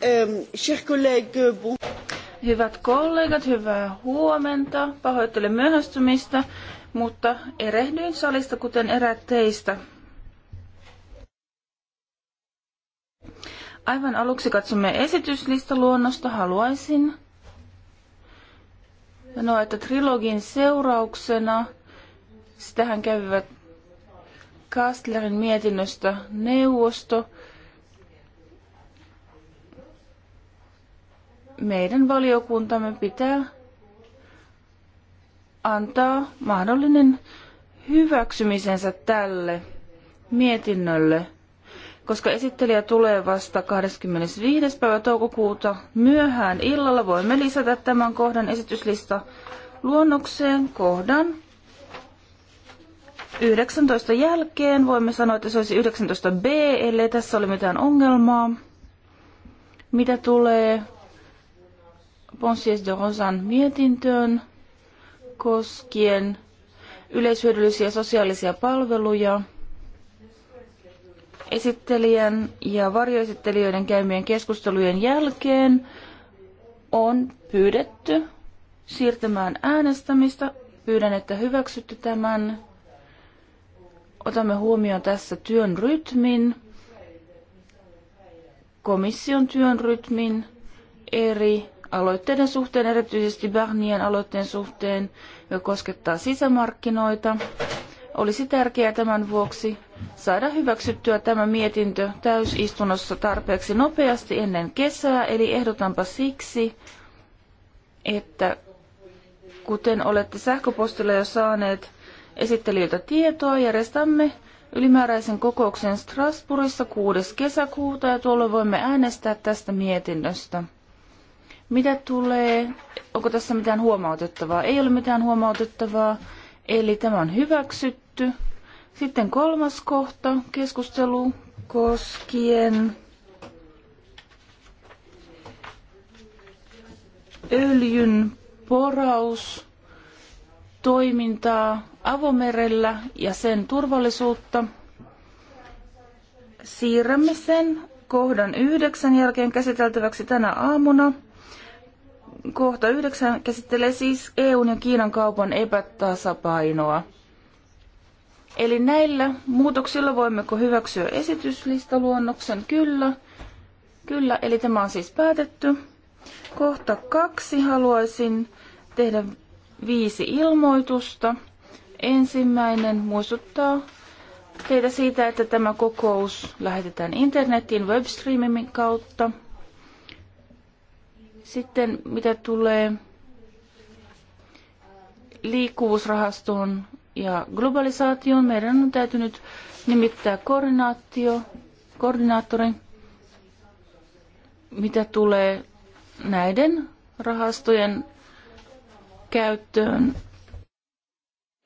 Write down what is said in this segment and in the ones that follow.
Ehm, Hyvät kollegat, hyvää huomenta. Pahoittelen myöhästymistä, mutta erehdyin salista kuten eräät teistä. Aivan aluksi katsomme esityslistaluonnosta. Haluaisin sanoa, että trilogin seurauksena sitähän kävivät Kastlerin mietinnöstä neuvosto. Meidän valiokuntamme pitää antaa mahdollinen hyväksymisensä tälle mietinnölle, koska esittelijä tulee vasta 25. päivä toukokuuta myöhään illalla. Voimme lisätä tämän kohdan esityslista luonnokseen kohdan 19 jälkeen voimme sanoa, että se olisi 19b, ellei tässä ole mitään ongelmaa. Mitä tulee Ponsies de Rosan mietintöön koskien yleishyödyllisiä sosiaalisia palveluja, esittelijän ja varjoesittelijöiden käymien keskustelujen jälkeen on pyydetty siirtämään äänestämistä. Pyydän, että hyväksytte tämän otamme huomioon tässä työn rytmin, komission työn rytmin eri aloitteiden suhteen, erityisesti Bernien aloitteen suhteen, joka koskettaa sisämarkkinoita. Olisi tärkeää tämän vuoksi saada hyväksyttyä tämä mietintö täysistunnossa tarpeeksi nopeasti ennen kesää, eli ehdotanpa siksi, että kuten olette sähköpostilla jo saaneet esittelijöiltä tietoa. Järjestämme ylimääräisen kokouksen Strasbourgissa 6. kesäkuuta ja tuolloin voimme äänestää tästä mietinnöstä. Mitä tulee, onko tässä mitään huomautettavaa? Ei ole mitään huomautettavaa, eli tämä on hyväksytty. Sitten kolmas kohta, keskustelu koskien öljyn poraus toimintaa avomerellä ja sen turvallisuutta. Siirrämme sen kohdan yhdeksän jälkeen käsiteltäväksi tänä aamuna. Kohta yhdeksän käsittelee siis EUn ja Kiinan kaupan epätasapainoa. Eli näillä muutoksilla voimmeko hyväksyä esityslistaluonnoksen? Kyllä. Kyllä, eli tämä on siis päätetty. Kohta kaksi haluaisin tehdä viisi ilmoitusta. Ensimmäinen muistuttaa teitä siitä, että tämä kokous lähetetään internetin webstreamin kautta. Sitten mitä tulee liikkuvuusrahastoon ja globalisaatioon, meidän on täytynyt nimittää koordinaatio, koordinaattori, mitä tulee näiden rahastojen käyttöön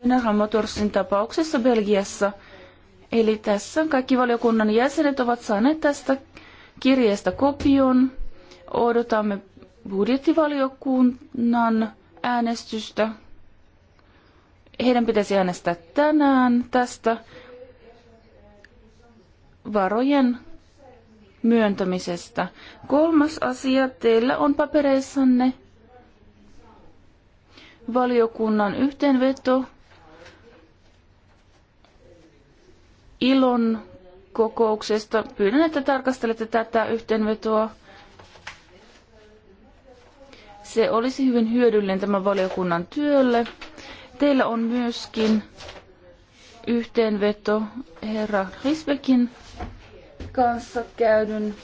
General Motorsin tapauksessa Belgiassa. Eli tässä kaikki valiokunnan jäsenet ovat saaneet tästä kirjeestä kopion. Odotamme budjettivaliokunnan äänestystä. Heidän pitäisi äänestää tänään tästä varojen myöntämisestä. Kolmas asia teillä on papereissanne valiokunnan yhteenveto ilon kokouksesta. Pyydän, että tarkastelette tätä yhteenvetoa. Se olisi hyvin hyödyllinen tämän valiokunnan työlle. Teillä on myöskin yhteenveto herra Risbekin kanssa käydyn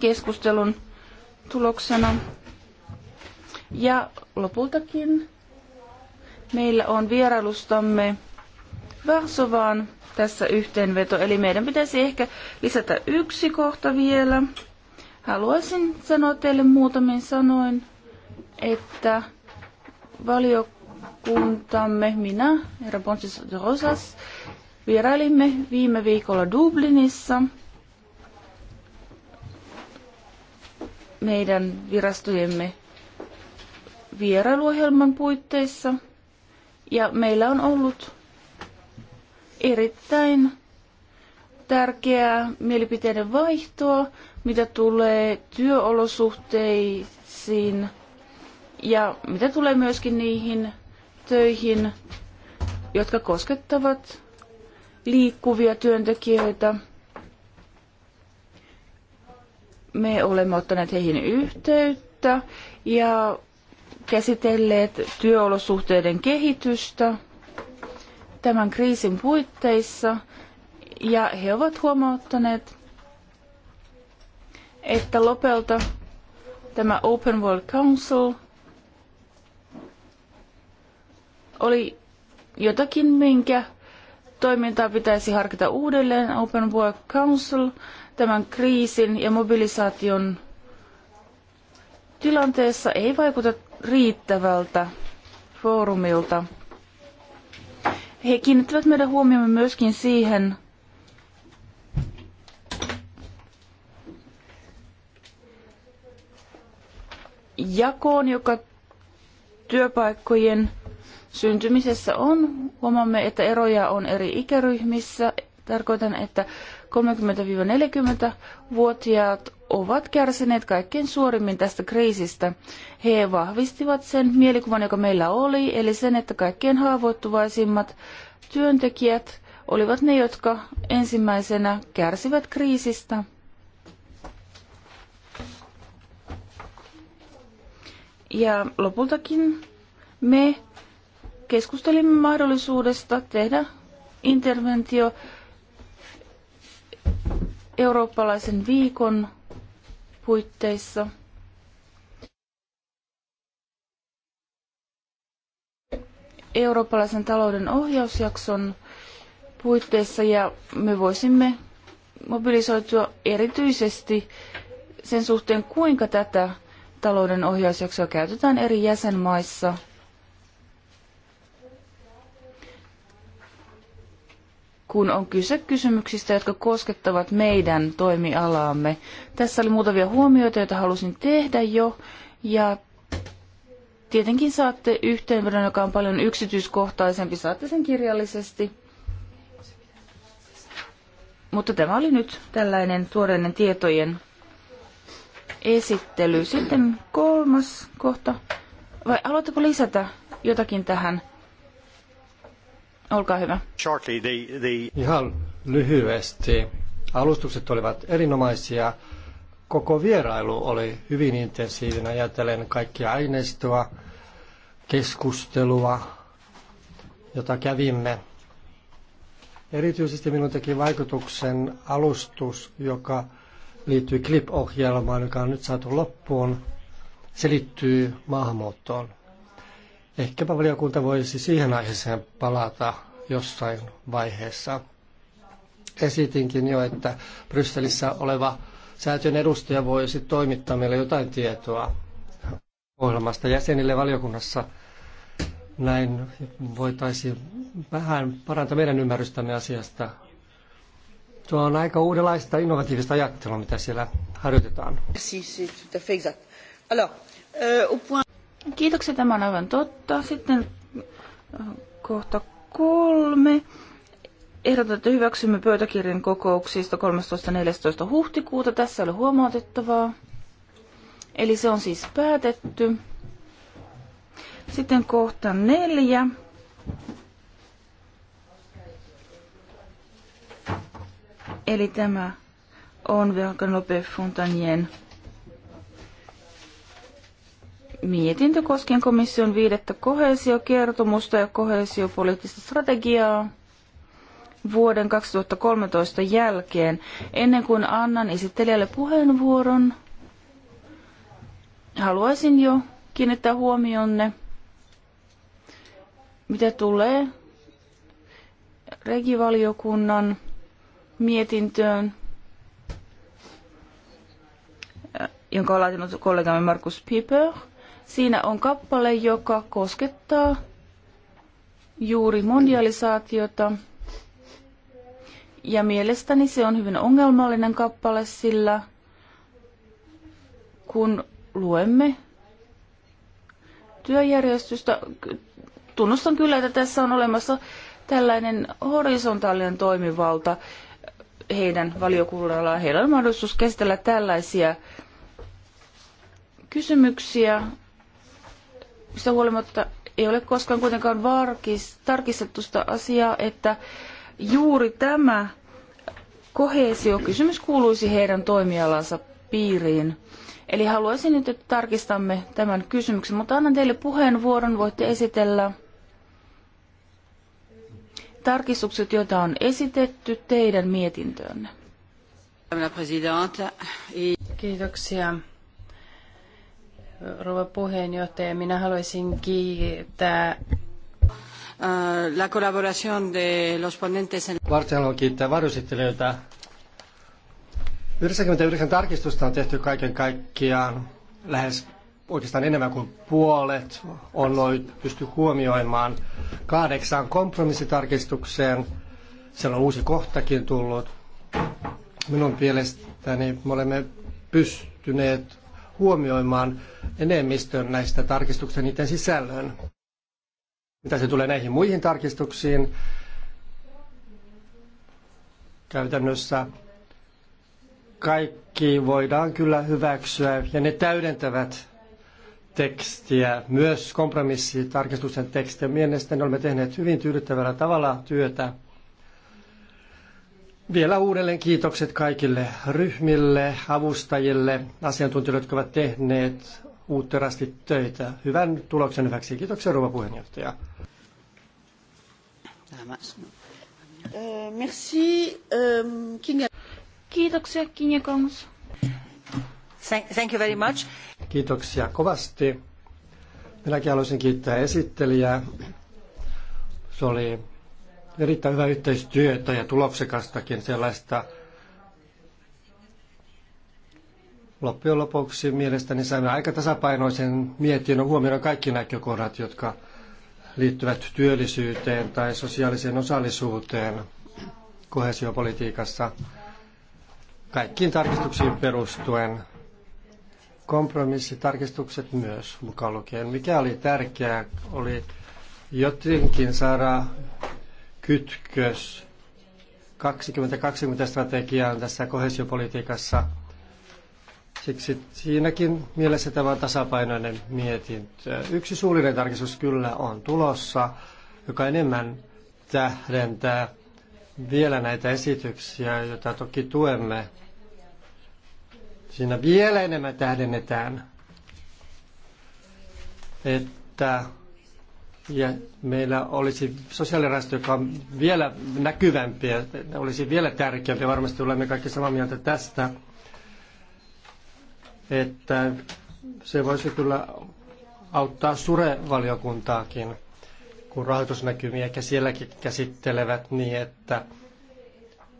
keskustelun tuloksena. Ja lopultakin meillä on vierailustamme Varsovaan tässä yhteenveto, eli meidän pitäisi ehkä lisätä yksi kohta vielä. Haluaisin sanoa teille muutamin sanoin, että valiokuntamme, minä, herra Ponsis Rosas, vierailimme viime viikolla Dublinissa meidän virastojemme vierailuohjelman puitteissa ja meillä on ollut erittäin tärkeää mielipiteiden vaihtoa, mitä tulee työolosuhteisiin ja mitä tulee myöskin niihin töihin, jotka koskettavat liikkuvia työntekijöitä. Me olemme ottaneet heihin yhteyttä ja käsitelleet työolosuhteiden kehitystä tämän kriisin puitteissa ja he ovat huomauttaneet, että lopelta tämä Open World Council oli jotakin, minkä toimintaa pitäisi harkita uudelleen. Open Work Council tämän kriisin ja mobilisaation tilanteessa ei vaikuta riittävältä foorumilta. He kiinnittävät meidän huomiomme myöskin siihen, jakoon, joka työpaikkojen syntymisessä on. Huomaamme, että eroja on eri ikäryhmissä, Tarkoitan, että 30-40-vuotiaat ovat kärsineet kaikkein suorimmin tästä kriisistä. He vahvistivat sen mielikuvan, joka meillä oli, eli sen, että kaikkein haavoittuvaisimmat työntekijät olivat ne, jotka ensimmäisenä kärsivät kriisistä. Ja lopultakin me keskustelimme mahdollisuudesta tehdä interventio eurooppalaisen viikon puitteissa. Eurooppalaisen talouden ohjausjakson puitteissa ja me voisimme mobilisoitua erityisesti sen suhteen, kuinka tätä talouden ohjausjaksoa käytetään eri jäsenmaissa kun on kyse kysymyksistä, jotka koskettavat meidän toimialaamme. Tässä oli muutamia huomioita, joita halusin tehdä jo, ja tietenkin saatte yhteenvedon, joka on paljon yksityiskohtaisempi, saatte sen kirjallisesti. Mutta tämä oli nyt tällainen tuoreinen tietojen esittely. Sitten kolmas kohta. Vai haluatteko lisätä jotakin tähän? Olkaa hyvä. Shortly, the, the... Ihan lyhyesti. Alustukset olivat erinomaisia. Koko vierailu oli hyvin intensiivinen ajatellen kaikkia aineistoa, keskustelua, jota kävimme. Erityisesti minun teki vaikutuksen alustus, joka liittyy Clip-ohjelmaan, joka on nyt saatu loppuun. Se liittyy maahanmuuttoon. Ehkäpä valiokunta voisi siihen aiheeseen palata jossain vaiheessa. Esitinkin jo, että Brysselissä oleva säätiön edustaja voisi toimittaa meille jotain tietoa ohjelmasta jäsenille valiokunnassa. Näin voitaisiin vähän parantaa meidän ymmärrystämme asiasta. Tuo on aika uudenlaista innovatiivista ajattelua, mitä siellä harjoitetaan. Merci, tout à fait exact. Alors, euh, au point... Kiitoksia, tämä on aivan totta. Sitten äh, kohta kolme. Ehdotan, että hyväksymme pöytäkirjan kokouksista 13.14. huhtikuuta. Tässä oli huomautettavaa. Eli se on siis päätetty. Sitten kohta neljä. Eli tämä on Verkanope Fontanien mietintö koskien komission viidettä kohesiokertomusta ja kohesiopoliittista strategiaa vuoden 2013 jälkeen. Ennen kuin annan esittelijälle puheenvuoron, haluaisin jo kiinnittää huomionne, mitä tulee regivaliokunnan mietintöön, jonka on laatinut kollegamme Markus Piper – Siinä on kappale, joka koskettaa juuri mondialisaatiota. Ja mielestäni se on hyvin ongelmallinen kappale, sillä kun luemme työjärjestystä, tunnustan kyllä, että tässä on olemassa tällainen horisontaalinen toimivalta heidän valiokunnallaan. Heillä on mahdollisuus käsitellä tällaisia kysymyksiä sitä huolimatta ei ole koskaan kuitenkaan varkis, tarkistettu sitä asiaa, että juuri tämä kohesiokysymys kuuluisi heidän toimialansa piiriin. Eli haluaisin nyt, että tarkistamme tämän kysymyksen, mutta annan teille puheenvuoron, voitte esitellä tarkistukset, joita on esitetty teidän mietintöönne. Kiitoksia rouva puheenjohtaja. Minä haluaisin kiittää äh, la colaboración de los ponentes en... haluan kiittää varjosittelijöitä. 99 tarkistusta on tehty kaiken kaikkiaan lähes oikeastaan enemmän kuin puolet on pysty huomioimaan kahdeksaan kompromissitarkistukseen. Siellä on uusi kohtakin tullut. Minun mielestäni me olemme pystyneet huomioimaan enemmistön näistä tarkistuksista niiden sisällön. Mitä se tulee näihin muihin tarkistuksiin, käytännössä kaikki voidaan kyllä hyväksyä ja ne täydentävät tekstiä, myös kompromissitarkistuksen tekstiä. Mielestäni olemme tehneet hyvin tyydyttävällä tavalla työtä vielä uudelleen kiitokset kaikille ryhmille, avustajille, asiantuntijoille, jotka ovat tehneet uutterasti töitä. Hyvän tuloksen hyväksi. Kiitoksia, rouva puheenjohtaja. Euh, merci, euh, Kinga. Kiitoksia, Kinga Kongs. Thank you very much. Kiitoksia kovasti. Minäkin haluaisin kiittää esittelijää. Se oli erittäin hyvää yhteistyötä ja tuloksekastakin sellaista. Loppujen lopuksi mielestäni saimme aika tasapainoisen mietinnön huomioon kaikki näkökohdat, jotka liittyvät työllisyyteen tai sosiaaliseen osallisuuteen kohesiopolitiikassa kaikkiin tarkistuksiin perustuen. Kompromissitarkistukset myös mukaan lukien. Mikä oli tärkeää, oli jotenkin saada kytkös 2020 strategiaan tässä kohesiopolitiikassa. Siksi siinäkin mielessä tämä on tasapainoinen mietintö. Yksi suullinen tarkistus kyllä on tulossa, joka enemmän tähdentää vielä näitä esityksiä, joita toki tuemme. Siinä vielä enemmän tähdennetään, että ja meillä olisi sosiaalirahasto, joka on vielä näkyvämpi ja olisi vielä tärkeämpi. Varmasti olemme kaikki samaa mieltä tästä, että se voisi kyllä auttaa surevaliokuntaakin, kun rahoitusnäkymiä ehkä sielläkin käsittelevät niin, että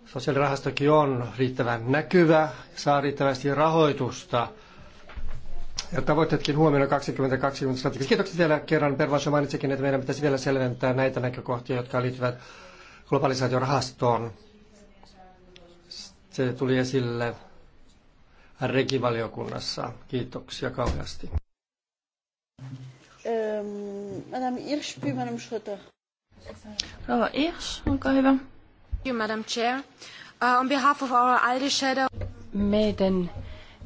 sosiaalirahastokin on riittävän näkyvä, saa riittävästi rahoitusta – ja tavoitteetkin huomenna 2020 strategiassa. Kiitoksia vielä kerran. Pervanso mainitsikin, että meidän pitäisi vielä selventää näitä näkökohtia, jotka liittyvät globalisaatiorahastoon. Se tuli esille regivaliokunnassa. Kiitoksia kauheasti. Ähm, Madame Hirsch, puis Madame Schröter. Rova Hirsch, olkaa hyvä. Madame Chair. Äh, on behalf of our ALDE shadow... Meidän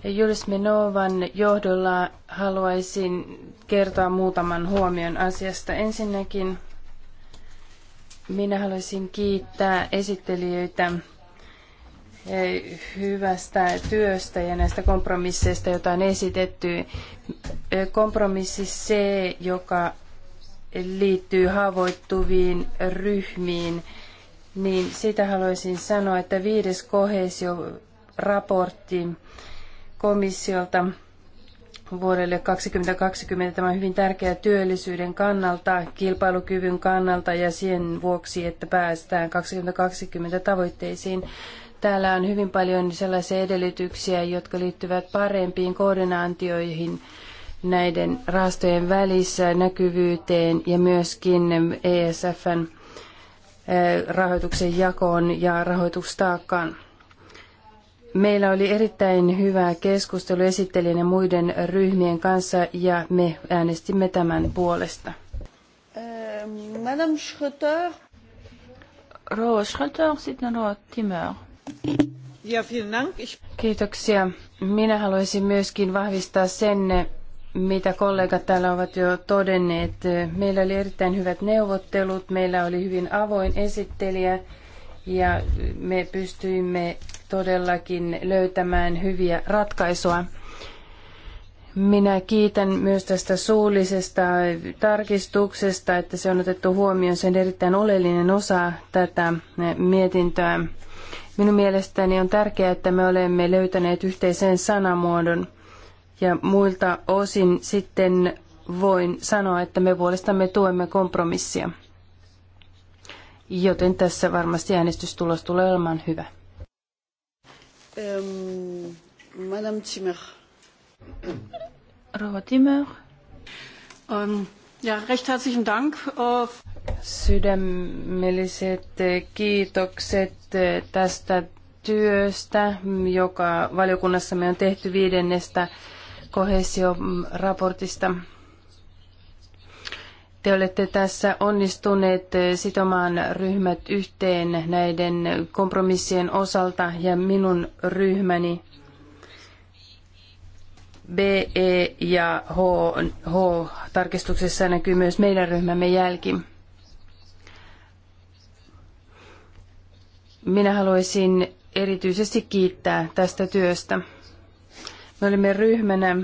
Julis Minovan johdolla haluaisin kertoa muutaman huomion asiasta. Ensinnäkin minä haluaisin kiittää esittelijöitä eh, hyvästä työstä ja näistä kompromisseista, joita on esitetty. Eh, kompromissi C, joka liittyy haavoittuviin ryhmiin, niin sitä haluaisin sanoa, että viides kohesio raportti komissiolta vuodelle 2020. Tämä on hyvin tärkeä työllisyyden kannalta, kilpailukyvyn kannalta ja sen vuoksi, että päästään 2020 tavoitteisiin. Täällä on hyvin paljon sellaisia edellytyksiä, jotka liittyvät parempiin koordinaatioihin näiden rahastojen välissä näkyvyyteen ja myöskin ESFn eh, rahoituksen jakoon ja rahoitustaakkaan. Meillä oli erittäin hyvä keskustelu esittelijän ja muiden ryhmien kanssa ja me äänestimme tämän puolesta. Äh, Madame Schröter. Rouva Schröter, sitten Rouva timmer. Ja, vielen Dank. Kiitoksia. Minä haluaisin myöskin vahvistaa sen, mitä kollegat täällä ovat jo todenneet. Meillä oli erittäin hyvät neuvottelut, meillä oli hyvin avoin esittelijä ja me pystyimme todellakin löytämään hyviä ratkaisuja. Minä kiitän myös tästä suullisesta tarkistuksesta, että se on otettu huomioon. Se on erittäin oleellinen osa tätä mietintöä. Minun mielestäni on tärkeää, että me olemme löytäneet yhteisen sanamuodon. Ja muilta osin sitten voin sanoa, että me puolestamme tuemme kompromissia. Joten tässä varmasti äänestystulos tulee olemaan hyvä. Ähm, Madame Zimmer. Timmer. Ähm, ja, recht herzlichen Dank. Äh, Sydämelliset äh, kiitokset äh, tästä työstä, joka valiokunnassamme on tehty viidennestä kohesioraportista. raportista. Te olette tässä onnistuneet eh, sitomaan ryhmät yhteen näiden kompromissien osalta ja minun ryhmäni B, E ja H, H tarkistuksessa näkyy myös meidän ryhmämme jälki. Minä haluaisin erityisesti kiittää tästä työstä. Me olimme ryhmänä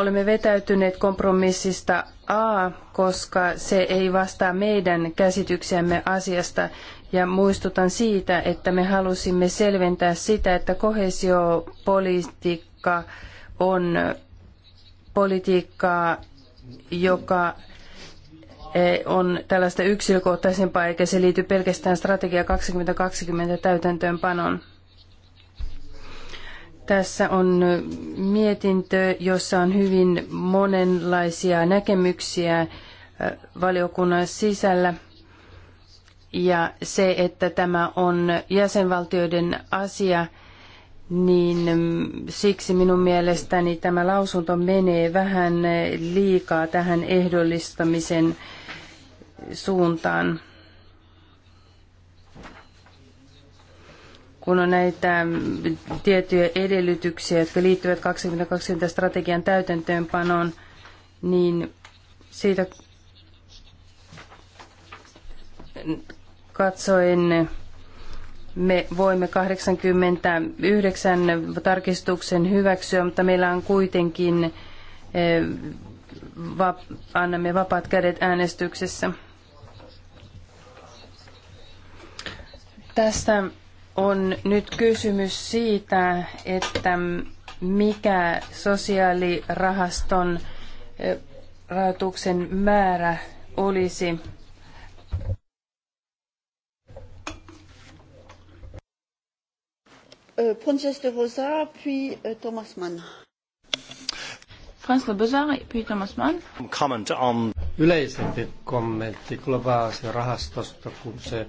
Olemme vetäytyneet kompromissista A, koska se ei vastaa meidän käsityksiämme asiasta. Ja muistutan siitä, että me halusimme selventää sitä, että kohesiopolitiikka on politiikkaa, joka on tällaista yksilökohtaisempaa, eikä se liity pelkästään strategia 2020 täytäntöönpanoon. Tässä on mietintö, jossa on hyvin monenlaisia näkemyksiä äh, valiokunnan sisällä. Ja se, että tämä on jäsenvaltioiden asia, niin mm, siksi minun mielestäni tämä lausunto menee vähän liikaa tähän ehdollistamisen suuntaan. kun on näitä tiettyjä edellytyksiä, jotka liittyvät 2020 strategian täytäntöönpanoon, niin siitä katsoen me voimme 89 tarkistuksen hyväksyä, mutta meillä on kuitenkin, eh, vap, annamme vapaat kädet äänestyksessä. Tästä on nyt kysymys siitä, että mikä sosiaalirahaston rahoituksen määrä olisi. Princesse de Rosa, puis Thomas Mann. de Bozard, puis Thomas Mann. Comment on... Yleisempi kommentti globaalista rahastosta, kun se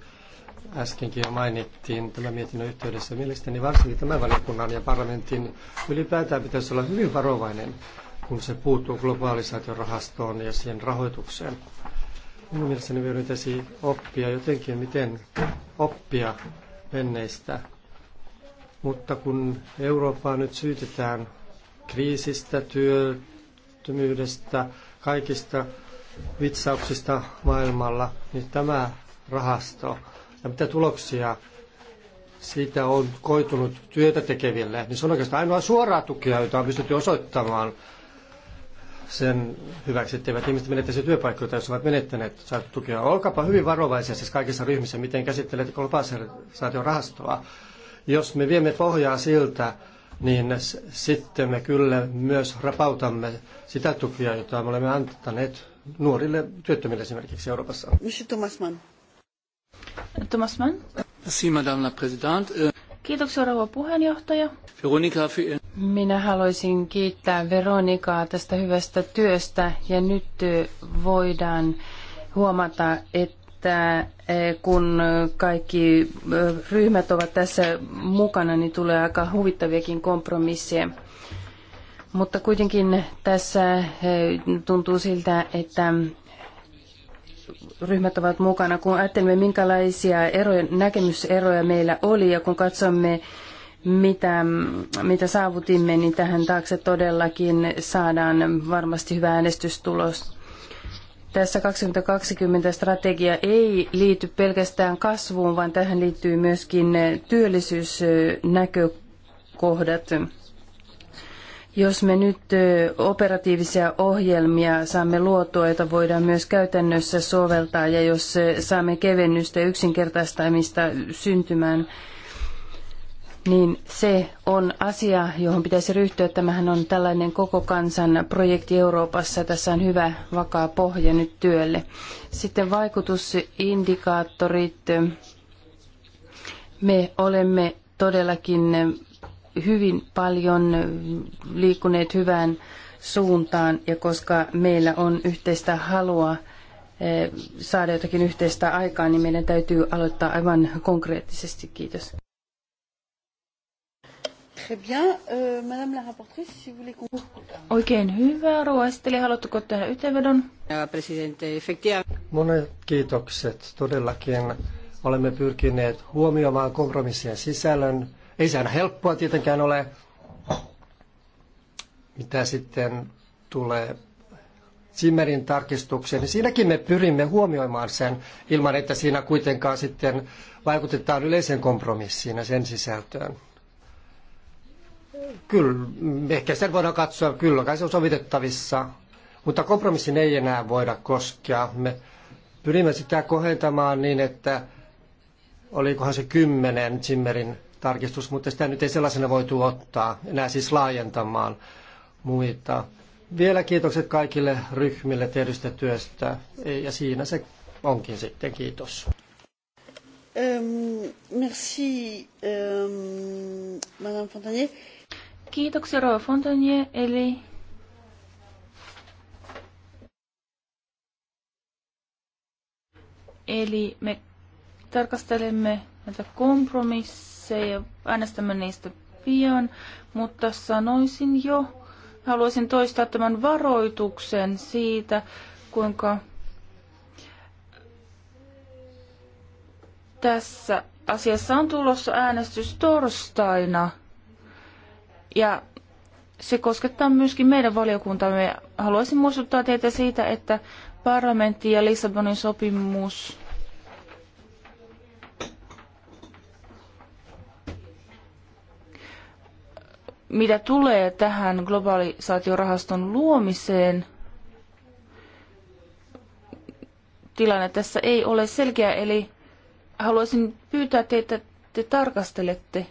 äskenkin jo mainittiin tämän mietinnön yhteydessä. Mielestäni varsinkin tämän valiokunnan ja parlamentin ylipäätään pitäisi olla hyvin varovainen, kun se puuttuu rahastoon ja siihen rahoitukseen. Minun mielestäni meidän pitäisi oppia jotenkin, miten oppia menneistä. Mutta kun Eurooppaa nyt syytetään kriisistä, työttömyydestä, kaikista vitsauksista maailmalla, niin tämä rahasto ja mitä tuloksia siitä on koitunut työtä tekeville, niin se on oikeastaan ainoa suoraa tukea, jota on pystytty osoittamaan sen hyväksi, etteivät ihmiset menettäisi työpaikkoja, jos ovat menettäneet saatu tukea. Olkaapa hyvin varovaisia siis kaikissa ryhmissä, miten käsittelet globalisaation rahastoa. Jos me viemme pohjaa siltä, niin sitten me kyllä myös rapautamme sitä tukea, jota me olemme antaneet nuorille työttömille esimerkiksi Euroopassa. Thomas Mann. Thomas Mann. Merci, Madame la Présidente. Euh, Kiitoksia rouva puheenjohtaja. Veronika. Minä haluaisin kiittää Veronikaa tästä hyvästä työstä ja nyt voidaan huomata, että kun kaikki ryhmät ovat tässä mukana, niin tulee aika huvittaviakin kompromisseja. Mutta kuitenkin tässä tuntuu siltä, että ryhmät ovat mukana, kun ajattelemme minkälaisia eroja, näkemyseroja meillä oli ja kun katsomme mitä, mitä saavutimme, niin tähän taakse todellakin saadaan varmasti hyvä äänestystulos. Tässä 2020 strategia ei liity pelkästään kasvuun, vaan tähän liittyy myöskin työllisyysnäkökohdat. Jos me nyt operatiivisia ohjelmia saamme luotua, joita voidaan myös käytännössä soveltaa, ja jos saamme kevennystä ja yksinkertaistamista syntymään, niin se on asia, johon pitäisi ryhtyä. Tämähän on tällainen koko kansan projekti Euroopassa. Tässä on hyvä vakaa pohja nyt työlle. Sitten vaikutusindikaattorit. Me olemme todellakin hyvin paljon liikkuneet hyvään suuntaan ja koska meillä on yhteistä halua eh, saada jotakin yhteistä aikaa, niin meidän täytyy aloittaa aivan konkreettisesti. Kiitos. Euh, Oikein hyvä, Ruoisteli. Haluatteko tehdä yhteenvedon? Monet kiitokset. Todellakin olemme pyrkineet huomioimaan kompromissien sisällön ei se aina helppoa tietenkään ole, mitä sitten tulee Zimmerin tarkistukseen, niin siinäkin me pyrimme huomioimaan sen ilman, että siinä kuitenkaan sitten vaikutetaan yleiseen kompromissiin ja sen sisältöön. Kyllä, ehkä sen voidaan katsoa, kyllä kai se on sovitettavissa, mutta kompromissin ei enää voida koskea. Me pyrimme sitä kohentamaan niin, että olikohan se kymmenen Zimmerin tarkistus, mutta sitä nyt ei sellaisena voitu ottaa enää siis laajentamaan muita. Vielä kiitokset kaikille ryhmille tehdystä työstä ja siinä se onkin sitten. Kiitos. Um, merci, um, Madame Fontanier. Kiitoksia Rova Fontanier, eli Eli me tarkastelemme näitä kompromisseja ei ole äänestämme niistä pian, mutta sanoisin jo, haluaisin toistaa tämän varoituksen siitä, kuinka tässä asiassa on tulossa äänestys torstaina. Ja se koskettaa myöskin meidän valiokuntamme. Haluaisin muistuttaa teitä siitä, että parlamentti ja Lissabonin sopimus mitä tulee tähän globalisaatiorahaston luomiseen, tilanne tässä ei ole selkeä, eli haluaisin pyytää teitä, että te tarkastelette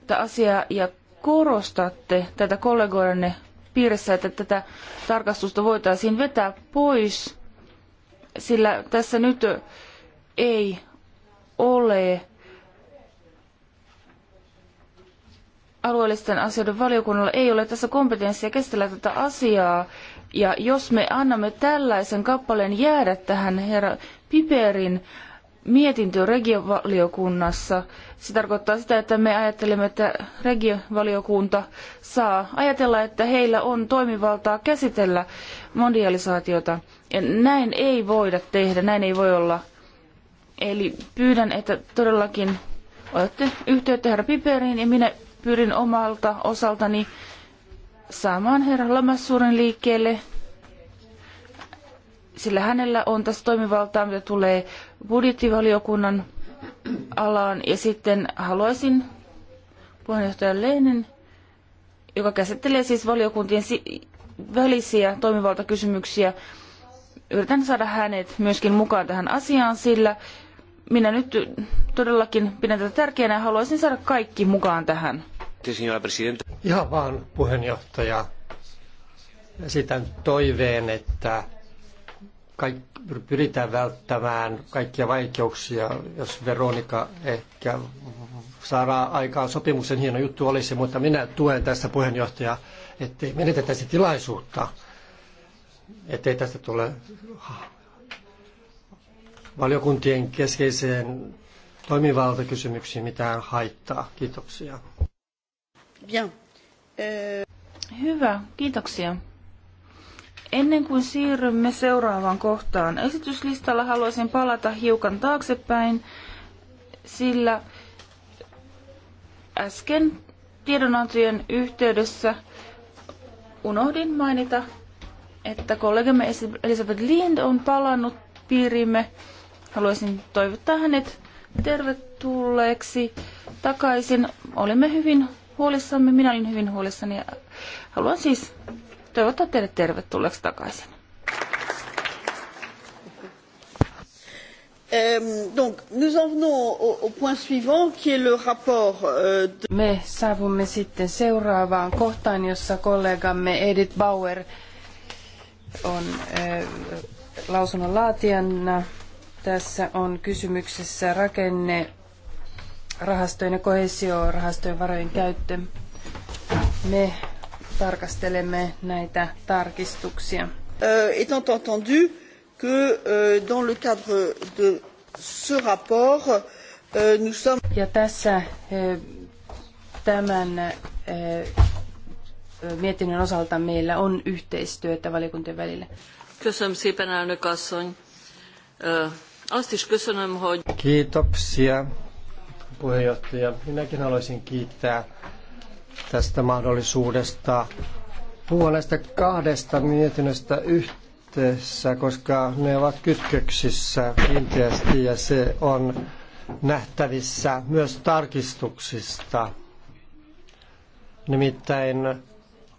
tätä asiaa ja korostatte tätä kollegoidenne piirissä, että tätä tarkastusta voitaisiin vetää pois, sillä tässä nyt ei ole alueellisten asioiden valiokunnalla ei ole tässä kompetenssia käsitellä tätä asiaa. Ja jos me annamme tällaisen kappaleen jäädä tähän herra Piperin mietintöön regiovaliokunnassa, se tarkoittaa sitä, että me ajattelemme, että regiovaliokunta saa ajatella, että heillä on toimivaltaa käsitellä mondialisaatiota. Ja näin ei voida tehdä, näin ei voi olla. Eli pyydän, että todellakin otatte yhteyttä herra Piperiin ja minä pyrin omalta osaltani saamaan herra Lamassuuren liikkeelle, sillä hänellä on tässä toimivaltaa, mitä tulee budjettivaliokunnan alaan. Ja sitten haluaisin puheenjohtaja Leinen, joka käsittelee siis valiokuntien välisiä toimivaltakysymyksiä, yritän saada hänet myöskin mukaan tähän asiaan, sillä minä nyt todellakin pidän tätä tärkeänä ja haluaisin saada kaikki mukaan tähän. Ihan vaan puheenjohtaja. Esitän toiveen, että kaikki, pyritään välttämään kaikkia vaikeuksia, jos Veronika ehkä saada aikaan sopimuksen hieno juttu olisi, mutta minä tuen tässä puheenjohtajaa, ettei menetettäisi tilaisuutta, ettei tästä tule valiokuntien keskeiseen toimivaltakysymyksiin mitään haittaa. Kiitoksia. Bien. Eh, hyvä, kiitoksia. Ennen kuin siirrymme seuraavaan kohtaan esityslistalla, haluaisin palata hiukan taaksepäin, sillä äsken tiedonantojen yhteydessä unohdin mainita, että kollegamme Elisabeth Lind on palannut piirimme Haluaisin toivottaa hänet tervetulleeksi takaisin. Olemme hyvin huolissamme, minä olin hyvin huolissani ja haluan siis toivottaa teidät tervetulleeksi takaisin. Euh, Me saavumme sitten seuraavaan kohtaan, jossa kollegamme Edith Bauer on lausunnon laatijana. Tässä on kysymyksessä rakenne rahastojen ja kohesiorahastojen varojen käyttö. Me tarkastelemme näitä tarkistuksia. Euh, étant entendu que euh, dans le cadre de ce rapport, euh, nous sommes... Ja tässä äh, tämän äh, mietinnön osalta meillä on yhteistyötä valiokuntien välillä. Köszönöm szépen, elnök Azt is köszönöm, hogy... Kiitoksia, puheenjohtaja. Minäkin haluaisin kiittää tästä mahdollisuudesta puhua näistä kahdesta mietinnöstä yhteensä, koska ne ovat kytköksissä kiinteästi ja se on nähtävissä myös tarkistuksista. Nimittäin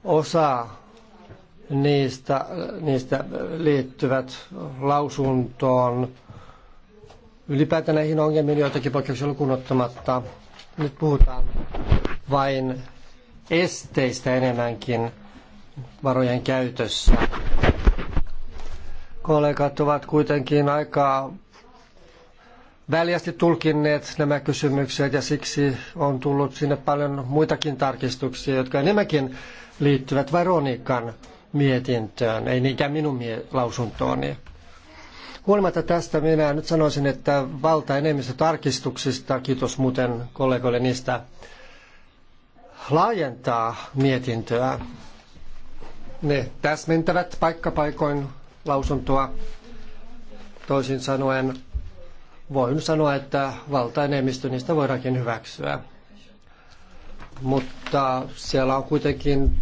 osa niistä, niistä liittyvät lausuntoon ylipäätään näihin ongelmiin joitakin poikkeuksia lukuun ottamatta. Nyt puhutaan vain esteistä enemmänkin varojen käytössä. Kollegat ovat kuitenkin aika väljästi tulkinneet nämä kysymykset ja siksi on tullut sinne paljon muitakin tarkistuksia, jotka enemmänkin liittyvät Veronikan mietintöön, ei niinkään minun lausuntooni. Huolimatta tästä minä nyt sanoisin, että valtaenemmistö tarkistuksista, kiitos muuten kollegoille niistä, laajentaa mietintöä. Ne täsmentävät paikkapaikoin lausuntoa. Toisin sanoen voin sanoa, että valtaenemmistö niistä voidaankin hyväksyä. Mutta siellä on kuitenkin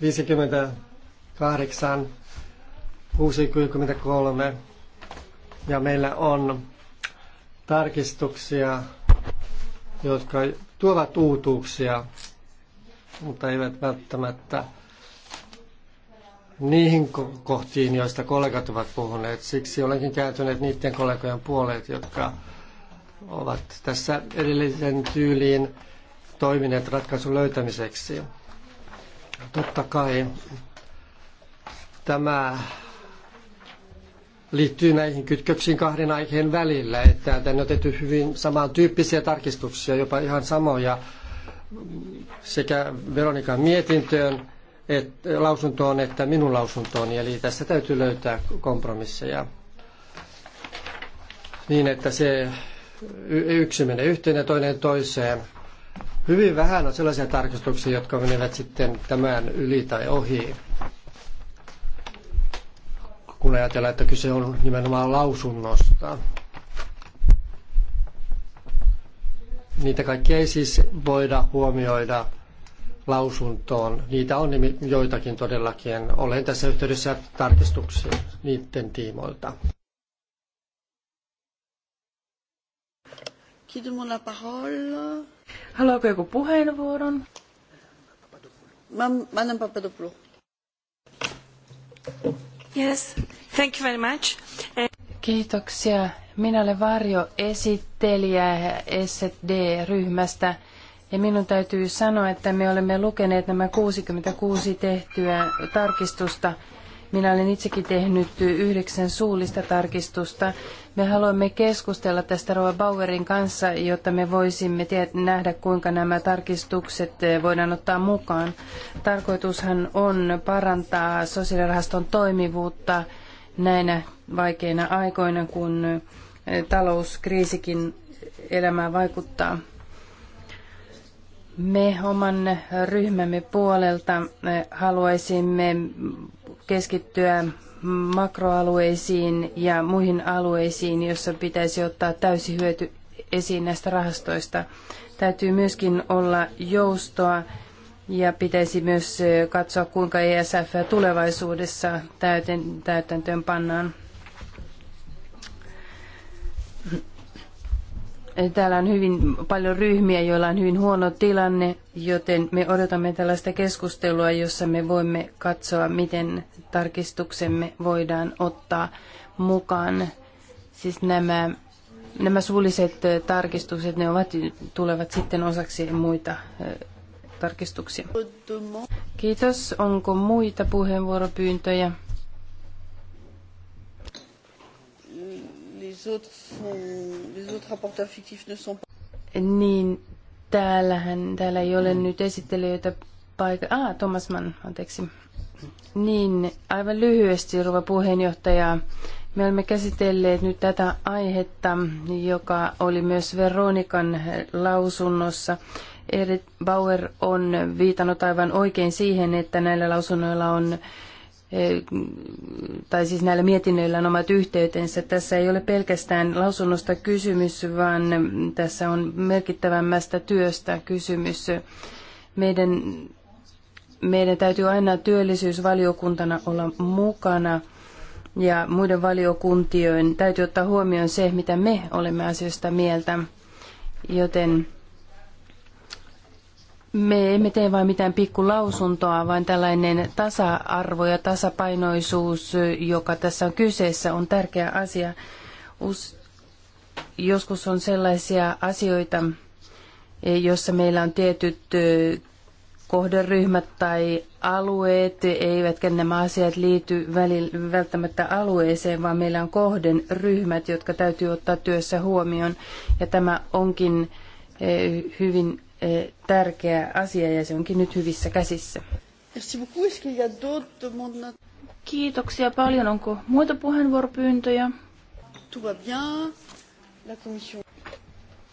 58, 63 ja meillä on tarkistuksia, jotka tuovat uutuuksia, mutta eivät välttämättä niihin kohtiin, joista kollegat ovat puhuneet. Siksi olenkin kääntynyt niiden kollegojen puoleet, jotka ovat tässä edellisen tyyliin toimineet ratkaisun löytämiseksi. Totta kai tämä liittyy näihin kytköksiin kahden aiheen välillä, että tänne on tehty hyvin samantyyppisiä tarkistuksia, jopa ihan samoja sekä Veronikan mietintöön, et, lausuntoon että minun lausuntooni. Eli tässä täytyy löytää kompromisseja niin, että se yksi menee yhteen ja toinen toiseen. Hyvin vähän on sellaisia tarkistuksia, jotka menevät sitten tämän yli tai ohi. Kun ajatellaan, että kyse on nimenomaan lausunnosta. Niitä kaikki ei siis voida huomioida lausuntoon. Niitä on joitakin todellakin. Olen tässä yhteydessä tarkistuksia niiden tiimoilta. Qui demande la parole? Haluaako joku puheenvuoron? Madame Papadopoulou. Yes, thank you very much. Kiitoksia. Minä olen Varjo esittelijä SD-ryhmästä ja minun täytyy sanoa, että me olemme lukeneet nämä 66 tehtyä tarkistusta minä olen itsekin tehnyt yhdeksän suullista tarkistusta. Me haluamme keskustella tästä Roa Bauerin kanssa, jotta me voisimme tiet- nähdä, kuinka nämä tarkistukset eh, voidaan ottaa mukaan. Tarkoitushan on parantaa sosiaalirahaston toimivuutta näinä vaikeina aikoina, kun eh, talouskriisikin elämään vaikuttaa. Me oman ryhmämme puolelta eh, haluaisimme keskittyä makroalueisiin ja muihin alueisiin, joissa pitäisi ottaa täysi hyöty esiin näistä rahastoista. Täytyy myöskin olla joustoa ja pitäisi myös katsoa, kuinka ESF tulevaisuudessa täytäntöön pannaan. Täällä on hyvin paljon ryhmiä, joilla on hyvin huono tilanne, joten me odotamme tällaista keskustelua, jossa me voimme katsoa, miten tarkistuksemme voidaan ottaa mukaan. Siis nämä, nämä suulliset tarkistukset, ne ovat, tulevat sitten osaksi muita tarkistuksia. Kiitos. Onko muita puheenvuoropyyntöjä? les autres, sont, les autres rapporteurs fictifs ne sont pas... Niin, täällähän, täällä ei ole mm. nyt esittelijöitä paikalla. Ah, Thomas Mann, anteeksi. Niin, aivan lyhyesti, rouva puheenjohtaja. Me olemme käsitelleet nyt tätä aihetta, joka oli myös Veronikan lausunnossa. Erit Bauer on viitannut aivan oikein siihen, että näillä lausunnoilla on tai siis näillä mietinnöillä on omat yhteytensä. Tässä ei ole pelkästään lausunnosta kysymys, vaan tässä on merkittävämmästä työstä kysymys. Meidän, meidän täytyy aina työllisyysvaliokuntana olla mukana ja muiden valiokuntien täytyy ottaa huomioon se, mitä me olemme asioista mieltä. Joten me emme tee vain mitään pikkulausuntoa, vaan tällainen tasa-arvo ja tasapainoisuus, joka tässä on kyseessä, on tärkeä asia. Us- joskus on sellaisia asioita, eh, jossa meillä on tietyt eh, kohderyhmät tai alueet, eivätkä nämä asiat liity välttämättä alueeseen, vaan meillä on kohden ryhmät, jotka täytyy ottaa työssä huomioon. Ja tämä onkin eh, hyvin tärkeä asia ja se onkin nyt hyvissä käsissä. Kiitoksia paljon. Onko muita puheenvuoropyyntöjä?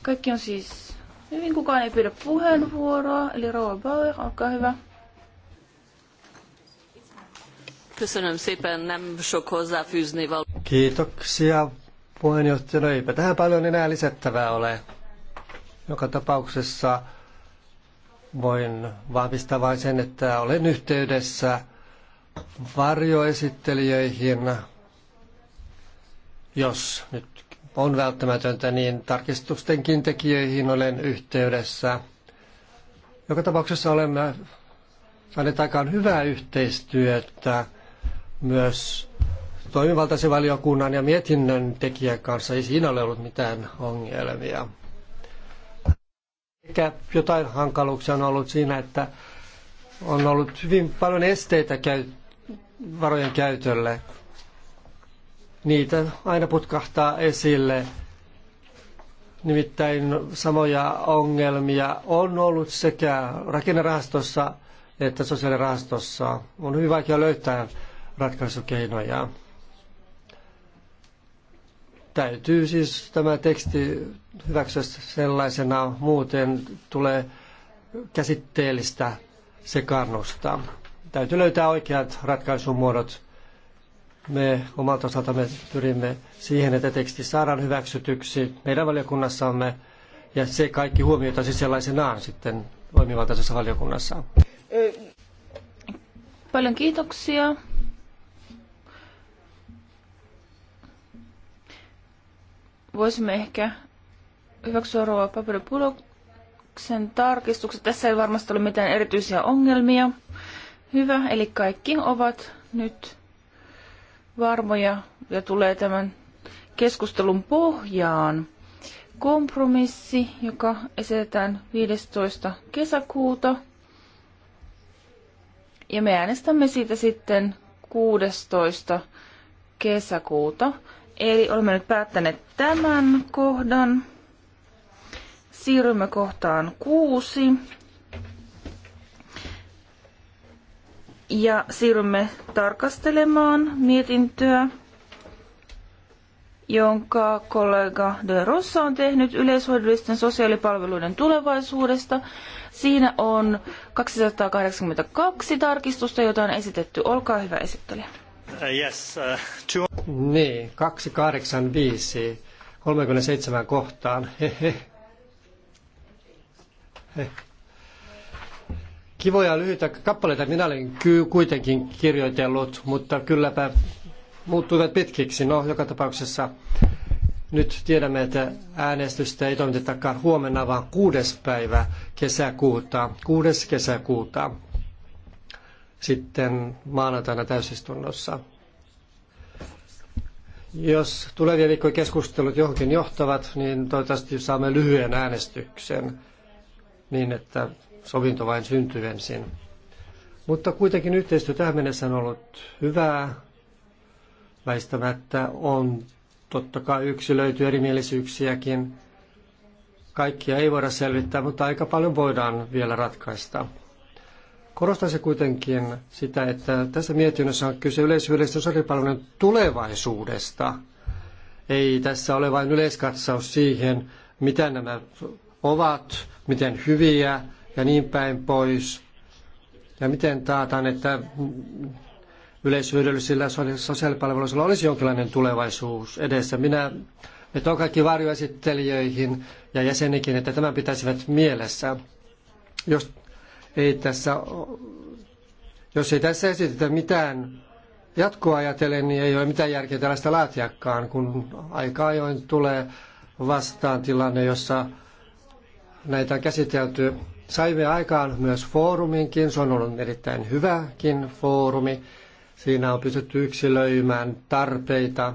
Kaikki on siis hyvin. Kukaan ei pyydä puheenvuoroa. Eli Rova Bauer, olkaa hyvä. Kiitoksia puheenjohtaja. No, eipä tähän paljon enää lisättävää ole. Joka tapauksessa Voin vahvistaa vain sen, että olen yhteydessä varjoesittelijöihin. Jos nyt on välttämätöntä, niin tarkistustenkin tekijöihin olen yhteydessä. Joka tapauksessa olemme saaneet aikaan hyvää yhteistyötä myös toimivaltaisen valiokunnan ja mietinnön tekijän kanssa. Ei siinä ole ollut mitään ongelmia. Ehkä jotain hankaluuksia on ollut siinä, että on ollut hyvin paljon esteitä käy varojen käytölle. Niitä aina putkahtaa esille. Nimittäin samoja ongelmia on ollut sekä rakennerahastossa että sosiaalirahastossa. On hyvin vaikea löytää ratkaisukeinoja täytyy siis tämä teksti hyväksyä sellaisena, muuten tulee käsitteellistä sekannusta. Täytyy löytää oikeat ratkaisumuodot. Me omalta osaltamme pyrimme siihen, että teksti saadaan hyväksytyksi meidän valiokunnassamme ja se kaikki huomiota siis sellaisenaan sitten toimivaltaisessa valiokunnassa. Paljon kiitoksia. voisimme ehkä hyväksyä Rova Papadopouloksen tarkistukset. Tässä ei varmasti ole mitään erityisiä ongelmia. Hyvä, eli kaikki ovat nyt varmoja ja tulee tämän keskustelun pohjaan kompromissi, joka esitetään 15. kesäkuuta. Ja me äänestämme siitä sitten 16. kesäkuuta. Eli olemme nyt päättäneet tämän kohdan. Siirrymme kohtaan kuusi. Ja siirrymme tarkastelemaan mietintöä, jonka kollega De Rossa on tehnyt yleishoidollisten sosiaalipalveluiden tulevaisuudesta. Siinä on 282 tarkistusta, joita on esitetty. Olkaa hyvä esittelijä. Uh, yes, uh, two... Niin, 285, 37 kohtaan. Hehe. He. Kivoja lyhyitä kappaleita minä olen kuitenkin kirjoitellut, mutta kylläpä muuttuivat pitkiksi. No, joka tapauksessa nyt tiedämme, että äänestystä ei toimitetakaan huomenna, vaan kuudes päivä kesäkuuta. Kuudes kesäkuuta sitten maanantaina täysistunnossa. Jos tulevien viikkojen keskustelut johonkin johtavat, niin toivottavasti saamme lyhyen äänestyksen niin, että sovinto vain syntyy ensin. Mutta kuitenkin yhteistyö tähän mennessä on ollut hyvää. Väistämättä on totta kai yksilöity erimielisyyksiäkin. Kaikkia ei voida selvittää, mutta aika paljon voidaan vielä ratkaista. Korostaisin kuitenkin sitä, että tässä mietinnössä on kyse yleishyödyllisten sosiaalipalvelujen tulevaisuudesta. Ei tässä ole vain yleiskatsaus siihen, mitä nämä ovat, miten hyviä ja niin päin pois. Ja miten taataan, että yleishyödyllisillä sosiaalipalveluilla olisi jonkinlainen tulevaisuus edessä. Minä vetoan kaikki varjoesittelijöihin ja jäsenikin, että tämän pitäisivät mielessä. Jos ei tässä, jos ei tässä esitetä mitään jatkoa ajatellen, niin ei ole mitään järkeä tällaista laatiakaan, kun aika ajoin tulee vastaan tilanne, jossa näitä on käsitelty. Saimme aikaan myös foorumiinkin, se on ollut erittäin hyväkin foorumi. Siinä on pystytty yksilöimään tarpeita,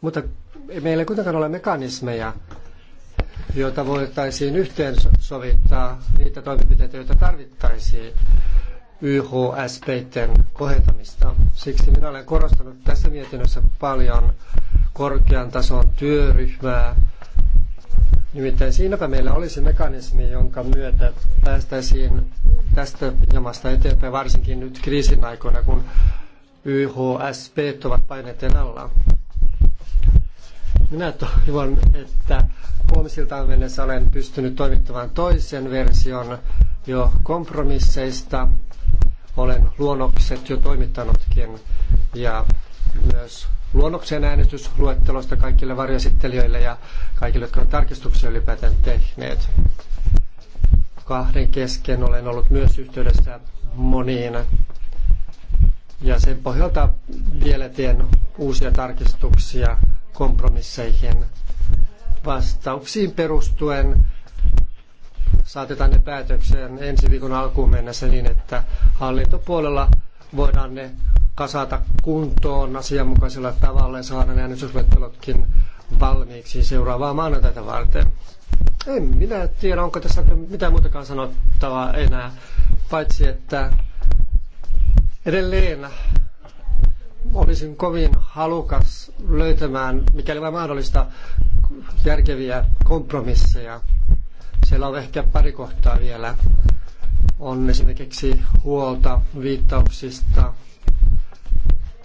mutta meillä ei kuitenkaan ole mekanismeja, joita voitaisiin yhteensovittaa niitä toimenpiteitä, joita tarvittaisiin YHS-peitten kohentamista. Siksi minä olen korostanut tässä mietinnössä paljon korkean tason työryhmää. Nimittäin siinäpä meillä olisi mekanismi, jonka myötä päästäisiin tästä jamasta eteenpäin, varsinkin nyt kriisin aikoina, kun YHSP ovat paineiden alla. Minä toivon, että huomisiltaan mennessä olen pystynyt toimittamaan toisen version jo kompromisseista. Olen luonnokset jo toimittanutkin ja myös luonnoksen äänestysluettelosta kaikille varjoesittelijöille ja kaikille, jotka ovat tarkistuksia ylipäätään tehneet. Kahden kesken olen ollut myös yhteydessä moniin ja sen pohjalta vielä teen uusia tarkistuksia kompromisseihin vastauksiin perustuen saatetaan ne päätökseen ensi viikon alkuun mennessä niin, että hallintopuolella voidaan ne kasata kuntoon asianmukaisella tavalla ja saada ne äänestysluettelotkin valmiiksi seuraavaa maanantaita varten. En minä tiedä, onko tässä mitään muutakaan sanottavaa enää, paitsi että edelleen olisin kovin halukas löytämään, mikäli vain mahdollista, järkeviä kompromisseja. Siellä on ehkä pari kohtaa vielä. On esimerkiksi huolta viittauksista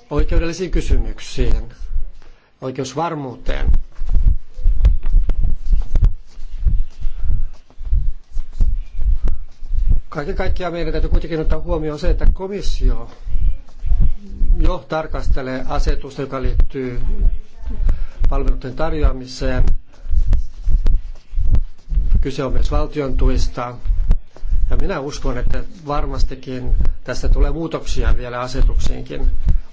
oikeudellisiin kysymyksiin, oikeusvarmuuteen. Kaiken kaikkiaan meidän täytyy kuitenkin ottaa huomioon se, että komissio jo tarkastelee asetusta, joka liittyy palveluiden tarjoamiseen. Kyse on myös valtion tuista. Ja minä uskon, että varmastikin tässä tulee muutoksia vielä asetuksiinkin.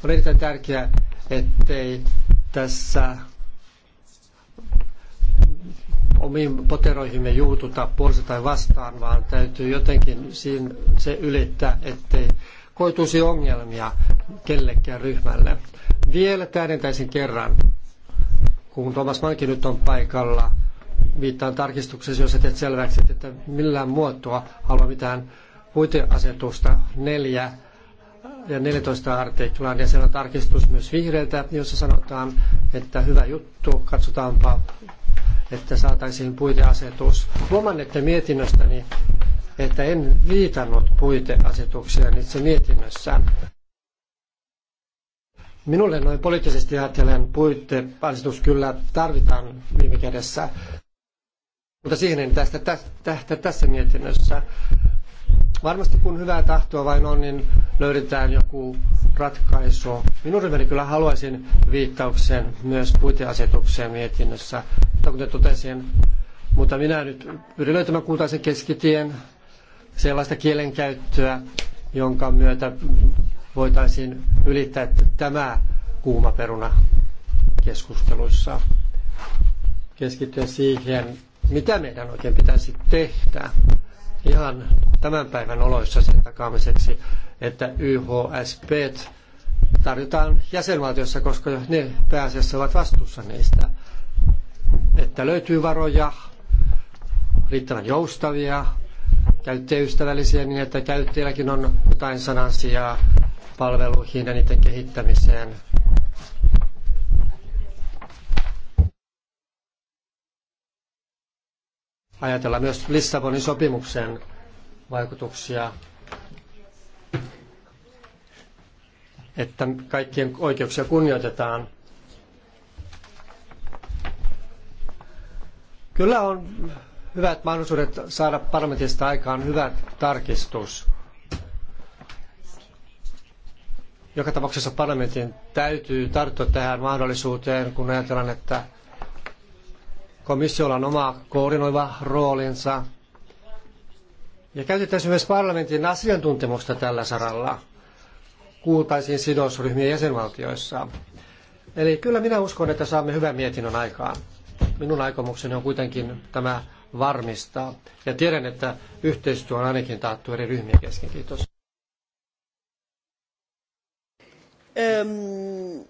On erittäin tärkeää, ettei tässä omiin poteroihimme juututa puolesta tai vastaan, vaan täytyy jotenkin siinä se ylittää, ettei koituisi ongelmia kellekään ryhmälle. Vielä täydentäisin kerran, kun Thomas Mankin nyt on paikalla, viittaan tarkistuksessa, jos teet selväksi, että millään muotoa halua mitään puiteasetusta neljä ja 14 artiklaan, ja siellä on tarkistus myös vihreiltä, jossa sanotaan, että hyvä juttu, katsotaanpa, että saataisiin puiteasetus. Huomannette että mietinnöstäni että en viitannut puiteasetukseen itse mietinnössä. Minulle noin poliittisesti ajatellen puiteasetus kyllä tarvitaan viime kädessä, mutta siihen en tästä, tästä tässä mietinnössä. Varmasti kun hyvää tahtoa vain on, niin löydetään joku ratkaisu. Minun ryhmäni kyllä haluaisin viittauksen myös puiteasetukseen mietinnössä, mutta kuten totesin, mutta minä nyt pyrin löytämään kultaisen keskitien sellaista kielenkäyttöä, jonka myötä voitaisiin ylittää tämä kuuma peruna keskusteluissa. Keskittyä siihen, mitä meidän oikein pitäisi tehdä ihan tämän päivän oloissa sen takaamiseksi, että YHSP tarjotaan jäsenvaltiossa, koska ne pääasiassa ovat vastuussa niistä. Että löytyy varoja, riittävän joustavia, käyttäjäystävällisiä niin, että käyttäjälläkin on jotain sanansijaa palveluihin ja niiden kehittämiseen. Ajatella myös Lissabonin sopimuksen vaikutuksia, että kaikkien oikeuksia kunnioitetaan. Kyllä on hyvät mahdollisuudet saada parlamentista aikaan hyvä tarkistus. Joka tapauksessa parlamentin täytyy tarttua tähän mahdollisuuteen, kun ajatellaan, että komissiolla on oma koordinoiva roolinsa. Ja käytettäisiin myös parlamentin asiantuntemusta tällä saralla. Kuultaisiin sidosryhmien jäsenvaltioissa. Eli kyllä minä uskon, että saamme hyvän mietinnön aikaan. Minun aikomukseni on kuitenkin tämä varmistaa. Ja tiedän, että yhteistyö on ainakin taattu eri ryhmien kesken. Kiitos. Ähm,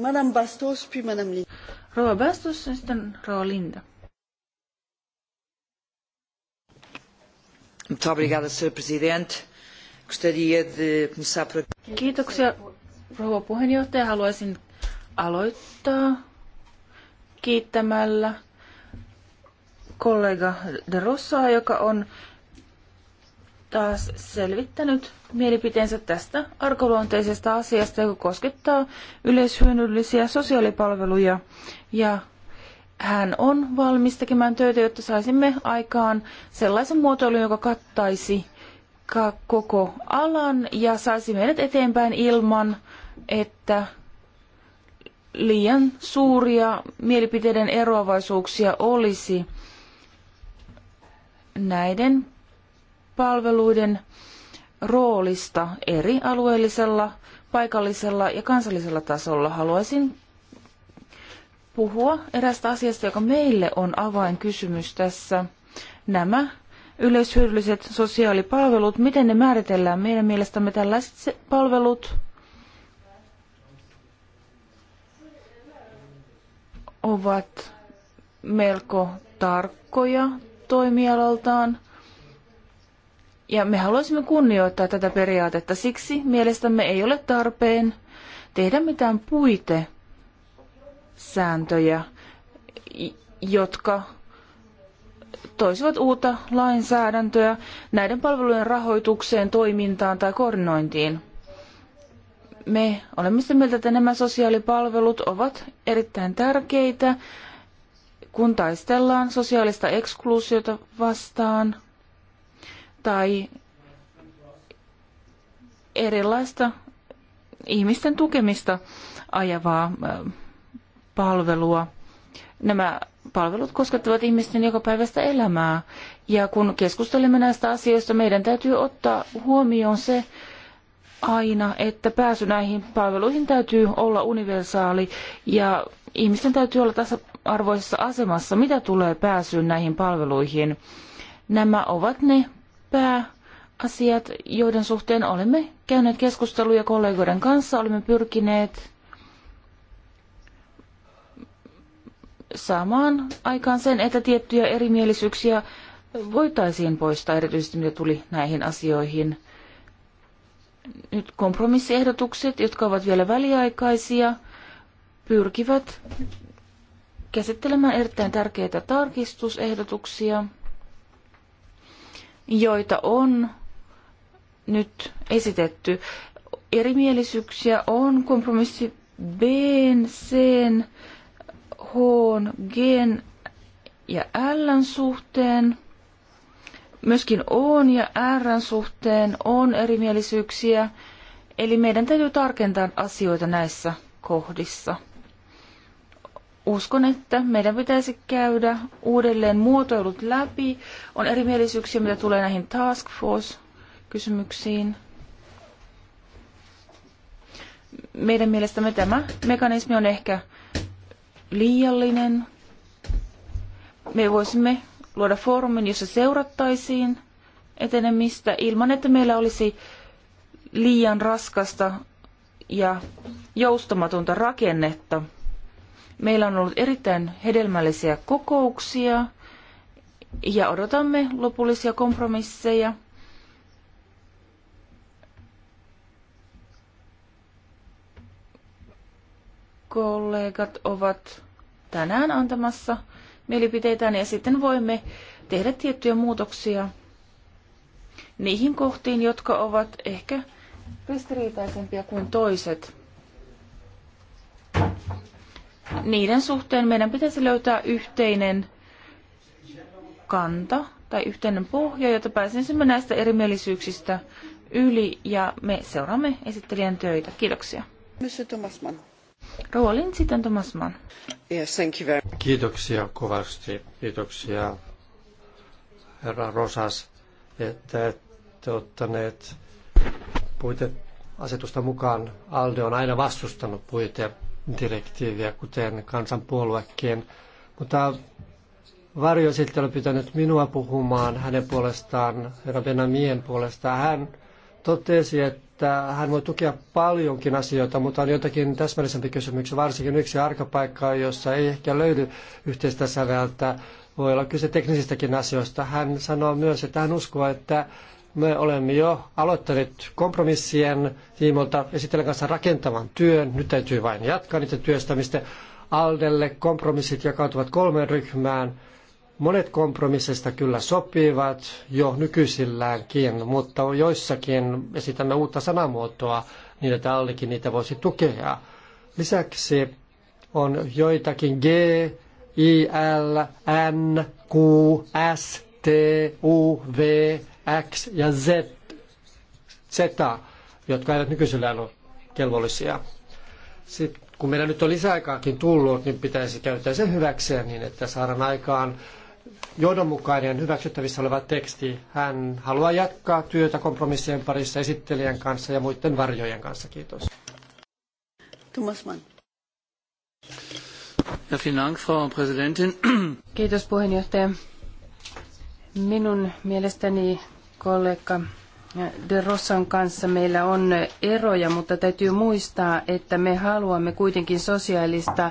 Madame Bastos, puis Madame Linda. Rova Bastos sitten Linda. Muito obrigada, Sr. Presidente. Gostaria de começar por... Kiitoksia, rouva puheenjohtaja. Haluaisin aloittaa kiittämällä kollega De Rossaa, joka on taas selvittänyt mielipiteensä tästä arkaluonteisesta asiasta, joka koskettaa yleishyödyllisiä sosiaalipalveluja. Ja hän on valmis tekemään töitä, jotta saisimme aikaan sellaisen muotoilun, joka kattaisi koko alan ja saisi meidät eteenpäin ilman, että liian suuria mielipiteiden eroavaisuuksia olisi näiden palveluiden roolista eri alueellisella, paikallisella ja kansallisella tasolla haluaisin puhua erästä asiasta, joka meille on avainkysymys tässä. Nämä yleishyödylliset sosiaalipalvelut, miten ne määritellään? Meidän mielestämme tällaiset palvelut ovat melko tarkkoja toimialaltaan. Ja me haluaisimme kunnioittaa tätä periaatetta. Siksi mielestämme ei ole tarpeen tehdä mitään puitesääntöjä, jotka toisivat uutta lainsäädäntöä näiden palvelujen rahoitukseen, toimintaan tai koordinointiin. Me olemme sitä mieltä, että nämä sosiaalipalvelut ovat erittäin tärkeitä kun taistellaan sosiaalista ekskluusiota vastaan tai erilaista ihmisten tukemista ajavaa palvelua. Nämä palvelut koskettavat ihmisten jokapäiväistä elämää. Ja kun keskustelemme näistä asioista, meidän täytyy ottaa huomioon se aina, että pääsy näihin palveluihin täytyy olla universaali ja ihmisten täytyy olla tasa eriarvoisessa asemassa, mitä tulee pääsyyn näihin palveluihin. Nämä ovat ne pääasiat, joiden suhteen olemme käyneet keskusteluja kollegoiden kanssa, olemme pyrkineet saamaan aikaan sen, että tiettyjä erimielisyyksiä voitaisiin poistaa, erityisesti mitä tuli näihin asioihin. Nyt kompromissiehdotukset, jotka ovat vielä väliaikaisia, pyrkivät käsittelemään erittäin tärkeitä tarkistusehdotuksia, joita on nyt esitetty. Erimielisyyksiä on kompromissi B, C, H, G ja L suhteen. Myöskin O ja R suhteen on erimielisyyksiä, eli meidän täytyy tarkentaa asioita näissä kohdissa uskon, että meidän pitäisi käydä uudelleen muotoilut läpi. On erimielisyyksiä, mitä tulee näihin task force-kysymyksiin. Meidän mielestämme tämä mekanismi on ehkä liiallinen. Me voisimme luoda foorumin, jossa seurattaisiin etenemistä ilman, että meillä olisi liian raskasta ja joustamatonta rakennetta – Meillä on ollut erittäin hedelmällisiä kokouksia ja odotamme lopullisia kompromisseja. Kollegat ovat tänään antamassa mielipiteitään ja sitten voimme tehdä tiettyjä muutoksia niihin kohtiin, jotka ovat ehkä ristiriitaisempia kuin toiset niiden suhteen meidän pitäisi löytää yhteinen kanta tai yhteinen pohja, jota pääsisimme näistä erimielisyyksistä yli ja me seuraamme esittelijän töitä. Kiitoksia. Monsieur Thomasman. Roolin sitten Thomasman. Yes, thank you very much. Kiitoksia kovasti. Kiitoksia herra Rosas, että ette ottaneet puiteasetusta mukaan. Alde on aina vastustanut puite direktiiviä, kuten kansanpuoluekin. Mutta varjo sitten on pitänyt minua puhumaan hänen puolestaan, herra Benamien puolestaan. Hän totesi, että hän voi tukea paljonkin asioita, mutta on jotakin täsmällisempi kysymyksiä, varsinkin yksi arkapaikka, jossa ei ehkä löydy yhteistä säveltä. Voi olla kyse teknisistäkin asioista. Hän sanoo myös, että hän uskoo, että me olemme jo aloittaneet kompromissien tiimolta esitellen kanssa rakentavan työn. Nyt täytyy vain jatkaa niitä työstämistä. Aldelle kompromissit jakautuvat kolmeen ryhmään. Monet kompromisseista kyllä sopivat jo nykyisilläänkin, mutta joissakin esitämme uutta sanamuotoa niin, että Aldekin niitä voisi tukea. Lisäksi on joitakin G, I, L, N, Q, S, T, U, V, X ja Z, Z jotka eivät nykyisellään ole kelvollisia. Sitten kun meillä nyt on lisäaikaakin tullut, niin pitäisi käyttää sen hyväkseen niin, että saadaan aikaan johdonmukainen hyväksyttävissä oleva teksti. Hän haluaa jatkaa työtä kompromissien parissa esittelijän kanssa ja muiden varjojen kanssa. Kiitos. Thomas Mann. Ja, vielen Dank, Frau Präsidentin. Kiitos puheenjohtaja. Minun mielestäni kollega De Rossan kanssa meillä on eroja, mutta täytyy muistaa, että me haluamme kuitenkin sosiaalista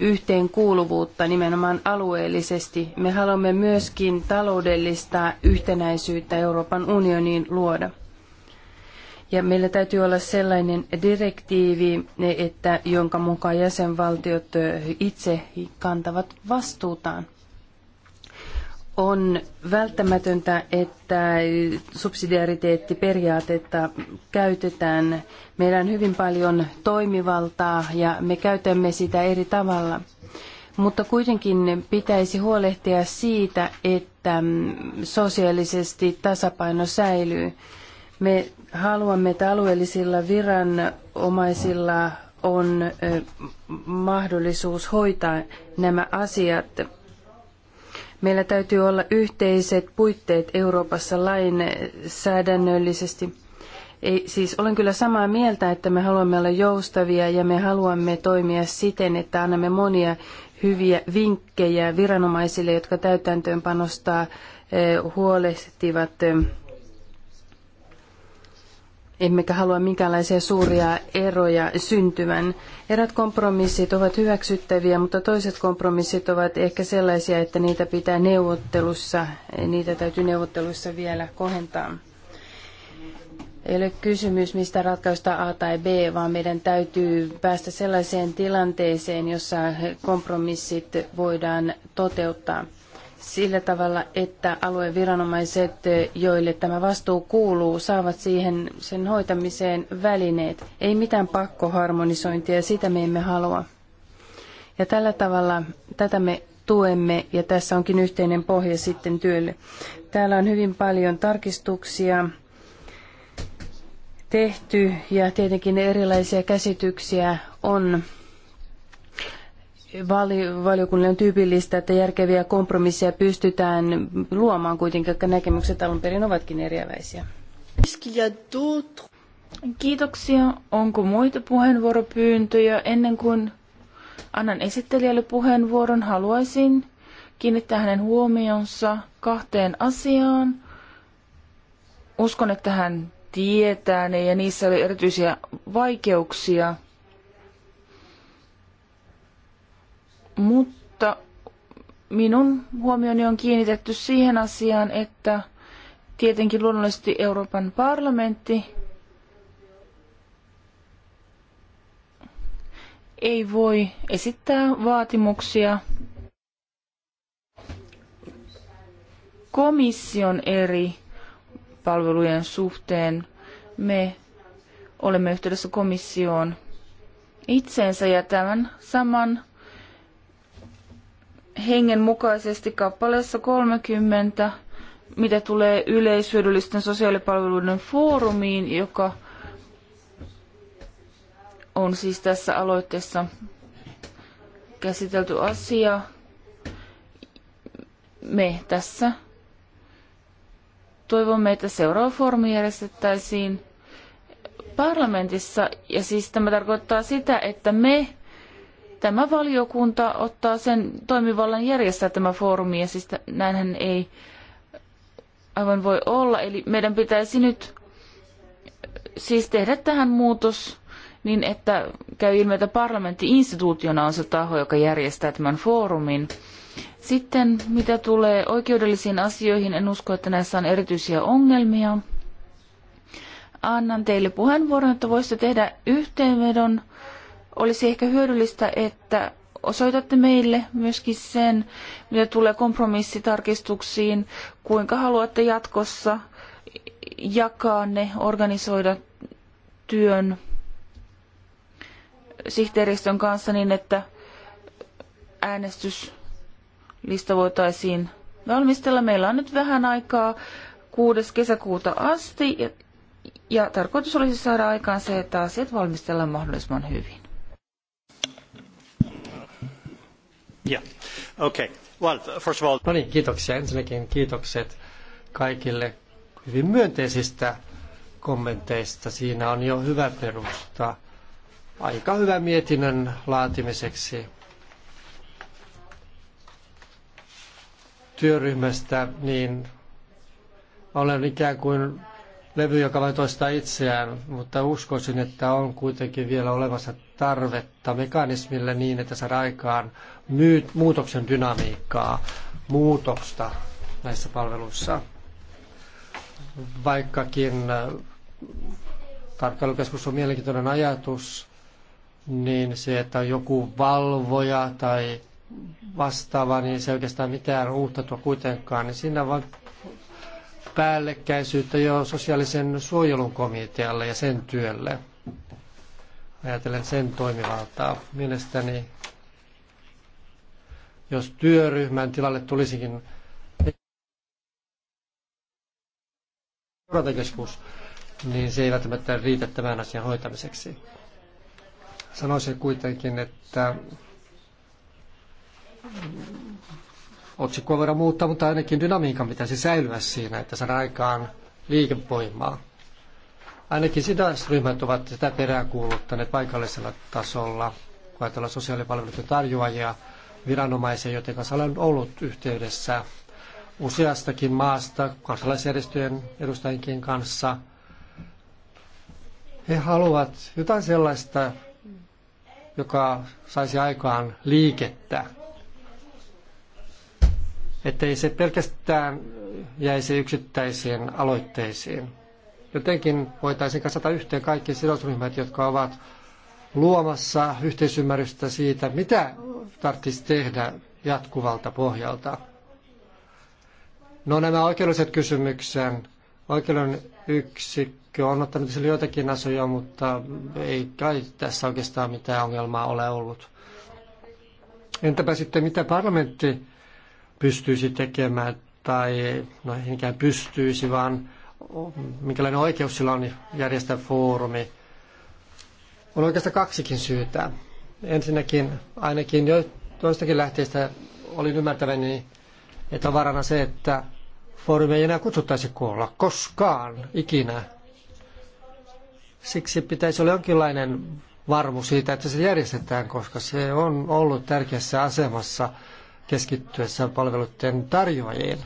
yhteenkuuluvuutta nimenomaan alueellisesti. Me haluamme myöskin taloudellista yhtenäisyyttä Euroopan unioniin luoda. Ja meillä täytyy olla sellainen direktiivi, että jonka mukaan jäsenvaltiot itse kantavat vastuutaan on välttämätöntä, että subsidiariteettiperiaatetta käytetään. Meillä on hyvin paljon toimivaltaa ja me käytämme sitä eri tavalla. Mutta kuitenkin pitäisi huolehtia siitä, että sosiaalisesti tasapaino säilyy. Me haluamme, että alueellisilla viranomaisilla on mahdollisuus hoitaa nämä asiat Meillä täytyy olla yhteiset puitteet Euroopassa lainsäädännöllisesti. Ei, siis olen kyllä samaa mieltä, että me haluamme olla joustavia ja me haluamme toimia siten, että annamme monia hyviä vinkkejä viranomaisille, jotka täytäntöönpanosta eh, huolehtivat eh, emmekä halua minkäänlaisia suuria eroja syntyvän. Erät kompromissit ovat hyväksyttäviä, mutta toiset kompromissit ovat ehkä sellaisia, että niitä pitää neuvottelussa, niitä täytyy neuvotteluissa vielä kohentaa. Ei ole kysymys, mistä ratkaista A tai B, vaan meidän täytyy päästä sellaiseen tilanteeseen, jossa kompromissit voidaan toteuttaa sillä tavalla, että alueen viranomaiset, joille tämä vastuu kuuluu, saavat siihen sen hoitamiseen välineet. Ei mitään pakkoharmonisointia, sitä me emme halua. Ja tällä tavalla tätä me tuemme ja tässä onkin yhteinen pohja sitten työlle. Täällä on hyvin paljon tarkistuksia tehty ja tietenkin erilaisia käsityksiä on vali, valiokunnille on tyypillistä, että järkeviä kompromisseja pystytään luomaan kuitenkin, vaikka näkemykset alun perin ovatkin eriäväisiä. Kiitoksia. Onko muita puheenvuoropyyntöjä? Ennen kuin annan esittelijälle puheenvuoron, haluaisin kiinnittää hänen huomionsa kahteen asiaan. Uskon, että hän tietää ne ja niissä oli erityisiä vaikeuksia – Mutta minun huomioni on kiinnitetty siihen asiaan, että tietenkin luonnollisesti Euroopan parlamentti ei voi esittää vaatimuksia komission eri palvelujen suhteen. Me olemme yhteydessä komissioon itseensä ja tämän saman hengen mukaisesti kappaleessa 30, mitä tulee yleishyödyllisten sosiaalipalveluiden foorumiin, joka on siis tässä aloitteessa käsitelty asia. Me tässä toivomme, että seuraava foorumi järjestettäisiin parlamentissa, ja siis tämä tarkoittaa sitä, että me tämä valiokunta ottaa sen toimivallan järjestää tämä foorumi, ja siis näinhän ei aivan voi olla. Eli meidän pitäisi nyt eh, siis tehdä tähän muutos niin, että käy ilmi, että parlamentti-instituutiona on se taho, joka järjestää tämän foorumin. Sitten mitä tulee oikeudellisiin asioihin, en usko, että näissä on erityisiä ongelmia. Annan teille puheenvuoron, että voisitte tehdä yhteenvedon olisi ehkä hyödyllistä, että osoitatte meille myöskin sen, mitä tulee kompromissitarkistuksiin, kuinka haluatte jatkossa jakaa ne, organisoida työn sihteeristön kanssa niin, että äänestyslista voitaisiin valmistella. Meillä on nyt vähän aikaa 6. kesäkuuta asti ja, ja tarkoitus olisi saada aikaan se, että asiat valmistellaan mahdollisimman hyvin. Yeah. Okay. Well, first of all... No niin, kiitoksia. Ensinnäkin kiitokset kaikille hyvin myönteisistä kommenteista. Siinä on jo hyvä perusta aika hyvä mietinnön laatimiseksi. Työryhmästä, niin olen ikään kuin levy, joka vain toistaa itseään, mutta uskoisin, että on kuitenkin vielä olemassa tarvetta mekanismille niin, että saadaan aikaan myyt, muutoksen dynamiikkaa, muutosta näissä palveluissa. Vaikkakin äh, tarkkailukeskus on mielenkiintoinen ajatus, niin se, että on joku valvoja tai vastaava, niin se ei oikeastaan mitään uutta tuo kuitenkaan, niin siinä vaan päällekkäisyyttä jo sosiaalisen suojelun komitealle ja sen työlle. Ajatellen sen toimivaltaa. Mielestäni jos työryhmän tilalle tulisikin seurantakeskus, niin se ei välttämättä riitä tämän asian hoitamiseksi. Sanoisin kuitenkin, että otsikkoa voidaan muuttaa, mutta ainakin dynamiikan pitäisi säilyä siinä, että saadaan aikaan liikevoimaa. Ainakin sidasryhmät ovat sitä peräänkuuluttaneet paikallisella tasolla, kun ajatellaan sosiaalipalveluiden tarjoajia, viranomaisia, joiden kanssa olen ollut yhteydessä useastakin maasta kansalaisjärjestöjen edustajienkin kanssa. He haluavat jotain sellaista, joka saisi aikaan liikettä ettei se pelkästään jäisi yksittäisiin aloitteisiin. Jotenkin voitaisiin kasata yhteen kaikki sidosryhmät, jotka ovat luomassa yhteisymmärrystä siitä, mitä tarvitsisi tehdä jatkuvalta pohjalta. No nämä oikeudelliset kysymyksen, oikeuden yksikkö on ottanut sille joitakin asioita, mutta ei kai tässä oikeastaan mitään ongelmaa ole ollut. Entäpä sitten mitä parlamentti pystyisi tekemään tai no ei niinkään pystyisi, vaan minkälainen oikeus sillä on järjestää foorumi. On oikeastaan kaksikin syytä. Ensinnäkin ainakin jo toistakin lähteistä olin ymmärtäväni, että on varana se, että foorumi ei enää kutsuttaisi koolla koskaan, ikinä. Siksi pitäisi olla jonkinlainen varmuus siitä, että se järjestetään, koska se on ollut tärkeässä asemassa – keskittyessään palveluiden tarjoajiin.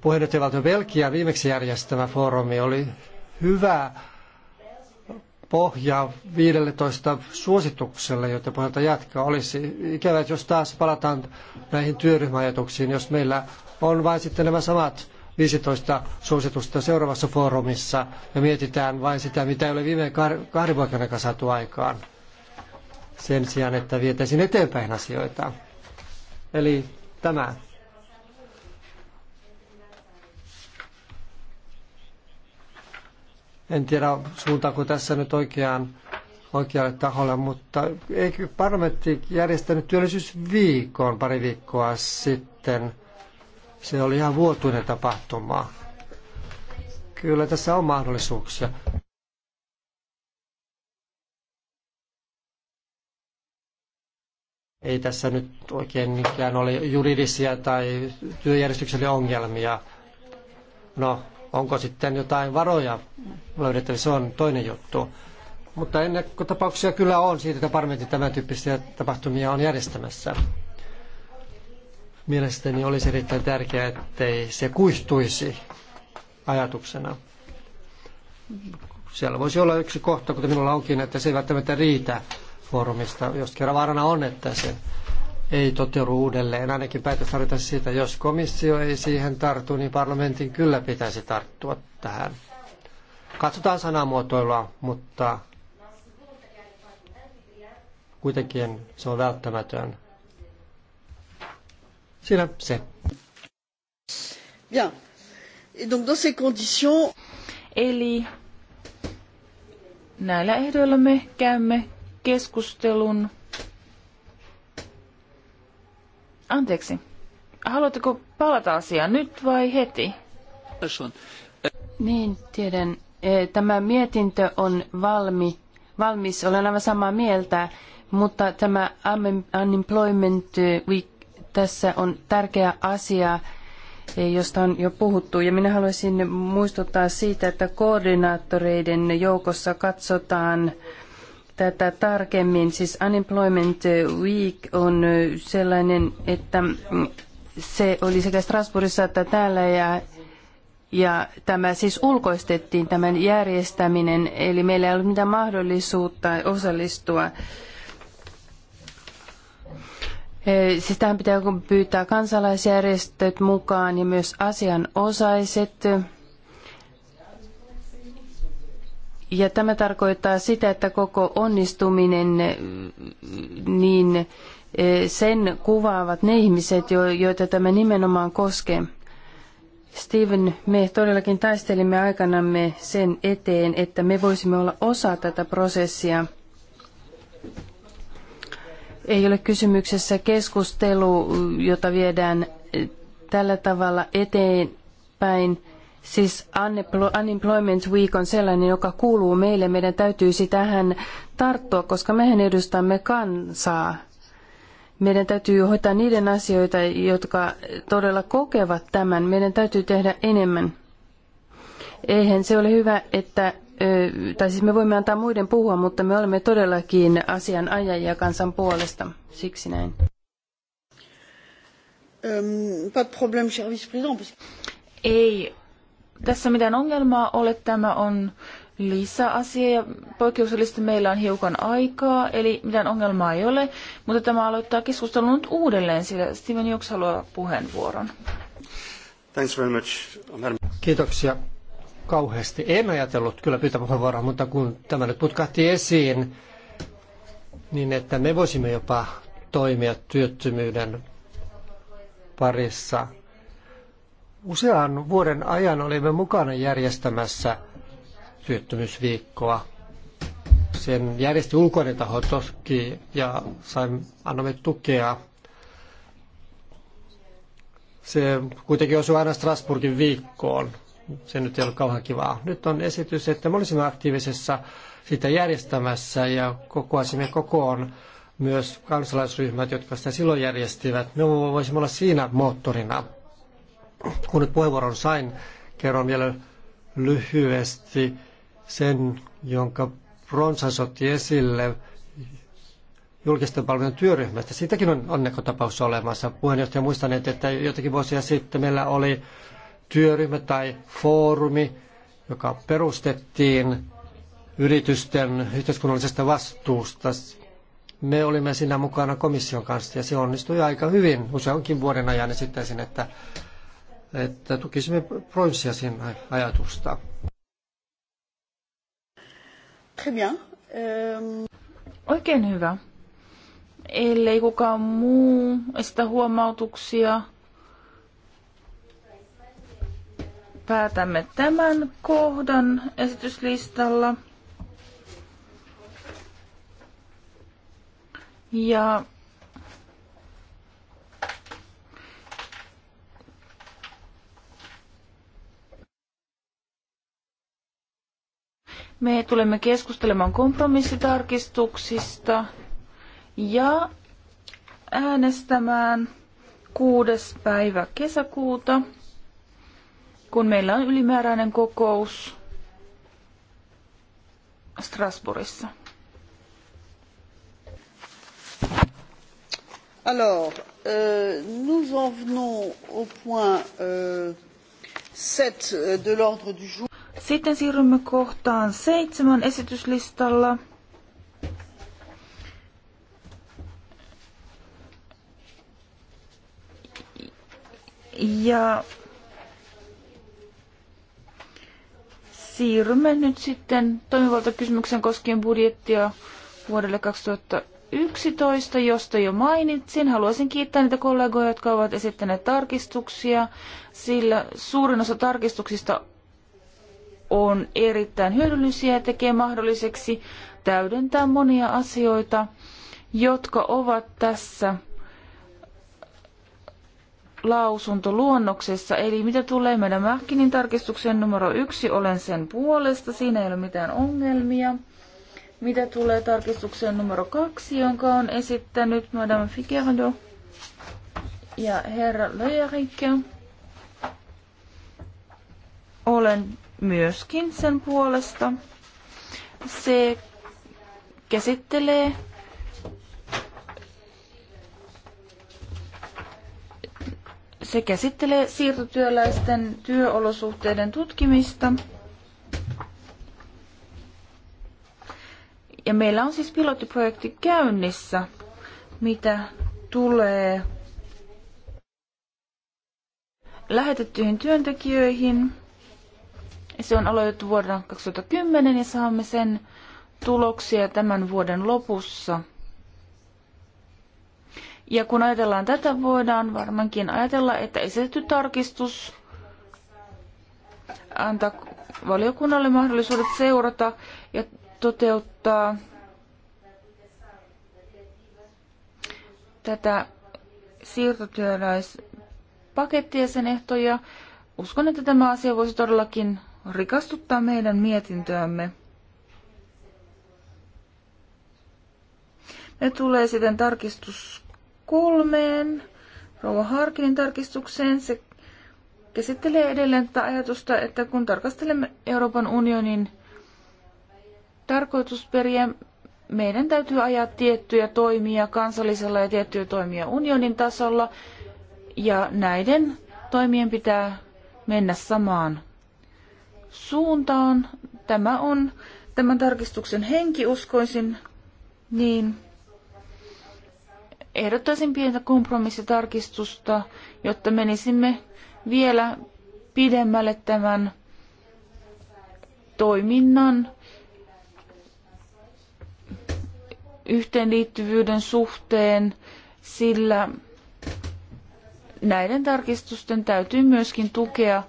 Puheenjohtajavaltio Belgia viimeksi järjestämä foorumi oli hyvä pohja 15 suositukselle, joita pohjalta jatkaa olisi. Ikävä, että jos taas palataan näihin työryhmäajatuksiin, jos meillä on vain sitten nämä samat 15 suositusta seuraavassa foorumissa ja mietitään vain sitä, mitä ei ole viime kahden vuoden aikana saatu aikaan sen sijaan, että vietäisiin eteenpäin asioita. Eli tämä. En tiedä, suuntaako tässä nyt oikeaan, oikealle taholle, mutta eikö parlamentti järjestänyt työllisyysviikkoon pari viikkoa sitten? Se oli ihan vuotuinen tapahtuma. Kyllä tässä on mahdollisuuksia. Ei tässä nyt oikein mikään ole juridisia tai työjärjestyksellisiä ongelmia. No, onko sitten jotain varoja löydettävissä, se on toinen juttu. Mutta ennakkotapauksia kyllä on siitä, että parlamentti tämän tyyppisiä tapahtumia on järjestämässä. Mielestäni olisi erittäin tärkeää, ettei se kuistuisi ajatuksena. Siellä voisi olla yksi kohta, kuten minulla onkin, että se ei välttämättä riitä foorumista, jos kerran vaarana on, että se ei toteudu uudelleen. Ainakin päätös tarvitaan siitä, jos komissio ei siihen tartu, niin parlamentin kyllä pitäisi tarttua tähän. Katsotaan sanamuotoilua, mutta kuitenkin se on välttämätön. Siinä se. Bien. Et donc dans ces conditions... Eli näillä ehdoilla me käymme keskustelun. Anteeksi. Haluatteko palata asiaan nyt vai heti? Niin, tiedän. Eh, tämä mietintö on valmi, valmis. Olen aivan samaa mieltä, mutta tämä Unemployment Week tässä on tärkeä asia, eh, josta on jo puhuttu. Ja minä haluaisin muistuttaa siitä, että koordinaattoreiden joukossa katsotaan tätä tarkemmin. Siis Unemployment Week on sellainen, että se oli sekä Strasbourgissa että täällä ja, ja tämä siis ulkoistettiin tämän järjestäminen, eli meillä ei ollut mitään mahdollisuutta osallistua. Siis tähän pitää pyytää kansalaisjärjestöt mukaan ja myös asianosaiset. osaiset Ja tämä tarkoittaa sitä, että koko onnistuminen, niin eh, sen kuvaavat ne ihmiset, joita tämä nimenomaan koskee. Steven, me todellakin taistelimme aikanamme sen eteen, että me voisimme olla osa tätä prosessia. Ei ole kysymyksessä keskustelu, jota viedään eh, tällä tavalla eteenpäin, Siis Unemployment Week on sellainen, joka kuuluu meille. Meidän täytyisi tähän tarttua, koska mehän edustamme kansaa. Meidän täytyy hoitaa niiden asioita, jotka todella kokevat tämän. Meidän täytyy tehdä enemmän. Eihän se ole hyvä, että, tai siis me voimme antaa muiden puhua, mutta me olemme todellakin asianajajia kansan puolesta. Siksi näin. Ei tässä mitään ongelmaa ole. Tämä on lisäasia ja poikkeuksellisesti meillä on hiukan aikaa, eli mitään ongelmaa ei ole, mutta tämä aloittaa keskustelun nyt uudelleen, sillä Steven Jux haluaa puheenvuoron. Thanks very much. Kiitoksia kauheasti. En ajatellut kyllä pyytää puheenvuoroa, mutta kun tämä nyt putkahti esiin, niin että me voisimme jopa toimia työttömyyden parissa – Usean vuoden ajan olimme mukana järjestämässä työttömyysviikkoa. Sen järjesti ulkoinen taho toski ja sain, annamme tukea. Se kuitenkin osui aina Strasburgin viikkoon. Se nyt ei ollut kauhean kivaa. Nyt on esitys, että me olisimme aktiivisessa sitä järjestämässä ja kokoaisimme kokoon myös kansalaisryhmät, jotka sitä silloin järjestivät. Me voisimme olla siinä moottorina. Kun nyt puheenvuoron sain, kerron vielä lyhyesti sen, jonka Ronsas otti esille julkisten palvelujen työryhmästä. Siitäkin on onnekotapaus olemassa. Puheenjohtaja muistaneet, että jotakin vuosia sitten meillä oli työryhmä tai foorumi, joka perustettiin yritysten yhteiskunnallisesta vastuusta. Me olimme siinä mukana komission kanssa ja se onnistui aika hyvin. Useankin vuoden ajan esittäisin, että että tukisimme Pronsiasin ajatusta. Euh, Oikein hyvä. Ellei kukaan muu esitä huomautuksia, päätämme tämän kohdan esityslistalla. Ja Me tulemme keskustelemaan kompromissitarkistuksista ja äänestämään kuudes päivä kesäkuuta, kun meillä on ylimääräinen kokous Strasbourgissa. Alors, euh, nous en venons au point euh, 7 euh, de l'ordre du jour. Sitten siirrymme kohtaan seitsemän esityslistalla. Ja siirrymme nyt sitten toimivaltakysymyksen koskien budjettia vuodelle 2011, josta jo mainitsin. Haluaisin kiittää niitä kollegoja, jotka ovat esittäneet tarkistuksia, sillä suurin osa tarkistuksista on erittäin hyödyllisiä ja tekee mahdolliseksi täydentää monia asioita, jotka ovat tässä lausuntoluonnoksessa. Eli mitä tulee meidän Mähkinin tarkistukseen numero yksi, olen sen puolesta, siinä ei ole mitään ongelmia. Mitä tulee tarkistukseen numero kaksi, jonka on esittänyt Madame Figueredo ja herra Leerikke, olen myöskin sen puolesta. Se käsittelee se käsittelee siirtotyöläisten työolosuhteiden tutkimista. Ja meillä on siis pilottiprojekti käynnissä, mitä tulee lähetettyihin työntekijöihin. Se on aloitettu vuonna 2010 ja saamme sen tuloksia tämän vuoden lopussa. Ja kun ajatellaan tätä, voidaan varmaankin ajatella, että esitetty tarkistus antaa valiokunnalle mahdollisuudet seurata ja toteuttaa tätä siirtotyöläispakettia ja sen ehtoja. Uskon, että tämä asia voisi todellakin rikastuttaa meidän mietintöämme. Ne tulee sitten tarkistus kolmeen, Rouva Harkinin tarkistukseen. Se käsittelee edelleen tätä ajatusta, että kun tarkastelemme Euroopan unionin tarkoitusperiä, meidän täytyy ajaa tiettyjä toimia kansallisella ja tiettyjä toimia unionin tasolla, ja näiden toimien pitää mennä samaan suuntaan. Tämä on tämän tarkistuksen henki, uskoisin, niin ehdottaisin pientä kompromissitarkistusta, jotta menisimme vielä pidemmälle tämän toiminnan yhteenliittyvyyden suhteen, sillä näiden tarkistusten täytyy myöskin tukea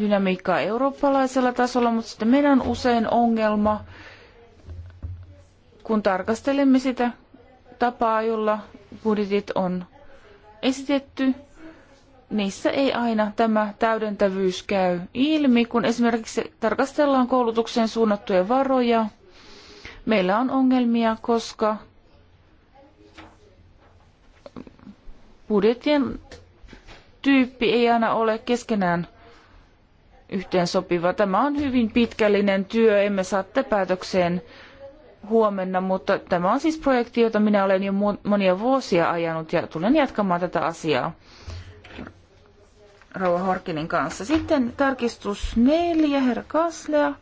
dynamiikkaa eurooppalaisella tasolla, mutta sitten meillä on usein ongelma, kun tarkastelemme sitä tapaa, jolla budjetit on esitetty, niissä ei aina tämä täydentävyys käy ilmi, kun esimerkiksi tarkastellaan koulutukseen suunnattuja varoja. Meillä on ongelmia, koska budjettien tyyppi ei aina ole keskenään yhteen sopiva. Tämä on hyvin pitkällinen työ, emme saa tätä päätökseen huomenna, mutta tämä on siis projekti, jota minä olen jo monia vuosia ajanut ja tulen jatkamaan tätä asiaa Rauha Harkinin kanssa. Sitten tarkistus neljä, herra Kaslea.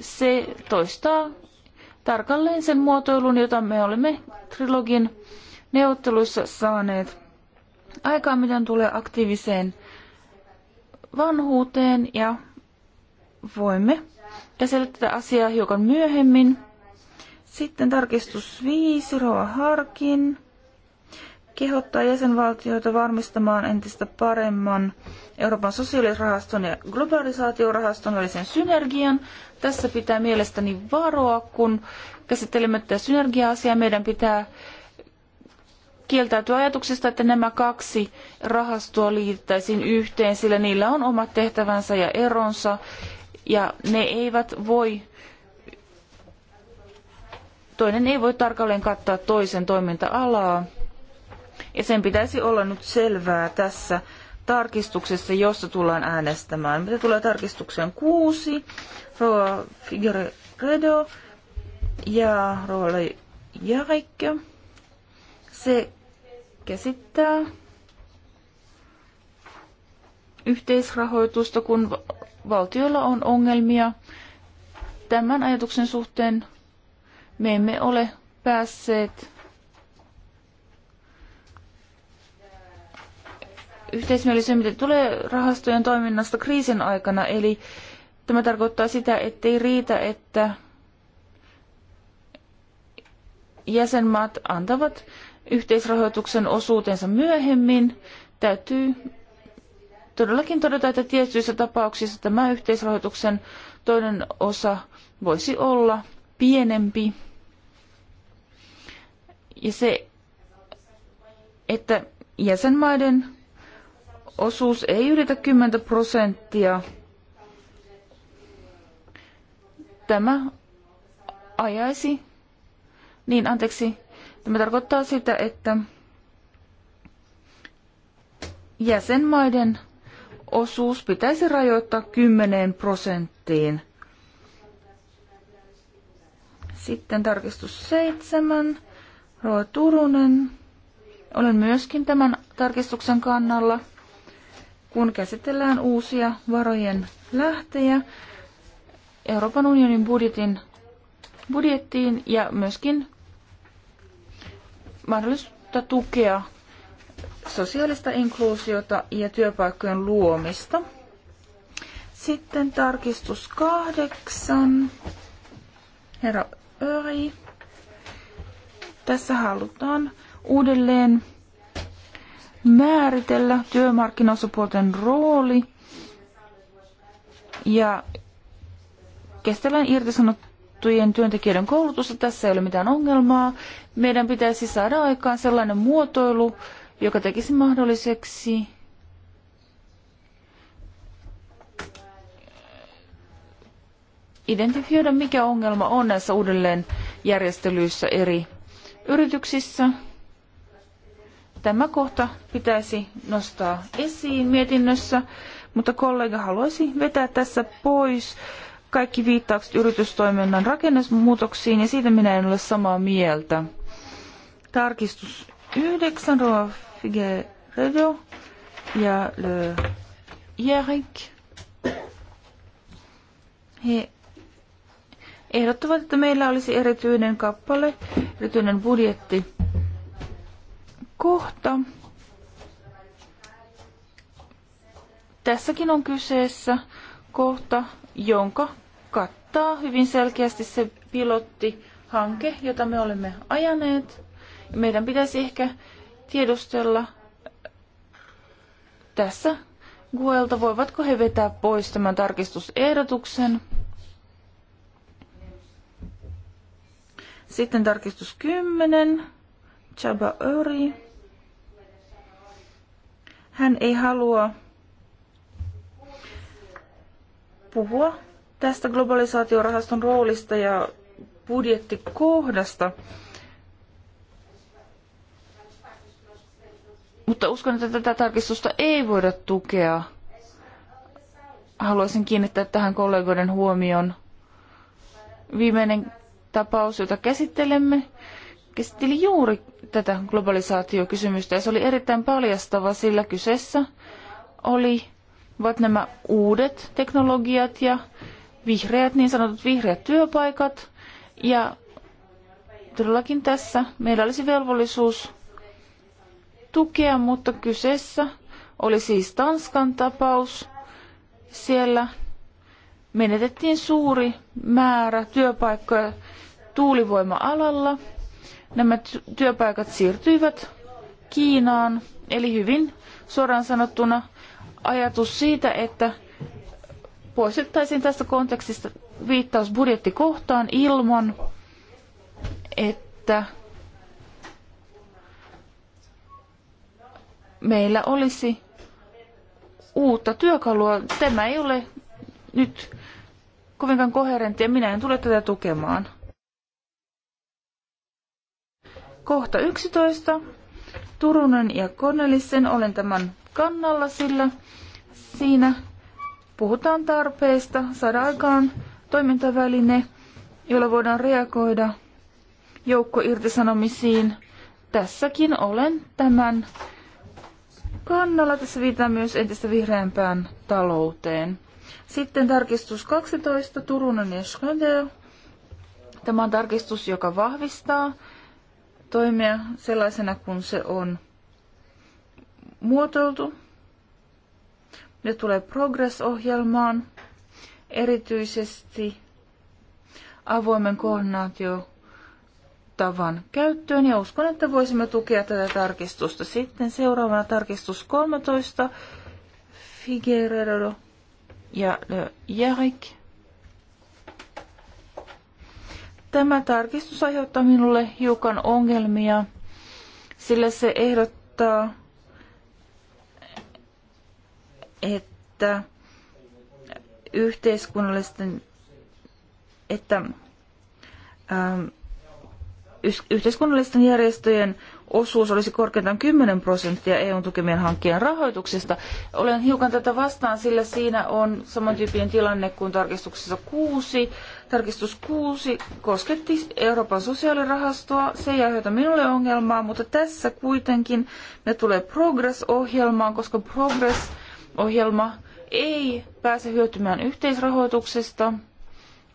Se toistaa tarkalleen sen muotoilun, jota me olemme trilogin neuvotteluissa saaneet. Aikaa, miten tulee aktiiviseen vanhuuteen ja voimme käsitellä tätä asiaa hiukan myöhemmin. Sitten tarkistus 5, Roa Harkin kehottaa jäsenvaltioita varmistamaan entistä paremman Euroopan sosiaalirahaston ja globalisaatiorahaston välisen synergian. Tässä pitää mielestäni varoa, kun käsittelemme tätä synergia-asiaa. Meidän pitää kieltäytyä ajatuksesta, että nämä kaksi rahastoa liitettäisiin yhteen, sillä niillä on omat tehtävänsä ja eronsa, ja ne eivät voi, toinen ei voi tarkalleen kattaa toisen toiminta-alaa, ja sen pitäisi olla nyt selvää tässä tarkistuksessa, jossa tullaan äänestämään. Mitä tulee tarkistukseen kuusi, Roa Figueredo ja Roa Jäikkö. Se käsittää yhteisrahoitusta, kun valtiolla on ongelmia. Tämän ajatuksen suhteen me emme ole päässeet yhteismielisyyteen, mitä tulee rahastojen toiminnasta kriisin aikana. Eli tämä tarkoittaa sitä, ettei riitä, että jäsenmaat antavat yhteisrahoituksen osuutensa myöhemmin. Täytyy todellakin todeta, että tietyissä tapauksissa tämä yhteisrahoituksen toinen osa voisi olla pienempi. Ja se, että jäsenmaiden osuus ei ylitä 10 prosenttia, tämä ajaisi, niin anteeksi, Tämä tarkoittaa sitä, että jäsenmaiden osuus pitäisi rajoittaa 10 prosenttiin. Sitten tarkistus 7. Roa Turunen. Olen myöskin tämän tarkistuksen kannalla. Kun käsitellään uusia varojen lähtejä Euroopan unionin budjetin, budjettiin ja myöskin mahdollisuutta tukea sosiaalista inkluusiota ja työpaikkojen luomista. Sitten tarkistus kahdeksan. Herra Öri. Tässä halutaan uudelleen määritellä työmarkkinaosapuolten rooli ja kestävän irtisanottu koulutettujen työntekijöiden koulutusta. Tässä ei ole mitään ongelmaa. Meidän pitäisi saada aikaan sellainen muotoilu, joka tekisi mahdolliseksi identifioida, mikä ongelma on näissä uudelleenjärjestelyissä eri yrityksissä. Tämä kohta pitäisi nostaa esiin mietinnössä, mutta kollega haluaisi vetää tässä pois kaikki viittaukset yritystoiminnan rakennemuutoksiin ja siitä minä en ole samaa mieltä. Tarkistus 9, Roa Figueredo ja Le Jerek. He ehdottavat, että meillä olisi erityinen kappale, erityinen budjetti kohta. Tässäkin on kyseessä kohta, jonka kattaa hyvin selkeästi se pilottihanke, jota me olemme ajaneet. Meidän pitäisi ehkä tiedustella äh, tässä Guelta, voivatko he vetää pois tämän tarkistusehdotuksen. Sitten tarkistus 10, Chaba Öri. Hän ei halua puhua tästä globalisaatiorahaston roolista ja budjettikohdasta. Mutta uskon, että tätä tarkistusta ei voida tukea. Haluaisin kiinnittää tähän kollegoiden huomion. Viimeinen tapaus, jota käsittelemme, käsitteli juuri tätä globalisaatiokysymystä ja se oli erittäin paljastava, sillä kyseessä oli ovat nämä uudet teknologiat ja vihreät, niin sanotut vihreät työpaikat. Ja todellakin tässä meillä olisi velvollisuus tukea, mutta kyseessä oli siis Tanskan tapaus. Siellä menetettiin suuri määrä työpaikkoja tuulivoima-alalla. Nämä työpaikat siirtyivät Kiinaan, eli hyvin suoraan sanottuna ajatus siitä, että poistettaisiin tästä kontekstista viittaus budjettikohtaan ilman, että meillä olisi uutta työkalua. Tämä ei ole nyt kovinkaan ja Minä en tule tätä tukemaan. Kohta 11. Turunen ja Cornelissen olen tämän kannalla, sillä siinä puhutaan tarpeesta saada aikaan toimintaväline, jolla voidaan reagoida joukkoirtisanomisiin. Tässäkin olen tämän kannalla. Tässä viitaa myös entistä vihreämpään talouteen. Sitten tarkistus 12, Turunen ja Schröder. Tämä on tarkistus, joka vahvistaa toimia sellaisena kuin se on muotoiltu. Ne tulee Progress-ohjelmaan, erityisesti avoimen koordinaatiotavan tavan käyttöön ja uskon, että voisimme tukea tätä tarkistusta. Sitten seuraavana tarkistus 13, Figueredo ja Le Järik. Tämä tarkistus aiheuttaa minulle hiukan ongelmia, sillä se ehdottaa että yhteiskunnallisten, että ähm, yhteiskunnallisten järjestöjen osuus olisi korkeintaan 10 prosenttia EUn tukemien hankkeen rahoituksesta. Olen hiukan tätä vastaan, sillä siinä on samantyyppinen tilanne kuin tarkistuksessa kuusi. Tarkistus kuusi kosketti Euroopan sosiaalirahastoa. Se ei aiheuta minulle ongelmaa, mutta tässä kuitenkin ne tulee Progress-ohjelmaan, koska Progress ohjelma ei pääse hyötymään yhteisrahoituksesta.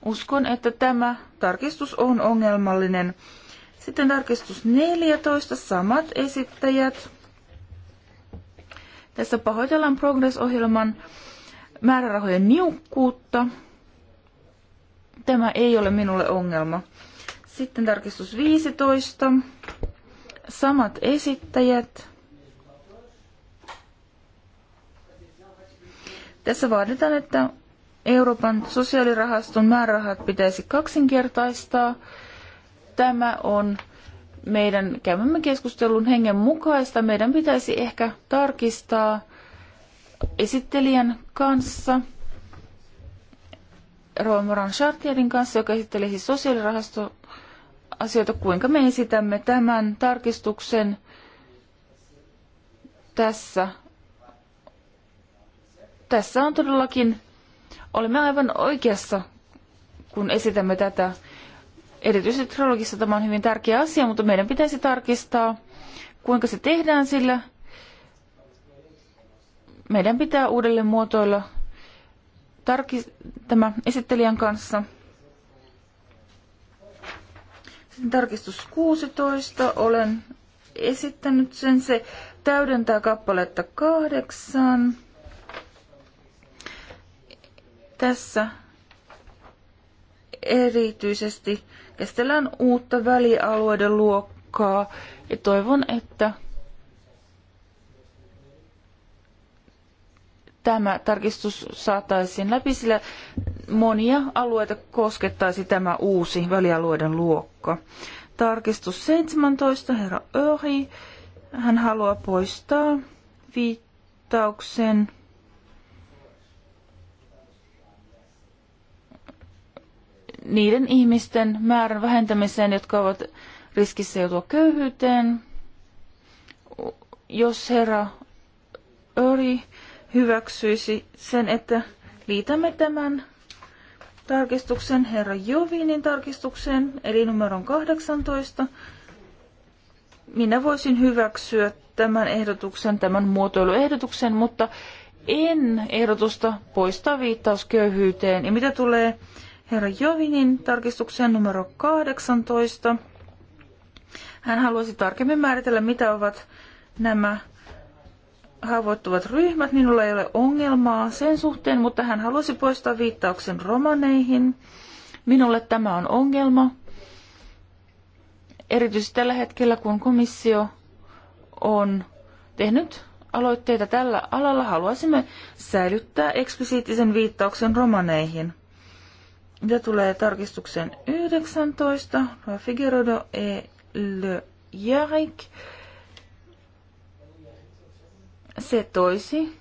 Uskon, että tämä tarkistus on ongelmallinen. Sitten tarkistus 14, samat esittäjät. Tässä pahoitellaan Progress-ohjelman määrärahojen niukkuutta. Tämä ei ole minulle ongelma. Sitten tarkistus 15. Samat esittäjät. Tässä vaaditaan, että Euroopan sosiaalirahaston määrärahat pitäisi kaksinkertaistaa. Tämä on meidän käymämme keskustelun hengen mukaista. Meidän pitäisi ehkä tarkistaa esittelijän kanssa, Rova Moran Chartierin kanssa, joka esitteli siis sosiaalirahastoasioita, kuinka me esitämme tämän tarkistuksen tässä tässä on todellakin, olemme aivan oikeassa, kun esitämme tätä. Erityisesti trilogissa tämä on hyvin tärkeä asia, mutta meidän pitäisi tarkistaa, kuinka se tehdään, sillä meidän pitää uudelleen muotoilla tarki, tämä esittelijän kanssa. Sitten tarkistus 16. Olen esittänyt sen. Se täydentää kappaletta kahdeksan. Tässä erityisesti käsitellään uutta välialueiden luokkaa ja toivon, että tämä tarkistus saataisiin läpi, sillä monia alueita koskettaisi tämä uusi välialueiden luokka. Tarkistus 17, herra Öri, hän haluaa poistaa viittauksen niiden ihmisten määrän vähentämiseen, jotka ovat riskissä joutua köyhyyteen. Jos herra Öri hyväksyisi sen, että liitämme tämän tarkistuksen herra Jovinin tarkistukseen, eli numeron 18, minä voisin hyväksyä tämän ehdotuksen, tämän muotoiluehdotuksen, mutta en ehdotusta poistaa viittaus köyhyyteen. Ja mitä tulee herra Jovinin tarkistukseen numero 18. Hän haluaisi tarkemmin määritellä, mitä ovat nämä haavoittuvat ryhmät. Minulla ei ole ongelmaa sen suhteen, mutta hän haluaisi poistaa viittauksen romaneihin. Minulle tämä on ongelma. Erityisesti tällä hetkellä, kun komissio on tehnyt aloitteita tällä alalla, haluaisimme säilyttää eksplisiittisen viittauksen romaneihin. Mitä tulee tarkistuksen 19, Figueroa e le Järik, se toisi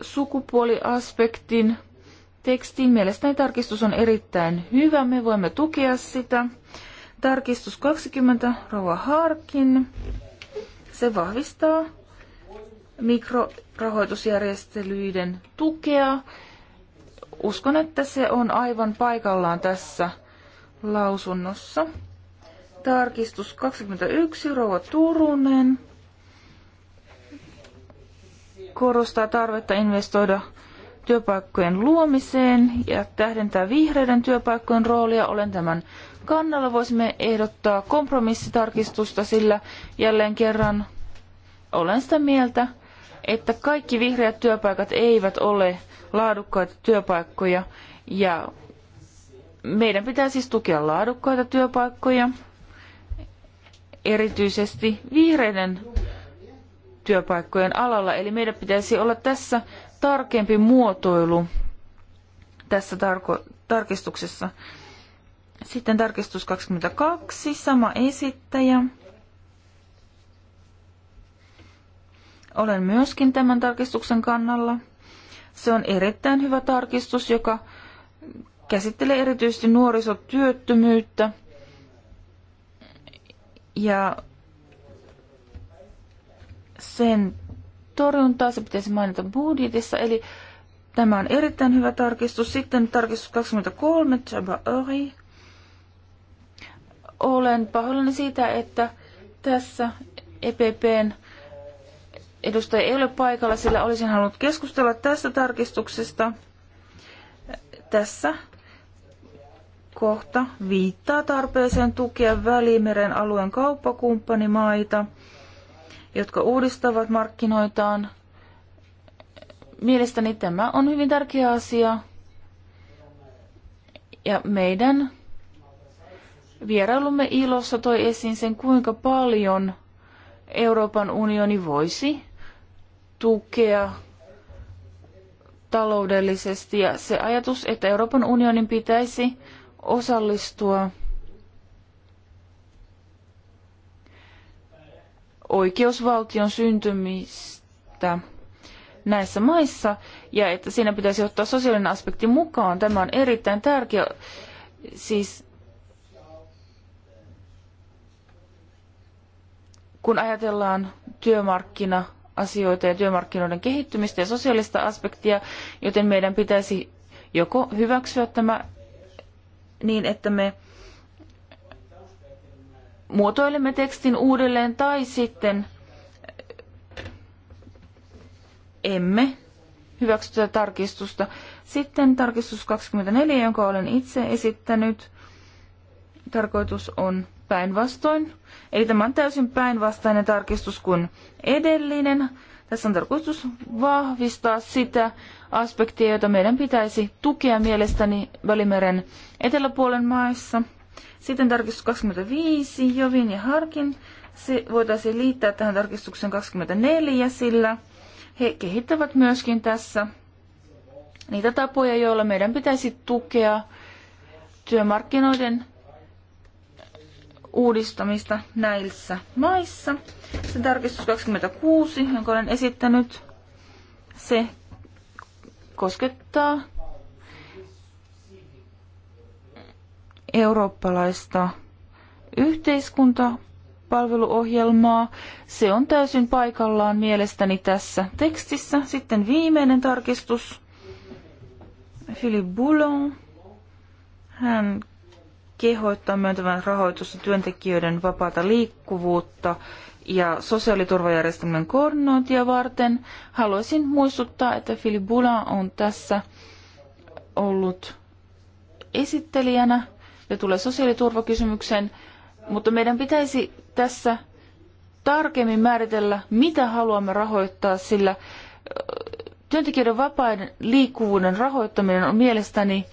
sukupuoliaspektin tekstiin. Mielestäni tarkistus on erittäin hyvä, me voimme tukea sitä. Tarkistus 20, Rova Harkin, se vahvistaa mikrorahoitusjärjestelyiden tukea uskon, että se on aivan paikallaan tässä lausunnossa. Tarkistus 21, Rouva Turunen korostaa tarvetta investoida työpaikkojen luomiseen ja tähdentää vihreiden työpaikkojen roolia. Olen tämän kannalla. Voisimme ehdottaa kompromissitarkistusta, sillä jälleen kerran olen sitä mieltä, että kaikki vihreät työpaikat eivät ole laadukkaita työpaikkoja ja meidän pitää siis tukea laadukkaita työpaikkoja, erityisesti vihreiden työpaikkojen alalla. Eli meidän pitäisi olla tässä tarkempi muotoilu tässä tarkistuksessa. Sitten tarkistus 22, sama esittäjä. Olen myöskin tämän tarkistuksen kannalla. Se on erittäin hyvä tarkistus, joka käsittelee erityisesti nuorisotyöttömyyttä ja sen torjuntaa. Se pitäisi mainita budjetissa, eli tämä on erittäin hyvä tarkistus. Sitten tarkistus 23, Olen pahoillani siitä, että tässä EPPn edustaja ei ole paikalla, sillä olisin halunnut keskustella tästä tarkistuksesta. Tässä kohta viittaa tarpeeseen tukea Välimeren alueen kauppakumppanimaita, jotka uudistavat markkinoitaan. Mielestäni tämä on hyvin tärkeä asia. Ja meidän vierailumme ilossa toi esiin sen, kuinka paljon Euroopan unioni voisi tukea taloudellisesti ja se ajatus, että Euroopan unionin pitäisi osallistua oikeusvaltion syntymistä näissä maissa ja että siinä pitäisi ottaa sosiaalinen aspekti mukaan. Tämä on erittäin tärkeä, siis kun ajatellaan työmarkkina asioita ja työmarkkinoiden kehittymistä ja sosiaalista aspektia, joten meidän pitäisi joko hyväksyä tämä niin, että me muotoilemme tekstin uudelleen tai sitten emme hyväksy tätä tarkistusta. Sitten tarkistus 24, jonka olen itse esittänyt. Tarkoitus on päinvastoin. Eli tämä on täysin päinvastainen tarkistus kuin edellinen. Tässä on tarkoitus vahvistaa sitä aspektia, jota meidän pitäisi tukea mielestäni Välimeren eteläpuolen maissa. Sitten tarkistus 25, Jovin ja Harkin. Se voitaisiin liittää tähän tarkistukseen 24, sillä he kehittävät myöskin tässä niitä tapoja, joilla meidän pitäisi tukea työmarkkinoiden uudistamista näissä maissa. Se tarkistus 26, jonka olen esittänyt, se koskettaa eurooppalaista yhteiskuntapalveluohjelmaa. Se on täysin paikallaan mielestäni tässä tekstissä. Sitten viimeinen tarkistus. Philippe Boulon. Hän kehottaa myöntävän rahoitusta työntekijöiden vapaata liikkuvuutta ja sosiaaliturvajärjestelmän koordinointia varten. Haluaisin muistuttaa, että Philippe Bula on tässä ollut esittelijänä ja tulee sosiaaliturvakysymyksen, mutta meidän pitäisi tässä tarkemmin määritellä, mitä haluamme rahoittaa, sillä työntekijöiden vapaiden liikkuvuuden rahoittaminen on mielestäni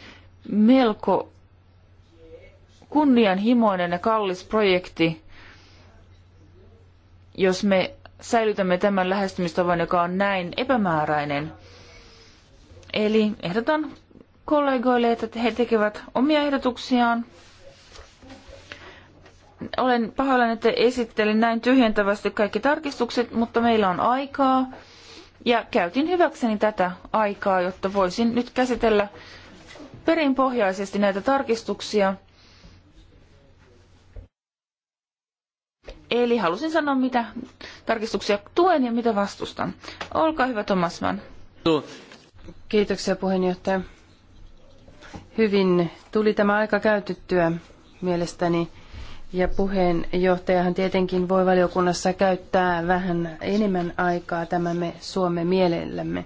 melko kunnianhimoinen ja kallis projekti, jos me säilytämme tämän lähestymistavan, joka on näin epämääräinen. Eli ehdotan kollegoille, että he tekevät omia ehdotuksiaan. Olen pahoillani, että esittelin näin tyhjentävästi kaikki tarkistukset, mutta meillä on aikaa. Ja käytin hyväkseni tätä aikaa, jotta voisin nyt käsitellä perinpohjaisesti näitä tarkistuksia. Eli halusin sanoa, mitä tarkistuksia tuen ja mitä vastustan. Olkaa hyvä, Thomas Mann. Kiitoksia, puheenjohtaja. Hyvin tuli tämä aika käytettyä mielestäni. Ja puheenjohtajahan tietenkin voi valiokunnassa käyttää vähän enemmän aikaa tämä me Suomen mielellämme.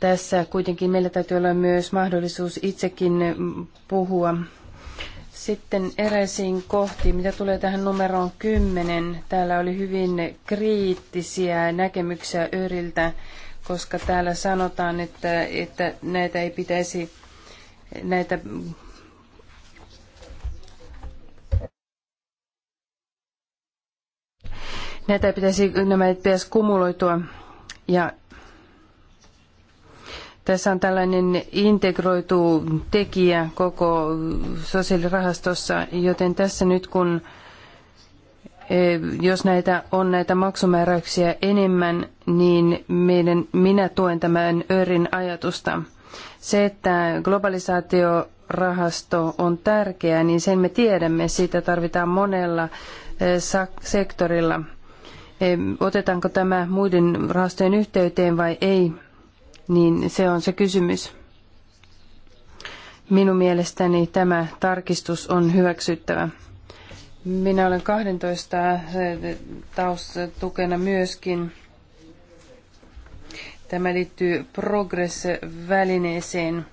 Tässä kuitenkin meillä täytyy olla myös mahdollisuus itsekin puhua sitten eräisiin kohtiin, mitä tulee tähän numeroon 10. Täällä oli hyvin kriittisiä näkemyksiä Öriltä, koska täällä sanotaan, että, että näitä ei pitäisi, näitä näitä pitäisi, nämä pitäisi kumuloitua. Ja tässä on tällainen integroitu tekijä koko sosiaalirahastossa, joten tässä nyt kun e, jos näitä on näitä maksumääräyksiä enemmän, niin meidän, minä tuen tämän Örin ajatusta. Se, että globalisaatiorahasto on tärkeä, niin sen me tiedämme. Siitä tarvitaan monella e, sektorilla. E, otetaanko tämä muiden rahastojen yhteyteen vai ei? niin se on se kysymys. Minun mielestäni tämä tarkistus on hyväksyttävä. Minä olen 12 äh, taustatukena myöskin. Tämä liittyy Progress-välineeseen.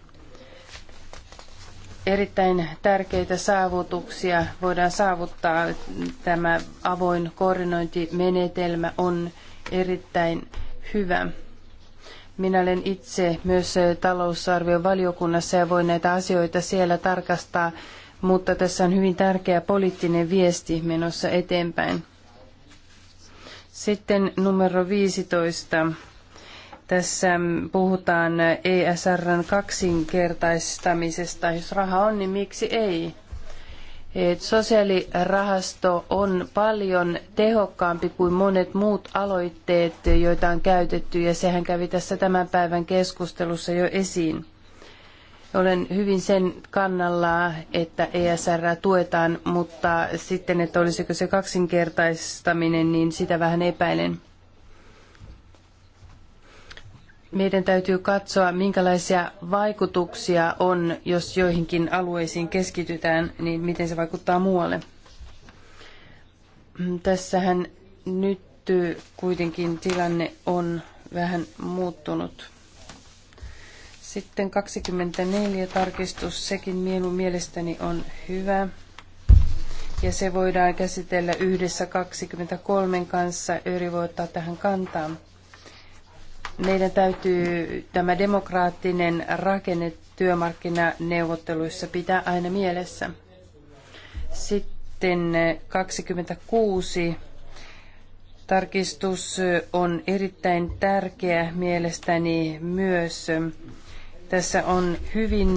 Erittäin tärkeitä saavutuksia voidaan saavuttaa. Tämä avoin koordinointimenetelmä on erittäin hyvä. Minä olen itse myös talousarvion valiokunnassa ja voin näitä asioita siellä tarkastaa, mutta tässä on hyvin tärkeä poliittinen viesti menossa eteenpäin. Sitten numero 15. Tässä puhutaan ESRn kaksinkertaistamisesta. Jos raha on, niin miksi ei? Sosiaalirahasto on paljon tehokkaampi kuin monet muut aloitteet, joita on käytetty, ja sehän kävi tässä tämän päivän keskustelussa jo esiin. Olen hyvin sen kannalla, että ESR tuetaan, mutta sitten, että olisiko se kaksinkertaistaminen, niin sitä vähän epäilen meidän täytyy katsoa, minkälaisia vaikutuksia on, jos joihinkin alueisiin keskitytään, niin miten se vaikuttaa muualle. Tässähän nyt kuitenkin tilanne on vähän muuttunut. Sitten 24 tarkistus, sekin minun mielestäni on hyvä. Ja se voidaan käsitellä yhdessä 23 kanssa, Öri voi ottaa tähän kantaa. Meidän täytyy tämä demokraattinen rakenne työmarkkinaneuvotteluissa pitää aina mielessä. Sitten 26 tarkistus on erittäin tärkeä mielestäni myös. Tässä on hyvin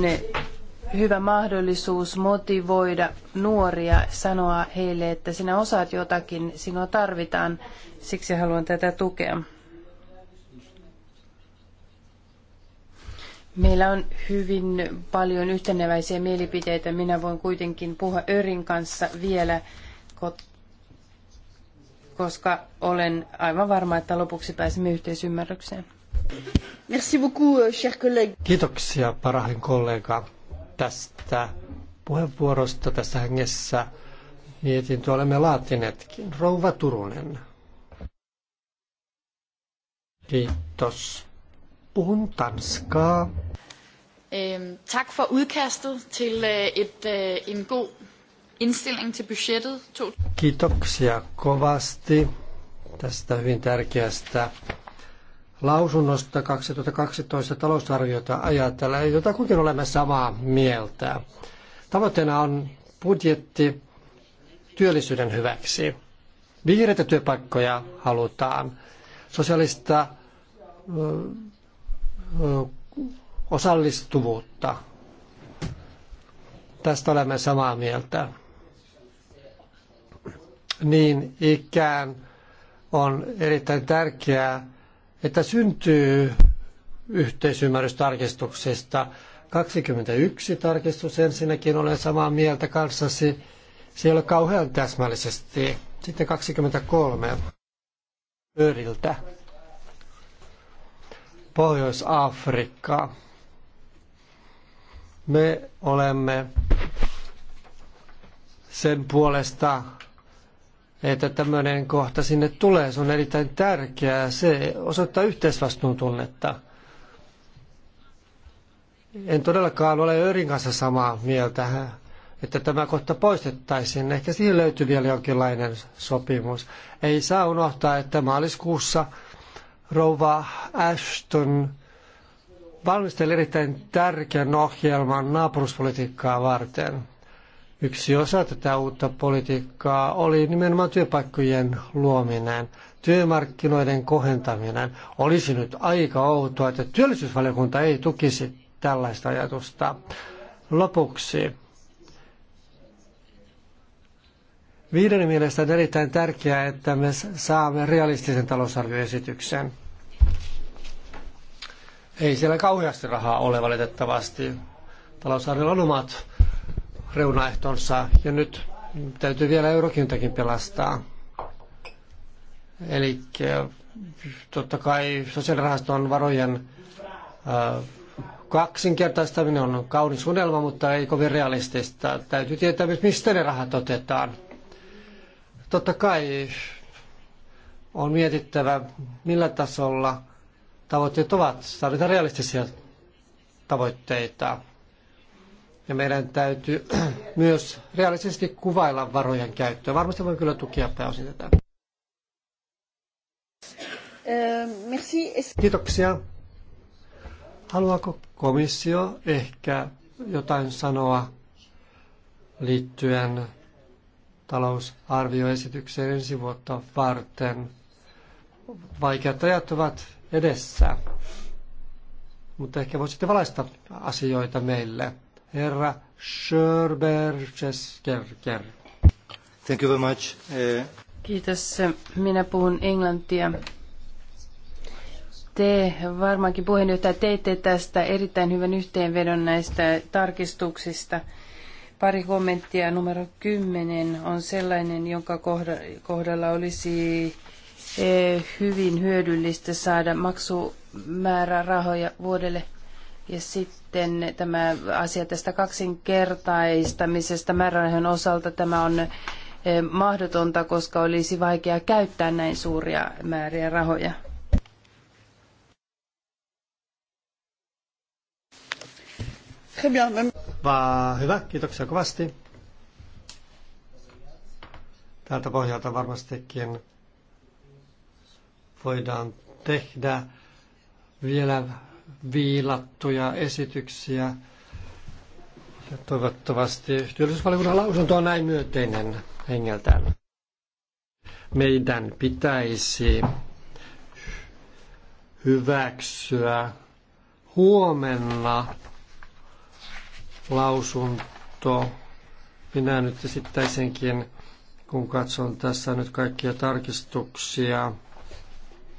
hyvä mahdollisuus motivoida nuoria, sanoa heille, että sinä osaat jotakin, sinua tarvitaan, siksi haluan tätä tukea. Meillä on hyvin paljon yhteneväisiä mielipiteitä. Minä voin kuitenkin puhua Örin kanssa vielä, koska olen aivan varma, että lopuksi pääsemme yhteisymmärrykseen. Merci beaucoup, euh, cher collègue. Kiitoksia, parhain kollega, tästä puheenvuorosta tässä hengessä. Mietintö me laatineetkin. Rouva Turunen. Kiitos Puhun tanskaa. Tak for udkastet til øh, et, øh, en god indstilling til budgettet. Kiitoksia kovasti tästä hyvin tärkeästä lausunnosta 2012 talousarviota ajatellen, jota kuitenkin olemme samaa mieltä. Tavoitteena on budjetti työllisyyden hyväksi. Vihreitä työpaikkoja halutaan. Sosiaalista osallistuvuutta. Tästä olemme samaa mieltä. Niin ikään on erittäin tärkeää, että syntyy tarkistuksesta 21 tarkistus ensinnäkin olen samaa mieltä kanssasi. Se ei ole kauhean täsmällisesti. Sitten 23 Öriltä. Pohjois-Afrikkaa. Me olemme sen puolesta, että tämmöinen kohta sinne tulee. Se on erittäin tärkeää. Se osoittaa yhteisvastuun tunnetta. En todellakaan ole Örin kanssa samaa mieltä, että tämä kohta poistettaisiin. Ehkä siihen löytyy vielä jonkinlainen sopimus. Ei saa unohtaa, että maaliskuussa – Rouva Ashton valmisteli erittäin tärkeän ohjelman naapuruspolitiikkaa varten. Yksi osa tätä uutta politiikkaa oli nimenomaan työpaikkojen luominen, työmarkkinoiden kohentaminen. Olisi nyt aika outoa, että työllisyysvaliokunta ei tukisi tällaista ajatusta. Lopuksi. Viiden mielestä on erittäin tärkeää, että me saamme realistisen talousarvioesityksen. Ei siellä kauheasti rahaa ole valitettavasti. Talousarviolla on omat reunaehtonsa ja nyt täytyy vielä eurokintakin pelastaa. Eli totta kai sosiaalirahaston varojen äh, kaksinkertaistaminen on kaunis unelma, mutta ei kovin realistista. Täytyy tietää myös, mistä ne rahat otetaan. Totta kai on mietittävä, millä tasolla tavoitteet ovat. Tarvitaan realistisia tavoitteita. Ja meidän täytyy myös realistisesti kuvailla varojen käyttöä. Varmasti voin kyllä tukea pääosin tätä. Euh, Kiitoksia. Haluaako komissio ehkä jotain sanoa liittyen talousarvioesitykseen ensi vuotta varten? Vaikeat ajat ovat edessä. Mutta ehkä voisitte valaista asioita meille. Herra Schörbergeskerker. Thank you very much. Eh. Kiitos. Minä puhun englantia. Te varmaankin puheenjohtaja teitte tästä erittäin hyvän yhteenvedon näistä tarkistuksista. Pari kommenttia. Numero 10 on sellainen, jonka kohdalla olisi hyvin hyödyllistä saada maksumäärärahoja vuodelle. Ja sitten tämä asia tästä kaksinkertaistamisesta määrärahojen osalta, tämä on eh, mahdotonta, koska olisi vaikea käyttää näin suuria määriä rahoja. Va, hyvä, kiitoksia kovasti. Tältä pohjalta varmastikin voidaan tehdä vielä viilattuja esityksiä. Ja toivottavasti työllisyysvaliokunnan lausunto on näin myönteinen hengeltään. Meidän pitäisi hyväksyä huomenna lausunto. Minä nyt esittäisinkin, kun katson tässä nyt kaikkia tarkistuksia,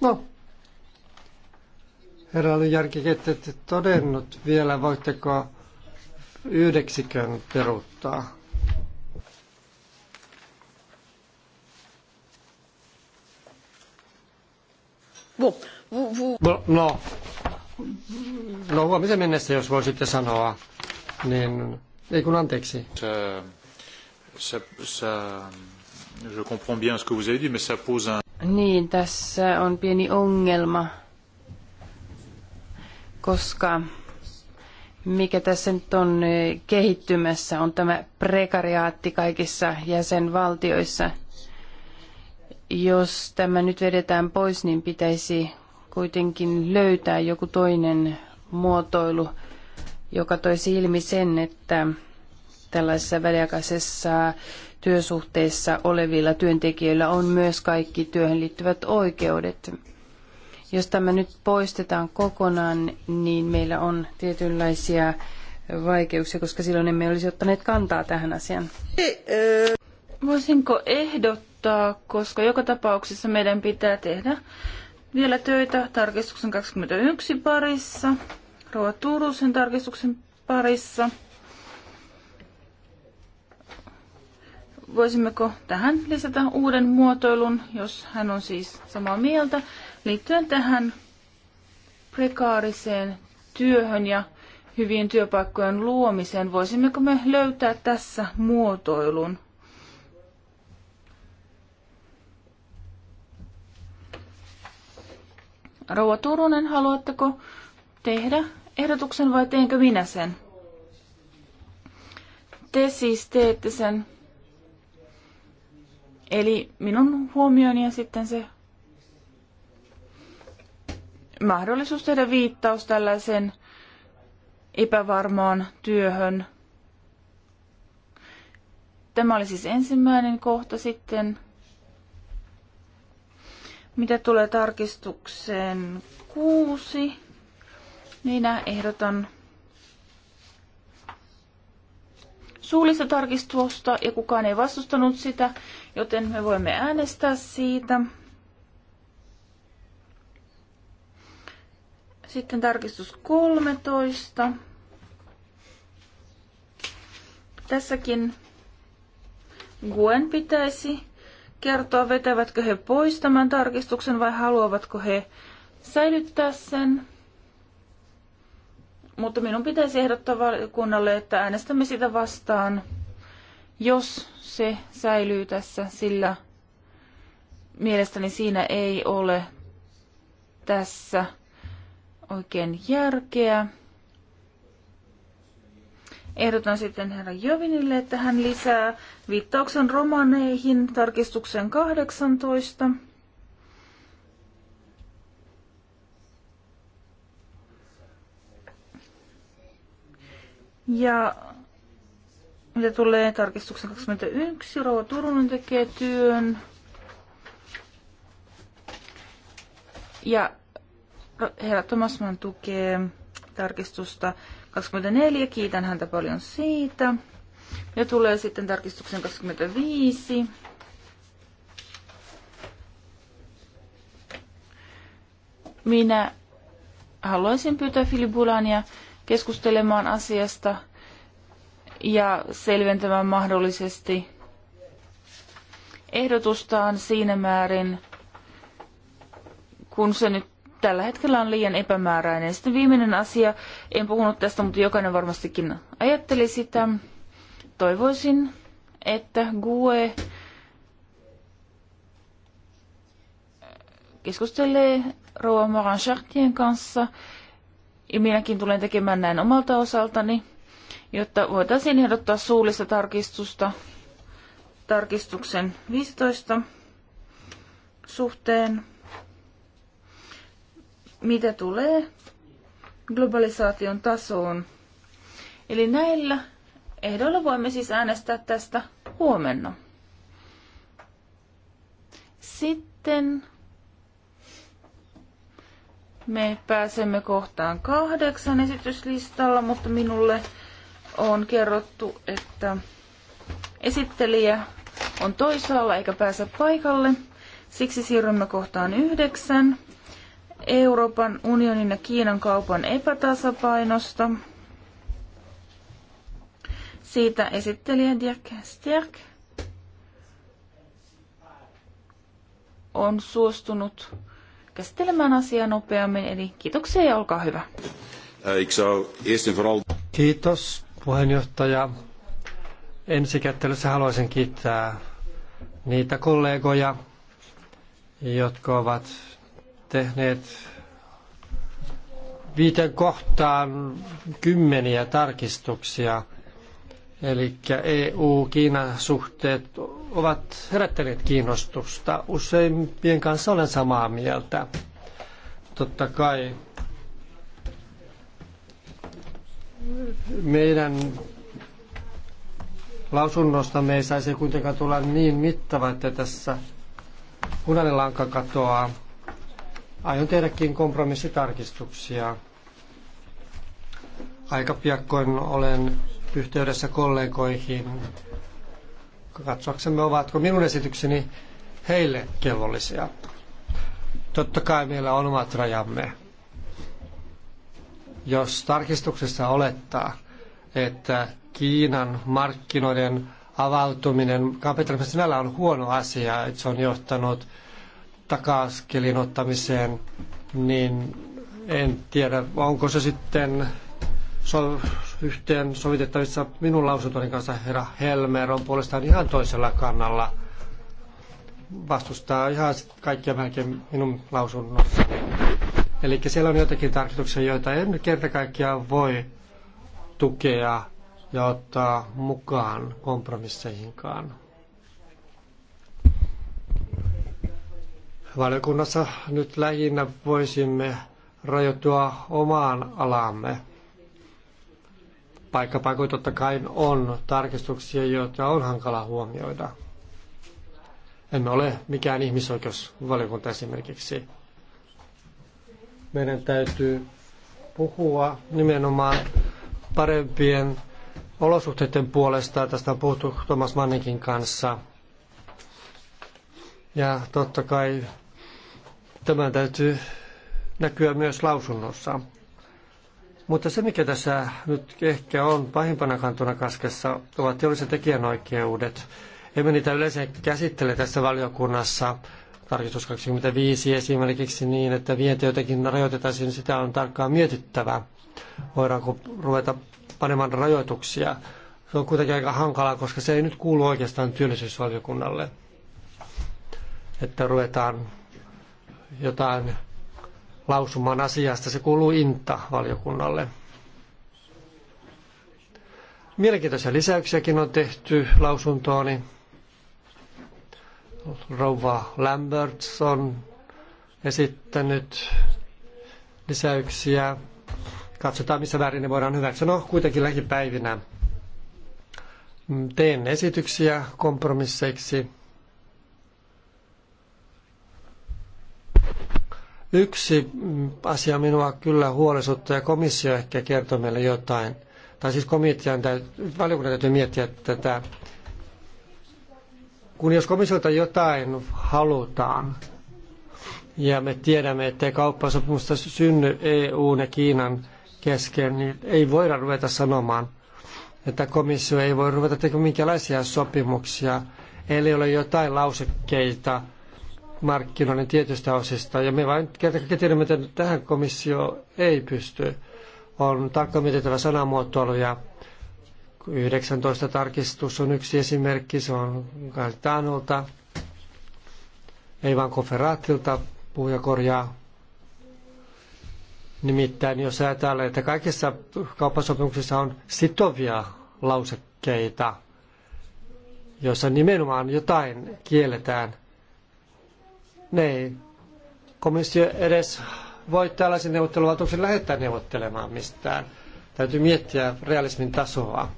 No, herra Järki, ette todennut vielä, voitteko yhdeksikön peruuttaa? No, no, no huomisen mennessä, jos voisitte sanoa, niin ei kun anteeksi. Se, se, se, je comprends bien ce que vous avez dit, mais ça pose un... Niin, tässä on pieni ongelma, koska mikä tässä nyt on eh, kehittymässä, on tämä prekariaatti kaikissa jäsenvaltioissa. Jos tämä nyt vedetään pois, niin pitäisi kuitenkin löytää joku toinen muotoilu, joka toisi ilmi sen, että tällaisessa väliaikaisessa työsuhteessa olevilla työntekijöillä on myös kaikki työhön liittyvät oikeudet. Jos tämä nyt poistetaan kokonaan, niin meillä on tietynlaisia vaikeuksia, koska silloin emme olisi ottaneet kantaa tähän asiaan. Voisinko ehdottaa, koska joka tapauksessa meidän pitää tehdä vielä töitä tarkistuksen 21 parissa, Roa Turusen tarkistuksen parissa – voisimmeko tähän lisätä uuden muotoilun, jos hän on siis samaa mieltä, liittyen tähän prekaariseen työhön ja hyvien työpaikkojen luomiseen. Voisimmeko me löytää tässä muotoilun? Rouva Turunen, haluatteko tehdä ehdotuksen vai teenkö minä sen? Te siis teette sen. Eli minun huomioni ja sitten se mahdollisuus tehdä viittaus tällaisen epävarmaan työhön. Tämä oli siis ensimmäinen kohta sitten. Mitä tulee tarkistukseen kuusi, minä ehdotan suullista tarkistusta ja kukaan ei vastustanut sitä, joten me voimme äänestää siitä. Sitten tarkistus 13. Tässäkin Gwen pitäisi kertoa, vetävätkö he pois tämän tarkistuksen vai haluavatko he säilyttää sen. Mutta minun pitäisi ehdottaa valiokunnalle, että äänestämme sitä vastaan, jos se säilyy tässä, sillä mielestäni siinä ei ole tässä oikein järkeä. Ehdotan sitten herra Jovinille, että hän lisää viittauksen romaneihin tarkistuksen 18. Ja mitä tulee tarkistuksen 21, Rova Turunen tekee työn. Ja herra Tomasman tukee tarkistusta 24. Kiitän häntä paljon siitä. Ja tulee sitten tarkistuksen 25. Minä haluaisin pyytää Filibulania keskustelemaan asiasta ja selventämään mahdollisesti ehdotustaan siinä määrin, kun se nyt tällä hetkellä on liian epämääräinen. Sitten viimeinen asia, en puhunut tästä, mutta jokainen varmastikin ajatteli sitä. Toivoisin, että GUE keskustelee Rouva Moran Chartien kanssa ja minäkin tulen tekemään näin omalta osaltani, jotta voitaisiin ehdottaa suullista tarkistusta tarkistuksen 15 suhteen, mitä tulee globalisaation tasoon. Eli näillä ehdoilla voimme siis äänestää tästä huomenna. Sitten me pääsemme kohtaan kahdeksan esityslistalla, mutta minulle on kerrottu, että esittelijä on toisaalla eikä pääse paikalle. Siksi siirrymme kohtaan yhdeksän. Euroopan unionin ja Kiinan kaupan epätasapainosta. Siitä esittelijä Dirk Stierk on suostunut käsittelemään asiaa nopeammin. Eli kiitoksia ja olkaa hyvä. Kiitos puheenjohtaja. Ensikättelyssä haluaisin kiittää niitä kollegoja, jotka ovat tehneet viiten kohtaan kymmeniä tarkistuksia. Eli EU-Kiina-suhteet ovat herättäneet kiinnostusta. Useimpien kanssa olen samaa mieltä. Totta kai meidän lausunnosta me ei saisi kuitenkaan tulla niin mittava, että tässä punainen lanka katoaa. Aion tehdäkin kompromissitarkistuksia. Aika piakkoin olen yhteydessä kollegoihin katsoaksemme, ovatko minun esitykseni heille kelvollisia. Totta kai meillä on omat rajamme. Jos tarkistuksessa olettaa, että Kiinan markkinoiden avautuminen kapitalismin sinällä on huono asia, että se on johtanut takaskelin ottamiseen, niin en tiedä, onko se sitten so, yhteen sovitettavissa minun lausuntoni kanssa herra Helmer on puolestaan ihan toisella kannalla. Vastustaa ihan kaikkia melkein minun lausunnossani. Eli siellä on jotakin tarkoituksia, joita en kerta kaikkiaan voi tukea ja ottaa mukaan kompromisseihinkaan. Valiokunnassa nyt lähinnä voisimme rajoittua omaan alamme paikkapaikoin totta kai on tarkistuksia, joita on hankala huomioida. Emme ole mikään ihmisoikeusvaliokunta esimerkiksi. Meidän täytyy puhua nimenomaan parempien olosuhteiden puolesta. Tästä on puhuttu Thomas Manninkin kanssa. Ja totta kai tämän täytyy näkyä myös lausunnossa. Mutta se, mikä tässä nyt ehkä on pahimpana kantona kaskessa, ovat teolliset tekijänoikeudet. Emme niitä yleensä käsittele tässä valiokunnassa. Tarkistus 25 esimerkiksi niin, että vienti jotenkin rajoitetaan, niin sitä on tarkkaan mietittävä. Voidaanko ruveta panemaan rajoituksia. Se on kuitenkin aika hankalaa, koska se ei nyt kuulu oikeastaan työllisyysvaliokunnalle, että ruvetaan jotain lausuman asiasta. Se kuuluu INTA-valiokunnalle. Mielenkiintoisia lisäyksiäkin on tehty lausuntooni. Rouva Lamberts on esittänyt lisäyksiä. Katsotaan, missä väärin ne voidaan hyväksyä. No, kuitenkin lähipäivinä mm, teen esityksiä kompromisseiksi Yksi asia minua kyllä huolestuttaa ja komissio ehkä kertoo meille jotain. Tai siis komitean täytyy, valiokunnan täytyy miettiä tätä. Kun jos komissiolta jotain halutaan, ja me tiedämme, ettei kauppasopimusta synny EUn ja Kiinan kesken, niin ei voida ruveta sanomaan, että komissio ei voi ruveta tekemään minkälaisia sopimuksia, eli ole jotain lausekkeita, markkinoiden tietystä osista. Ja me vain kertakaikkiaan tiedämme, että tähän komissio ei pysty. On tarkkaan mietittävä sanamuotoiluja. 19 tarkistus on yksi esimerkki, se on Gaetanolta, ei vaan Koferaatilta, puhuja korjaa. Nimittäin jos ajatellaan, että kaikissa kauppasopimuksissa on sitovia lausekkeita, joissa nimenomaan jotain kielletään, niin. Komissio edes voi tällaisen neuvotteluvaltuuksen lähettää neuvottelemaan mistään. Täytyy miettiä realismin tasoa.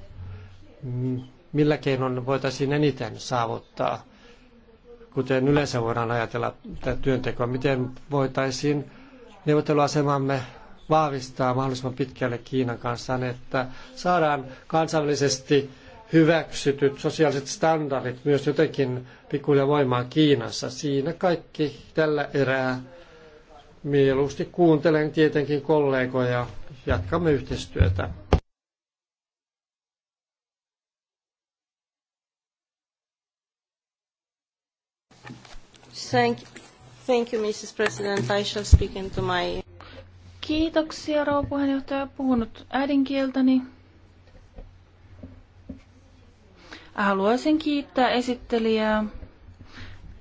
Mm, millä keinoin voitaisiin eniten saavuttaa, kuten yleensä voidaan ajatella tätä työntekoa, miten voitaisiin neuvotteluasemamme vahvistaa mahdollisimman pitkälle Kiinan kanssa, niin, että saadaan kansainvälisesti hyväksytyt sosiaaliset standardit myös jotenkin pikkuhiljaa voimaan Kiinassa. Siinä kaikki tällä erää. Mieluusti kuuntelen tietenkin kollegoja. Jatkamme yhteistyötä. Thank, thank you, Mrs. President. I shall speak into my... Kiitoksia, rouva puheenjohtaja. Puhunut äidinkieltäni. Haluaisin kiittää esittelijää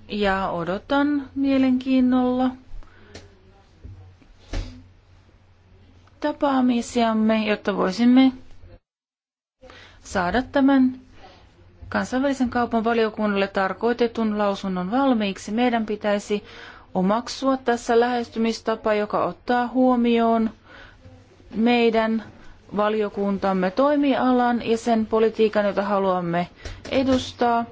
ja odotan mielenkiinnolla tapaamisiamme, jotta voisimme saada tämän kansainvälisen kaupan valiokunnalle tarkoitetun lausunnon valmiiksi. Meidän pitäisi omaksua tässä lähestymistapa, joka ottaa huomioon meidän valiokuntamme toimialan ja sen politiikan, jota haluamme edustaa.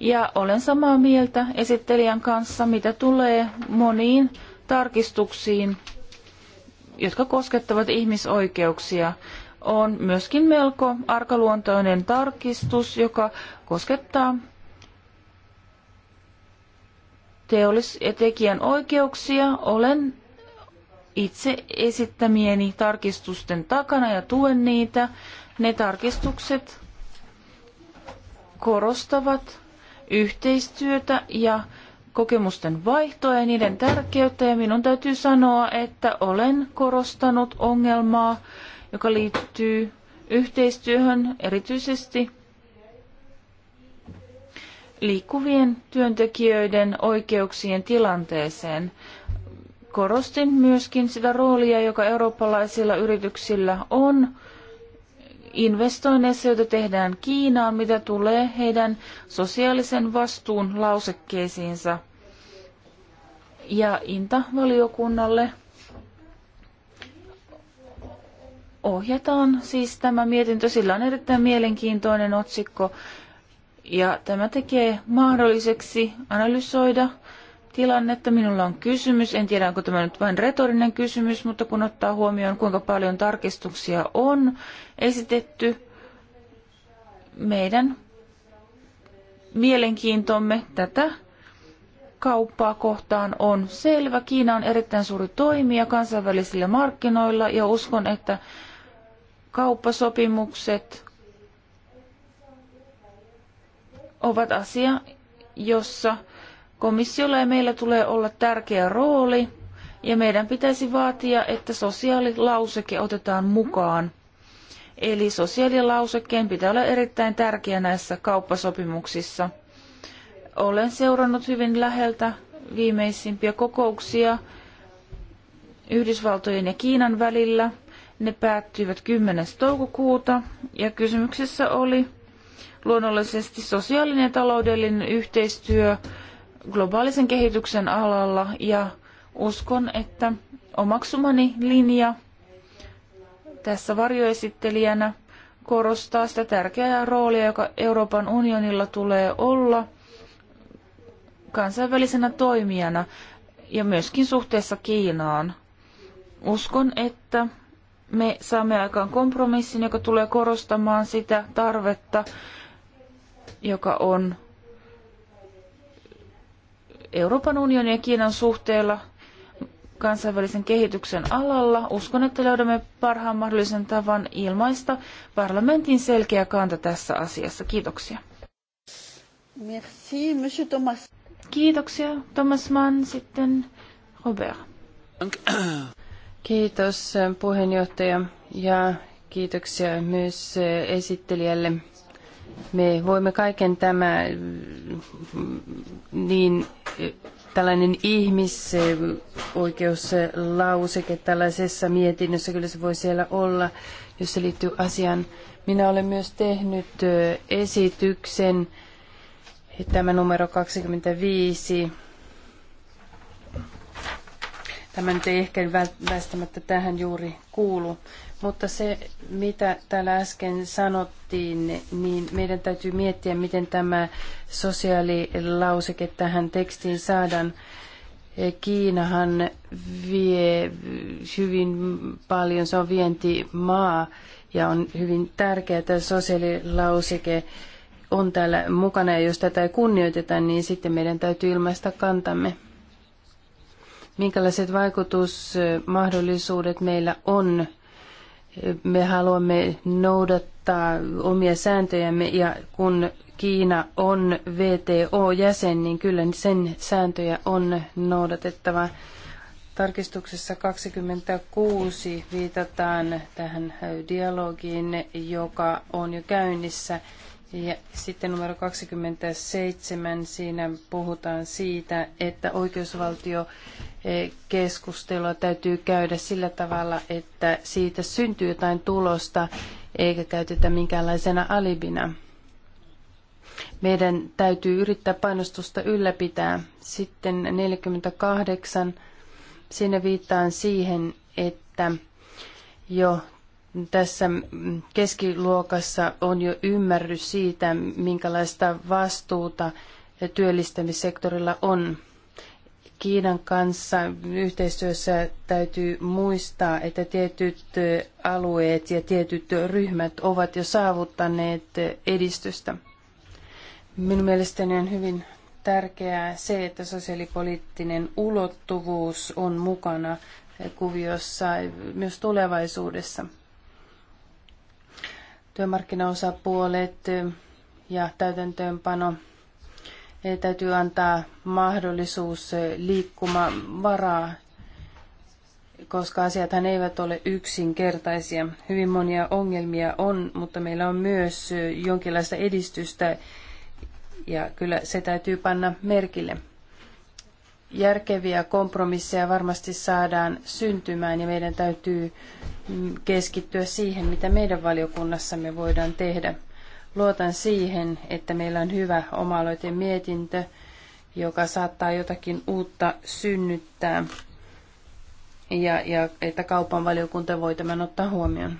Ja olen samaa mieltä esittelijän kanssa, mitä tulee moniin tarkistuksiin, jotka koskettavat ihmisoikeuksia. On myöskin melko arkaluontoinen tarkistus, joka koskettaa teollis- ja tekijän oikeuksia. Olen itse esittämieni tarkistusten takana ja tuen niitä. Ne tarkistukset korostavat yhteistyötä ja kokemusten vaihtoa ja niiden tärkeyttä. Ja minun täytyy sanoa, että olen korostanut ongelmaa, joka liittyy yhteistyöhön erityisesti liikkuvien työntekijöiden oikeuksien tilanteeseen korostin myöskin sitä roolia, joka eurooppalaisilla yrityksillä on investoinneissa, joita tehdään Kiinaan, mitä tulee heidän sosiaalisen vastuun lausekkeisiinsa. Ja Inta-valiokunnalle ohjataan siis tämä mietintö. Sillä on erittäin mielenkiintoinen otsikko ja tämä tekee mahdolliseksi analysoida tilannetta. Minulla on kysymys. En tiedä, onko tämä nyt vain retorinen kysymys, mutta kun ottaa huomioon, kuinka paljon tarkistuksia on esitetty, meidän mielenkiintomme tätä kauppaa kohtaan on selvä. Kiina on erittäin suuri toimija kansainvälisillä markkinoilla ja uskon, että kauppasopimukset ovat asia, jossa Komissiolla ja meillä tulee olla tärkeä rooli ja meidän pitäisi vaatia, että sosiaalilauseke otetaan mukaan. Eli sosiaalilausekkeen pitää olla erittäin tärkeä näissä kauppasopimuksissa. Olen seurannut hyvin läheltä viimeisimpiä kokouksia Yhdysvaltojen ja Kiinan välillä. Ne päättyivät 10. toukokuuta ja kysymyksessä oli luonnollisesti sosiaalinen ja taloudellinen yhteistyö globaalisen kehityksen alalla ja uskon, että omaksumani linja tässä varjoesittelijänä korostaa sitä tärkeää roolia, joka Euroopan unionilla tulee olla kansainvälisenä toimijana ja myöskin suhteessa Kiinaan. Uskon, että me saamme aikaan kompromissin, joka tulee korostamaan sitä tarvetta, joka on Euroopan unionin ja Kiinan suhteilla kansainvälisen kehityksen alalla. Uskon, että löydämme parhaan mahdollisen tavan ilmaista parlamentin selkeä kanta tässä asiassa. Kiitoksia. Merci, Monsieur Thomas. Kiitoksia, Thomas Mann. Sitten Robert. Kiitos puheenjohtaja ja kiitoksia myös esittelijälle me voimme kaiken tämä niin tällainen ihmisoikeuslauseke tällaisessa mietinnössä, kyllä se voi siellä olla, jos se liittyy asiaan. Minä olen myös tehnyt esityksen, tämä numero 25. Tämä nyt ei ehkä välttämättä tähän juuri kuulu. Mutta se, mitä täällä äsken sanottiin, niin meidän täytyy miettiä, miten tämä sosiaalilauseke tähän tekstiin saadaan. Kiinahan vie hyvin paljon, se on vientimaa ja on hyvin tärkeää, että sosiaalilauseke on täällä mukana ja jos tätä ei kunnioiteta, niin sitten meidän täytyy ilmaista kantamme. Minkälaiset vaikutusmahdollisuudet meillä on me haluamme noudattaa omia sääntöjämme ja kun Kiina on VTO-jäsen, niin kyllä sen sääntöjä on noudatettava. Tarkistuksessa 26 viitataan tähän dialogiin, joka on jo käynnissä ja sitten numero 27, siinä puhutaan siitä, että oikeusvaltiokeskustelua eh, täytyy käydä sillä tavalla, että siitä syntyy jotain tulosta eikä käytetä minkäänlaisena alibina. Meidän täytyy yrittää painostusta ylläpitää. Sitten 48, siinä viittaan siihen, että jo tässä keskiluokassa on jo ymmärrys siitä, minkälaista vastuuta työllistämissektorilla on. Kiinan kanssa yhteistyössä täytyy muistaa, että tietyt alueet ja tietyt ryhmät ovat jo saavuttaneet edistystä. Minun mielestäni on hyvin tärkeää se, että sosiaalipoliittinen ulottuvuus on mukana kuviossa myös tulevaisuudessa työmarkkinaosapuolet ja täytäntöönpano täytyy antaa mahdollisuus varaa, koska asiathan eivät ole yksinkertaisia. Hyvin monia ongelmia on, mutta meillä on myös jonkinlaista edistystä ja kyllä se täytyy panna merkille järkeviä kompromisseja varmasti saadaan syntymään ja meidän täytyy mm, keskittyä siihen, mitä meidän valiokunnassamme voidaan tehdä. Luotan siihen, että meillä on hyvä oma mietintö, joka saattaa jotakin uutta synnyttää ja, ja että kaupan valiokunta voi tämän ottaa huomioon.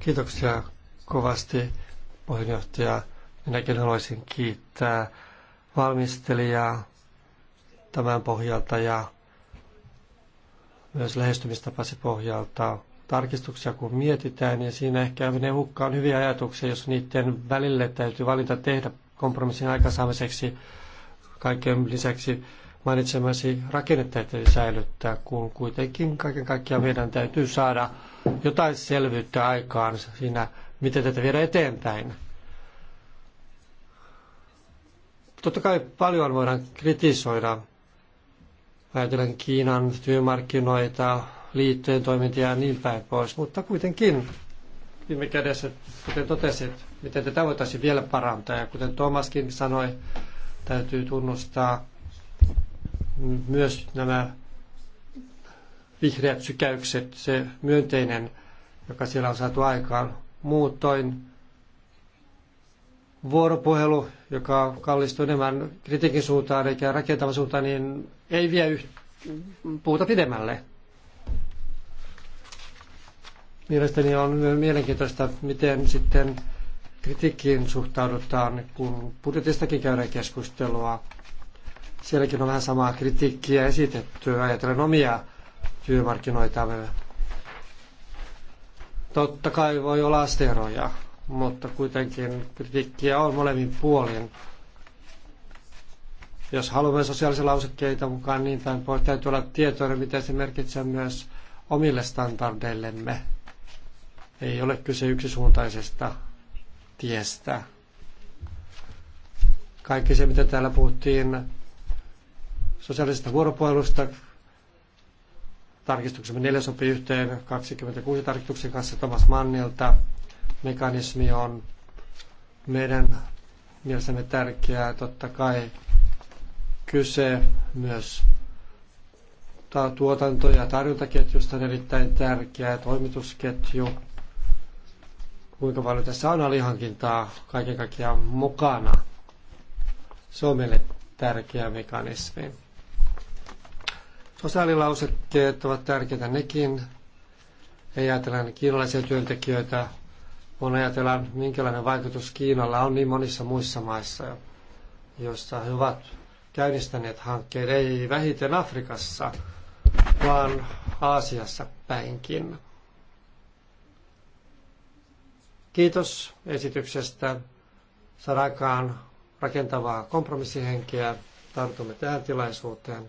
Kiitoksia kovasti puheenjohtaja. Minäkin haluaisin kiittää valmistelijaa tämän pohjalta ja myös lähestymistapasi pohjalta tarkistuksia kun mietitään, niin siinä ehkä menee hukkaan hyviä ajatuksia, jos niiden välille täytyy valinta tehdä kompromissin aikaansaamiseksi. Kaiken lisäksi mainitsemasi rakenne täytyy säilyttää, kun kuitenkin kaiken kaikkiaan meidän täytyy saada jotain selvyyttä aikaan siinä, miten tätä viedä eteenpäin. Totta kai paljon voidaan kritisoida. Ajatellaan Kiinan työmarkkinoita, liittojen toimintaa ja niin päin pois, mutta kuitenkin viime kädessä, kuten totesit, miten tätä voitaisiin vielä parantaa. Ja kuten Tomaskin sanoi, täytyy tunnustaa myös nämä vihreät sykäykset, se myönteinen, joka siellä on saatu aikaan. Muutoin vuoropuhelu, joka kallistuu enemmän kritiikin suuntaan eikä rakentavan suuntaan, niin ei vie yht- puuta pidemmälle. Mielestäni on mielenkiintoista, miten sitten kritiikkiin suhtaudutaan, kun budjetistakin käydään keskustelua. Sielläkin on vähän samaa kritiikkiä esitetty ajatellen omia työmarkkinoitamme. Totta kai voi olla asteroja, mutta kuitenkin kritiikkiä on molemmin puolin. Jos haluamme sosiaalisia lausekkeita mukaan niin tämän pois, täytyy olla tietoinen, mitä se merkitsee myös omille standardeillemme. Ei ole kyse yksisuuntaisesta tiestä. Kaikki se, mitä täällä puhuttiin sosiaalisesta vuoropuhelusta. Tarkistuksemme neljä sopii yhteen 26 tarkistuksen kanssa Thomas Mannilta. Mekanismi on meidän mielestämme tärkeää. Totta kai kyse myös tuotanto- ja tarjontaketjusta on erittäin tärkeä toimitusketju. Kuinka paljon tässä on alihankintaa kaiken kaikkiaan mukana. Se on meille tärkeä mekanismi. Sosiaalilausekkeet ovat tärkeitä nekin. Ei ajatella kiinalaisia työntekijöitä, vaan ajatellaan, minkälainen vaikutus Kiinalla on niin monissa muissa maissa, joissa he ovat käynnistäneet hankkeet, ei vähiten Afrikassa, vaan Aasiassa päinkin. Kiitos esityksestä. Sarakaan rakentavaa kompromissihenkeä. Tartumme tähän tilaisuuteen.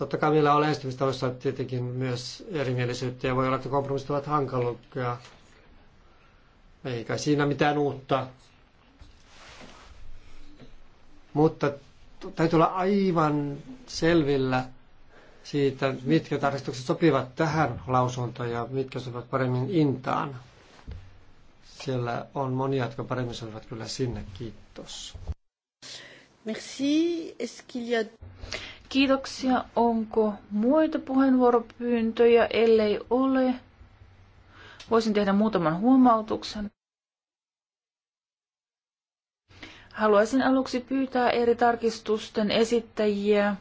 Totta kai meillä on lähestymistavassa tietenkin myös erimielisyyttä ja voi olla, että kompromissit ovat hankaluukkia. Eikä siinä mitään uutta. Mutta täytyy olla aivan selvillä siitä, mitkä tarkistukset sopivat tähän lausuntoon ja mitkä sopivat paremmin intaan. Siellä on monia, jotka paremmin sopivat kyllä sinne. Kiitos. Merci. Kiitoksia. Onko muita puheenvuoropyyntöjä? Ellei ole, voisin tehdä muutaman huomautuksen. Haluaisin aluksi pyytää eri tarkistusten esittäjiä.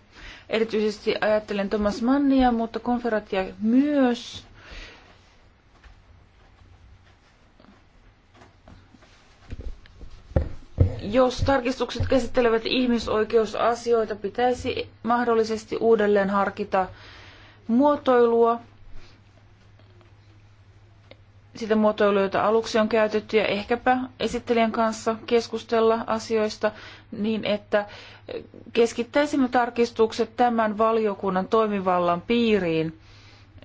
Erityisesti ajattelen Thomas Mannia, mutta konferattia myös Jos tarkistukset käsittelevät ihmisoikeusasioita, pitäisi mahdollisesti uudelleen harkita muotoilua, sitä muotoilua, jota aluksi on käytetty, ja ehkäpä esittelijän kanssa keskustella asioista niin, että keskittäisimme tarkistukset tämän valiokunnan toimivallan piiriin,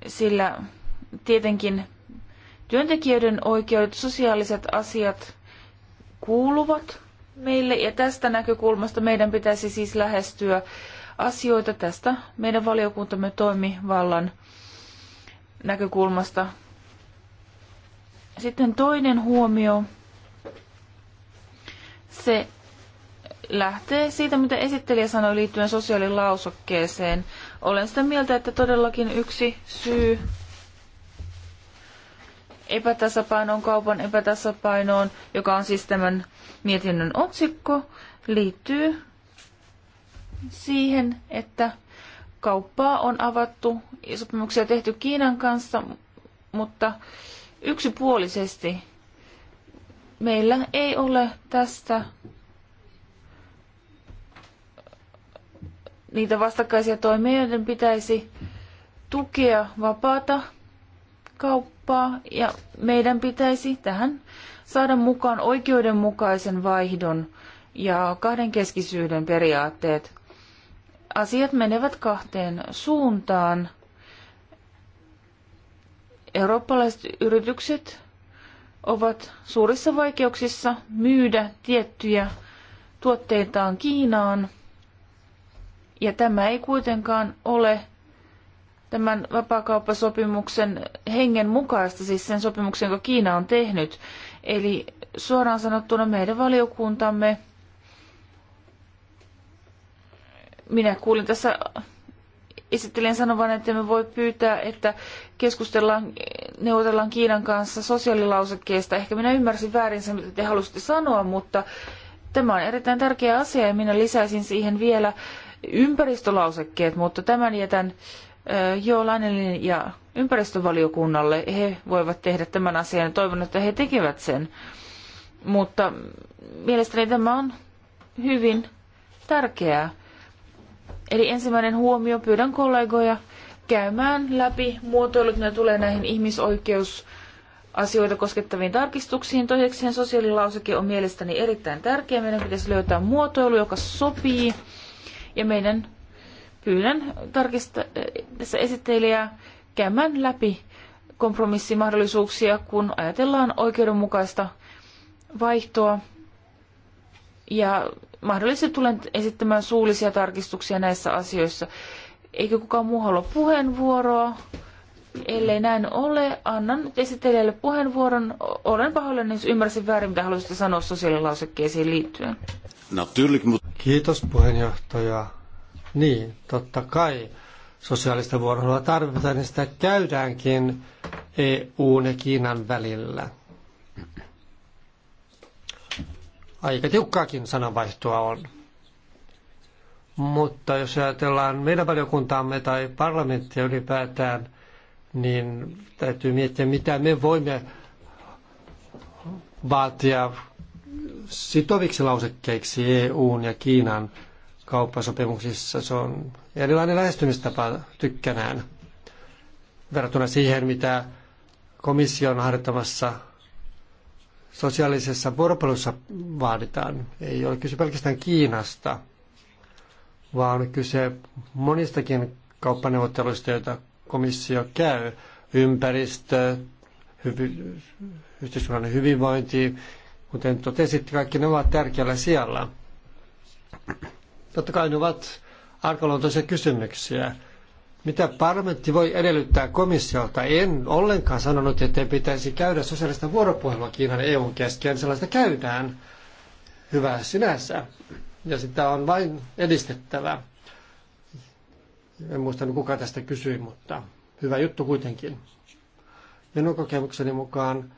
sillä tietenkin työntekijöiden oikeudet, sosiaaliset asiat kuuluvat meille ja tästä näkökulmasta meidän pitäisi siis lähestyä asioita tästä meidän valiokuntamme toimivallan näkökulmasta. Sitten toinen huomio, se lähtee siitä, mitä esittelijä sanoi liittyen sosiaalilausokkeeseen. Olen sitä mieltä, että todellakin yksi syy epätasapainoon, kaupan epätasapainoon, joka on siis tämän mietinnön otsikko, liittyy siihen, että kauppaa on avattu ja sopimuksia tehty Kiinan kanssa, mutta yksipuolisesti meillä ei ole tästä niitä vastakkaisia toimia, joiden pitäisi tukea vapaata kauppaa ja meidän pitäisi tähän saada mukaan oikeudenmukaisen vaihdon ja kahdenkeskisyyden periaatteet. Asiat menevät kahteen suuntaan. Eurooppalaiset yritykset ovat suurissa vaikeuksissa myydä tiettyjä tuotteitaan Kiinaan, ja tämä ei kuitenkaan ole tämän vapaakauppasopimuksen hengen mukaista, siis sen sopimuksen, jonka Kiina on tehnyt. Eli suoraan sanottuna meidän valiokuntamme, minä kuulin tässä esittelen sanovan, että me voi pyytää, että keskustellaan, neuvotellaan Kiinan kanssa sosiaalilausekkeesta. Ehkä minä ymmärsin väärin sen, mitä te halusitte sanoa, mutta tämä on erittäin tärkeä asia ja minä lisäisin siihen vielä ympäristölausekkeet, mutta tämän jätän Joo, Lannelin ja ympäristövaliokunnalle. He voivat tehdä tämän asian ja toivon, että he tekevät sen. Mutta mielestäni tämä on hyvin tärkeää. Eli ensimmäinen huomio, pyydän kollegoja käymään läpi muotoilut, ne tulee näihin ihmisoikeus asioita koskettaviin tarkistuksiin. Toisekseen sosiaalilauseke on mielestäni erittäin tärkeä. Meidän pitäisi löytää muotoilu, joka sopii. Ja meidän pyydän tarkista, tässä esittelijää käymään läpi kompromissimahdollisuuksia, kun ajatellaan oikeudenmukaista vaihtoa. Ja mahdollisesti tulen esittämään suullisia tarkistuksia näissä asioissa. Eikö kukaan muu halua puheenvuoroa? Ellei näin ole, annan nyt esittelijälle puheenvuoron. Olen pahoillani, jos ymmärsin väärin, mitä haluaisitte sanoa sosiaalilausekkeisiin liittyen. Kiitos puheenjohtaja. Niin, totta kai sosiaalista vuoroa tarvitaan, niin sitä käydäänkin EUn ja Kiinan välillä. Aika tiukkaakin sananvaihtoa on. Mutta jos ajatellaan meidän valiokuntaamme tai parlamenttia ylipäätään, niin täytyy miettiä, mitä me voimme vaatia sitoviksi lausekkeiksi EUn ja Kiinan kauppasopimuksissa. Se on erilainen lähestymistapa tykkänään verrattuna siihen, mitä komissio on harjoittamassa sosiaalisessa vuoropuhelussa vaaditaan. Ei ole kyse pelkästään Kiinasta, vaan kyse monistakin kauppaneuvotteluista, joita komissio käy. Ympäristö, hyvi, yhteiskunnan hyvinvointi, kuten totesit, kaikki ne ovat tärkeällä siellä. Totta kai ne ovat arkaluontoisia kysymyksiä. Mitä parlamentti voi edellyttää komissiolta? En ollenkaan sanonut, että pitäisi käydä sosiaalista vuoropuhelua Kiinan ja EUn kesken. Sellaista käydään hyvää sinänsä. Ja sitä on vain edistettävä. En muista kuka tästä kysyi, mutta hyvä juttu kuitenkin. Minun kokemukseni mukaan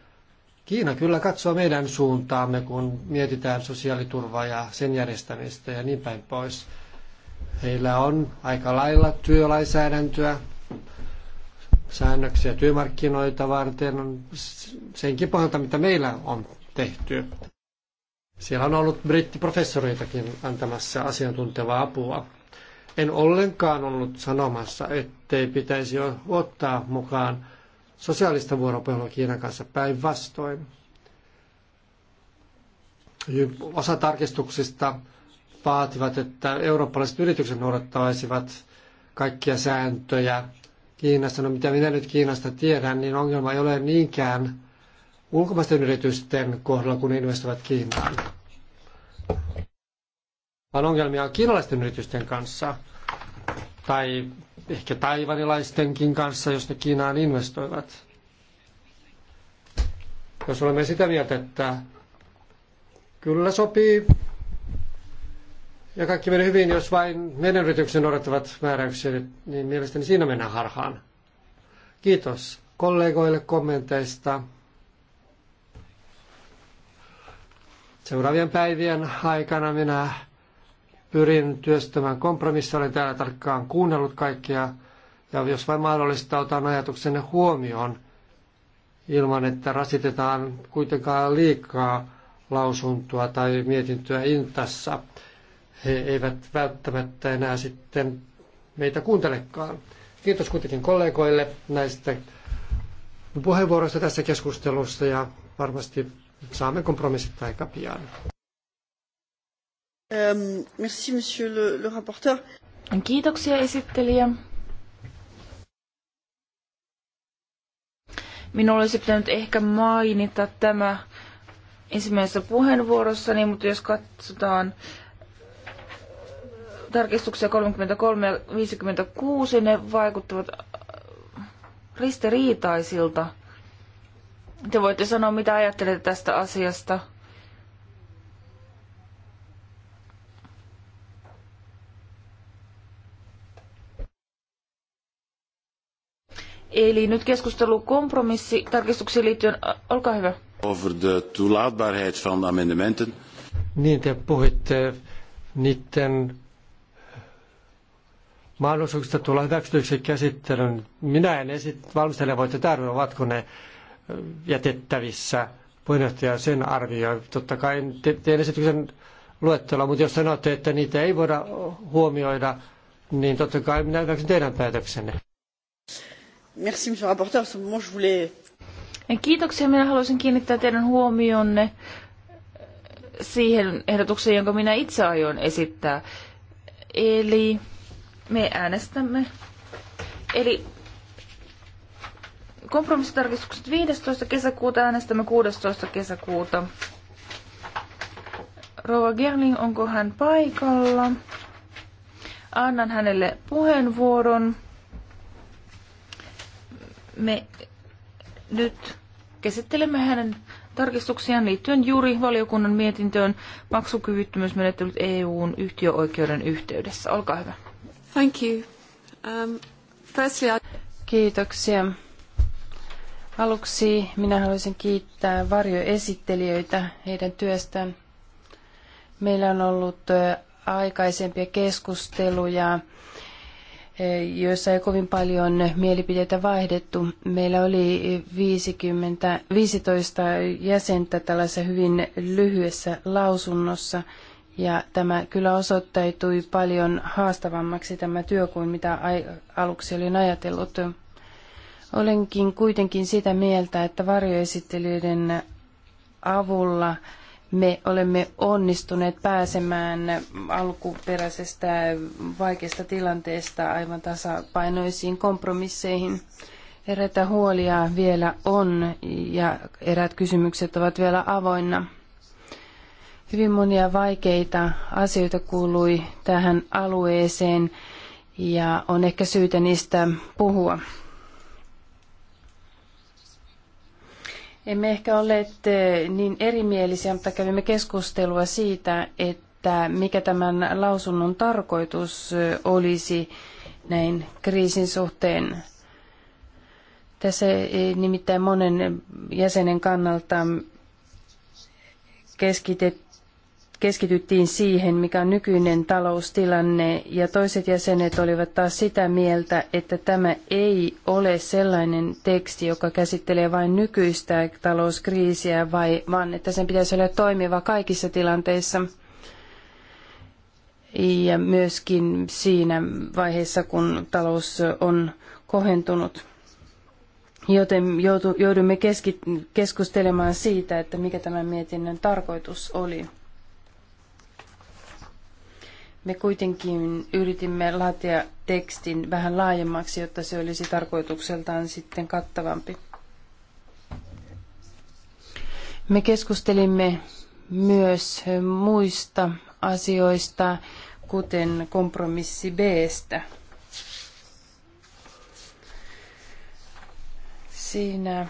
Kiina kyllä katsoo meidän suuntaamme, kun mietitään sosiaaliturvaa ja sen järjestämistä ja niin päin pois. Heillä on aika lailla työlainsäädäntöä, säännöksiä työmarkkinoita varten, senkin pohjalta mitä meillä on tehty. Siellä on ollut brittiprofessoreitakin antamassa asiantuntevaa apua. En ollenkaan ollut sanomassa, ettei pitäisi ottaa mukaan sosiaalista vuoropuhelua Kiinan kanssa päinvastoin. Osa tarkistuksista vaativat, että eurooppalaiset yritykset noudattaisivat kaikkia sääntöjä Kiinassa. No mitä minä nyt Kiinasta tiedän, niin ongelma ei ole niinkään ulkomaisten yritysten kohdalla, kun investoivat Kiinaan. Vaan ongelmia on kiinalaisten yritysten kanssa tai ehkä taivanilaistenkin kanssa, jos ne Kiinaan investoivat. Jos olemme sitä mieltä, että kyllä sopii ja kaikki menee hyvin, jos vain meidän yrityksen noudattavat määräyksiä, niin mielestäni siinä mennään harhaan. Kiitos kollegoille kommenteista. Seuraavien päivien aikana minä Pyrin työstämään kompromissia, olen täällä tarkkaan kuunnellut kaikkia ja jos vain mahdollista, otan ajatuksenne huomioon ilman, että rasitetaan kuitenkaan liikaa lausuntoa tai mietintöä intassa. He eivät välttämättä enää sitten meitä kuuntelekaan. Kiitos kuitenkin kollegoille näistä puheenvuoroista tässä keskustelussa ja varmasti saamme kompromissit aika pian. Ähm, merci, monsieur le, le rapporteur. Kiitoksia esittelijä. Minulla olisi pitänyt ehkä mainita tämä ensimmäisessä puheenvuorossani, mutta jos katsotaan tarkistuksia 33 ja 56, ne vaikuttavat äh, ristiriitaisilta. Te voitte sanoa, mitä ajattelette tästä asiasta. Eli nyt keskustelu tarkistuksiin liittyen. Olkaa hyvä. Over de toelaatbaarheid van amendementen. Niin, te puhuitte niiden eh, mahdollisuuksista tulla hyväksytyksi käsittelyyn. Minä en esit, valmistele voitte tätä ovatko ne eh, jätettävissä. Puheenjohtaja sen arvioi. Totta kai te, teen esityksen luettelua, mutta jos sanotte, että niitä ei voida huomioida, niin totta kai minä hyväksyn teidän päätöksenne. Merci, monsieur rapporteur. je voulais... Kiitoksia. Minä haluaisin kiinnittää teidän huomionne siihen ehdotukseen, jonka minä itse aion esittää. Eli me äänestämme. Eli kompromissitarkistukset 15. kesäkuuta äänestämme 16. kesäkuuta. Rova Gerling, onko hän paikalla? Annan hänelle puheenvuoron me nyt käsittelemme hänen tarkistuksiaan liittyen juuri valiokunnan mietintöön maksukyvyttömyysmenettelyt EUn yhtiöoikeuden yhteydessä. Olkaa hyvä. Thank you. Um, firstly I... Kiitoksia. Aluksi minä haluaisin kiittää varjoesittelijöitä heidän työstään. Meillä on ollut aikaisempia keskusteluja joissa ei kovin paljon mielipiteitä vaihdettu. Meillä oli 50, 15 jäsentä tällaisessa hyvin lyhyessä lausunnossa, ja tämä kyllä osoittautui paljon haastavammaksi tämä työ kuin mitä aluksi olin ajatellut. Olenkin kuitenkin sitä mieltä, että varjoesittelijöiden avulla – me olemme onnistuneet pääsemään alkuperäisestä vaikeasta tilanteesta aivan tasapainoisiin kompromisseihin. Eräitä huolia vielä on ja eräät kysymykset ovat vielä avoinna. Hyvin monia vaikeita asioita kuului tähän alueeseen ja on ehkä syytä niistä puhua. Emme ehkä olleet eh, niin erimielisiä, mutta kävimme keskustelua siitä, että mikä tämän lausunnon tarkoitus eh, olisi näin kriisin suhteen. Tässä eh, nimittäin monen jäsenen kannalta keskitet, keskityttiin siihen, mikä on nykyinen taloustilanne, ja toiset jäsenet olivat taas sitä mieltä, että tämä ei ole sellainen teksti, joka käsittelee vain nykyistä talouskriisiä, vai, vaan että sen pitäisi olla toimiva kaikissa tilanteissa. Ja myöskin siinä vaiheessa, kun talous on kohentunut. Joten joudumme keskustelemaan siitä, että mikä tämän mietinnön tarkoitus oli. Me kuitenkin yritimme laatia tekstin vähän laajemmaksi, jotta se olisi tarkoitukseltaan sitten kattavampi. Me keskustelimme myös muista asioista, kuten kompromissi Bstä. Siinä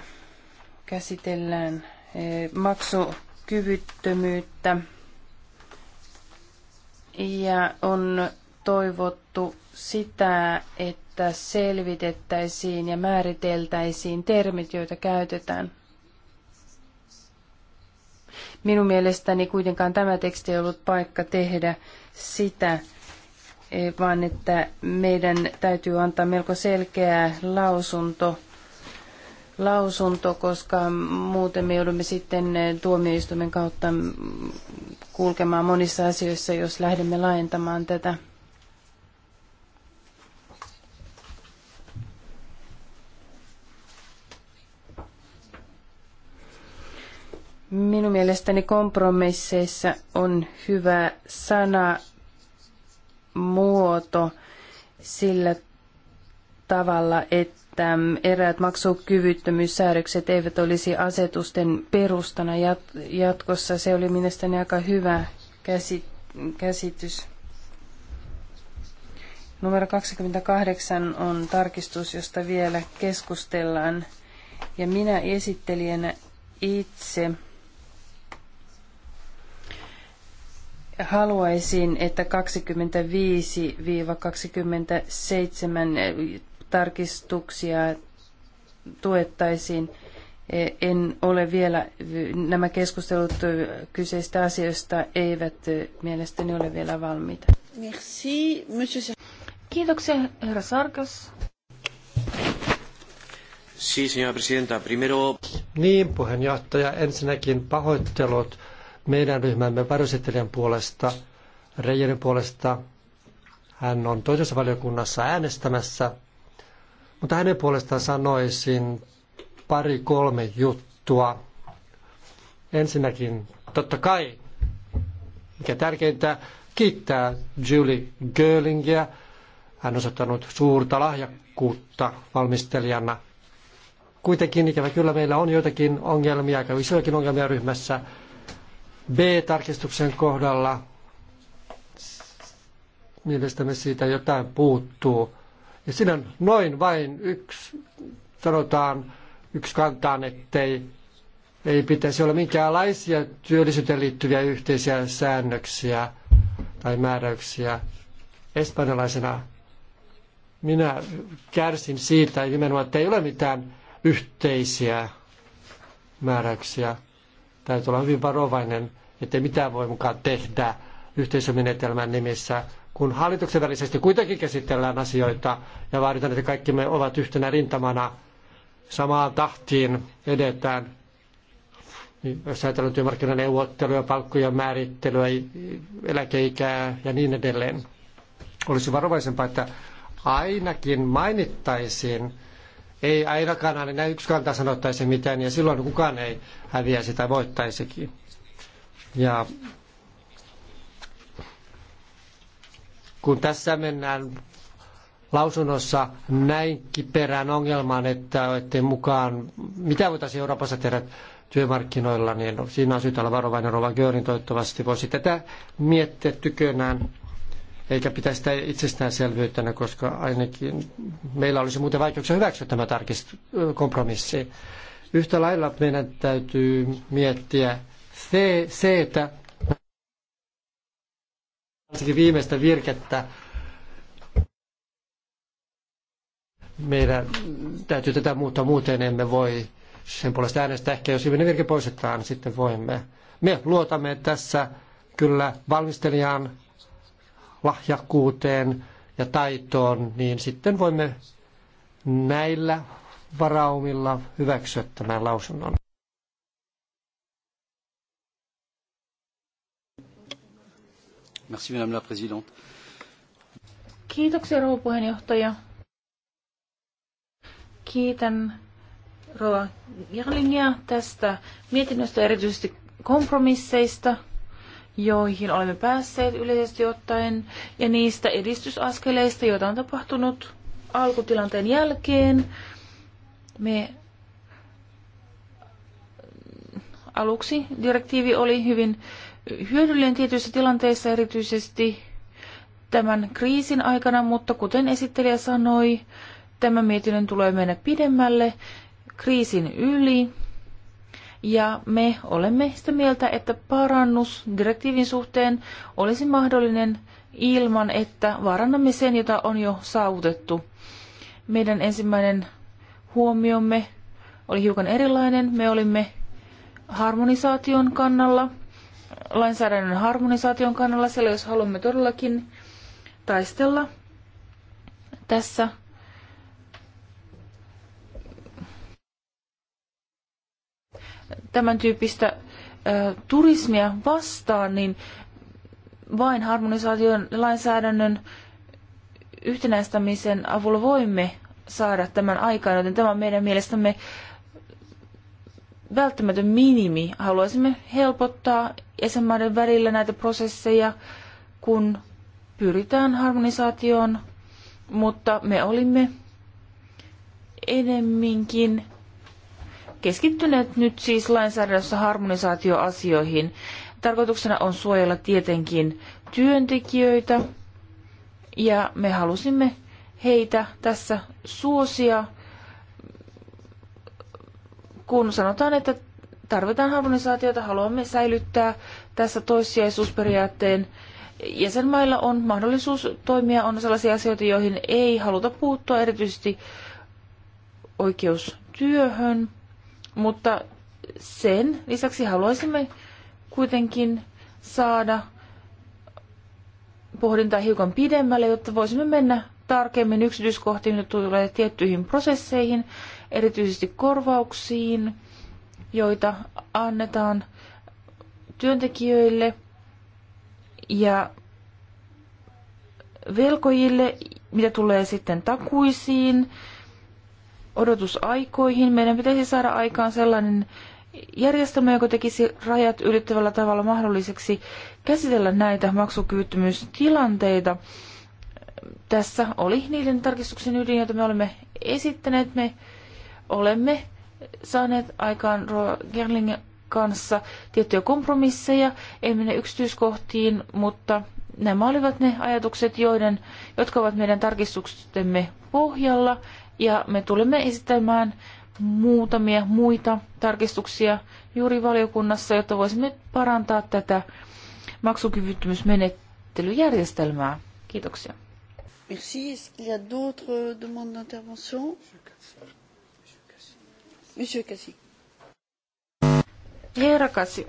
käsitellään eh, maksukyvyttömyyttä ja on toivottu sitä, että selvitettäisiin ja määriteltäisiin termit, joita käytetään. Minun mielestäni kuitenkaan tämä teksti ei ollut paikka tehdä sitä, eh, vaan että meidän täytyy antaa melko selkeä lausunto lausunto, koska muuten me joudumme sitten tuomioistuimen kautta kulkemaan monissa asioissa, jos lähdemme laajentamaan tätä. Minun mielestäni kompromisseissa on hyvä sana muoto sillä tavalla, että että eräät maksukyvyttömyyssäädökset eivät olisi asetusten perustana jatkossa. Se oli mielestäni aika hyvä käsitys. Numero 28 on tarkistus, josta vielä keskustellaan. Ja minä esittelijänä itse haluaisin, että 25-27 tarkistuksia tuettaisiin. En ole vielä, nämä keskustelut kyseistä asioista eivät mielestäni ole vielä valmiita. Merci, monsieur. Kiitoksia, herra Sarkas. Sí, señora presidenta. Primero... Niin, puheenjohtaja. Ensinnäkin pahoittelut meidän ryhmämme varoesittelijän puolesta, Reijerin puolesta. Hän on toisessa valiokunnassa äänestämässä mutta hänen puolestaan sanoisin pari kolme juttua. Ensinnäkin, totta kai, mikä tärkeintä, kiittää Julie Görlingiä. Hän on osoittanut suurta lahjakkuutta valmistelijana. Kuitenkin ikävä kyllä meillä on joitakin ongelmia, aika isoakin ongelmia ryhmässä. B-tarkistuksen kohdalla mielestämme siitä jotain puuttuu. Ja siinä on noin vain yksi, sanotaan, yksi kantaan, ettei ei pitäisi olla minkäänlaisia työllisyyteen liittyviä yhteisiä säännöksiä tai määräyksiä. Espanjalaisena minä kärsin siitä nimenomaan, että ei ole mitään yhteisiä määräyksiä. Täytyy olla hyvin varovainen, ettei mitään voi mukaan tehdä yhteisömenetelmän nimissä, kun hallituksen välisesti kuitenkin käsitellään asioita ja vaaditaan, että kaikki me ovat yhtenä rintamana samaan tahtiin edetään, niin jos ajatellaan työmarkkinaneuvotteluja, palkkojen määrittelyä, eläkeikää ja niin edelleen, olisi varovaisempaa, että ainakin mainittaisiin, ei ainakaan aina yksikantaa sanottaisi mitään, ja silloin kukaan ei häviäisi tai voittaisikin. Ja kun tässä mennään lausunnossa näin kiperään ongelmaan, että ettei mukaan, mitä voitaisiin Euroopassa tehdä työmarkkinoilla, niin siinä on syytä olla varovainen Rova Görin toivottavasti voisi tätä miettiä tykönään, eikä pitäisi sitä itsestäänselvyytenä, koska ainakin meillä olisi muuten vaikeuksia hyväksyä tämä tarkist- kompromissi. Yhtä lailla meidän täytyy miettiä se, se että varsinkin viimeistä virkettä. Meidän täytyy tätä muuttaa, muuten emme voi sen puolesta äänestää. Ehkä jos viimeinen virke poistetaan, sitten voimme. Me luotamme tässä kyllä valmistelijan lahjakkuuteen ja taitoon, niin sitten voimme näillä varaumilla hyväksyä tämän lausunnon. Merci, Madame la Présidente. Kiitoksia, rouva puheenjohtaja. Kiitän rouva Jarlingia tästä mietinnöstä, erityisesti kompromisseista, joihin olemme päässeet yleisesti ottaen, ja niistä edistysaskeleista, joita on tapahtunut alkutilanteen jälkeen. Me aluksi direktiivi oli hyvin hyödyllinen tietyissä tilanteissa erityisesti tämän kriisin aikana, mutta kuten esittelijä sanoi, tämä mietinnön tulee mennä pidemmälle kriisin yli. Ja me olemme sitä mieltä, että parannus direktiivin suhteen olisi mahdollinen ilman, että vaarannamme sen, jota on jo saavutettu. Meidän ensimmäinen huomiomme oli hiukan erilainen. Me olimme harmonisaation kannalla – lainsäädännön harmonisaation kannalla, sillä jos haluamme todellakin taistella tässä tämän tyyppistä ö, turismia vastaan, niin vain harmonisaation lainsäädännön yhtenäistämisen avulla voimme saada tämän aikaan, joten tämä on meidän mielestämme välttämätön minimi. Haluaisimme helpottaa jäsenmaiden välillä näitä prosesseja, kun pyritään harmonisaatioon, mutta me olimme enemminkin keskittyneet nyt siis lainsäädännössä harmonisaatioasioihin. Tarkoituksena on suojella tietenkin työntekijöitä ja me halusimme heitä tässä suosia kun sanotaan, että tarvitaan harmonisaatiota, haluamme säilyttää tässä toissijaisuusperiaatteen. Jäsenmailla on mahdollisuus toimia, on sellaisia asioita, joihin ei haluta puuttua, erityisesti oikeus työhön, mutta sen lisäksi haluaisimme kuitenkin saada pohdintaa hiukan pidemmälle, jotta voisimme mennä tarkemmin yksityiskohtiin, mitä tulee tiettyihin prosesseihin erityisesti korvauksiin, joita annetaan työntekijöille ja velkojille, mitä tulee sitten takuisiin, odotusaikoihin. Meidän pitäisi saada aikaan sellainen järjestelmä, joka tekisi rajat ylittävällä tavalla mahdolliseksi käsitellä näitä maksukyvyttömyystilanteita. Tässä oli niiden tarkistuksen ydin, jota me olemme esittäneet. Me olemme saaneet aikaan Roa Gerlingen kanssa tiettyjä kompromisseja, ei mene yksityiskohtiin, mutta nämä olivat ne ajatukset, joiden, jotka ovat meidän tarkistustemme pohjalla, ja me tulemme esittämään muutamia muita tarkistuksia juuri valiokunnassa, jotta voisimme parantaa tätä maksukyvyttömyysmenettelyjärjestelmää. Kiitoksia. Merci. y a d'autres demandes d'intervention? Monsieur Kasi. Herra Kasi.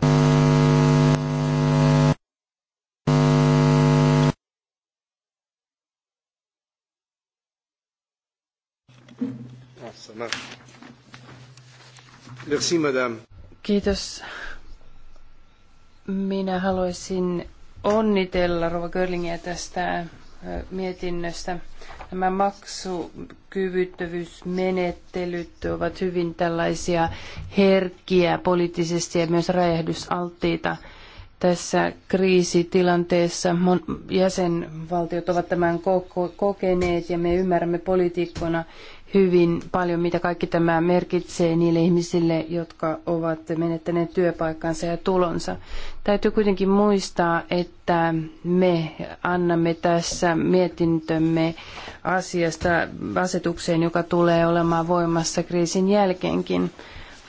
Ah, Merci, madame. Kiitos. Minä haluaisin onnitella Rova Görlingiä tästä mietinnöstä. Nämä maksukyvyttävyysmenettelyt ovat hyvin tällaisia herkkiä poliittisesti ja myös räjähdysalttiita tässä kriisitilanteessa. Mon- jäsenvaltiot ovat tämän kokeneet ja me ymmärrämme poliitikkoina, hyvin paljon, mitä kaikki tämä merkitsee niille ihmisille, jotka ovat menettäneet työpaikkansa ja tulonsa. Täytyy kuitenkin muistaa, että me annamme tässä mietintömme asiasta asetukseen, joka tulee olemaan voimassa kriisin jälkeenkin.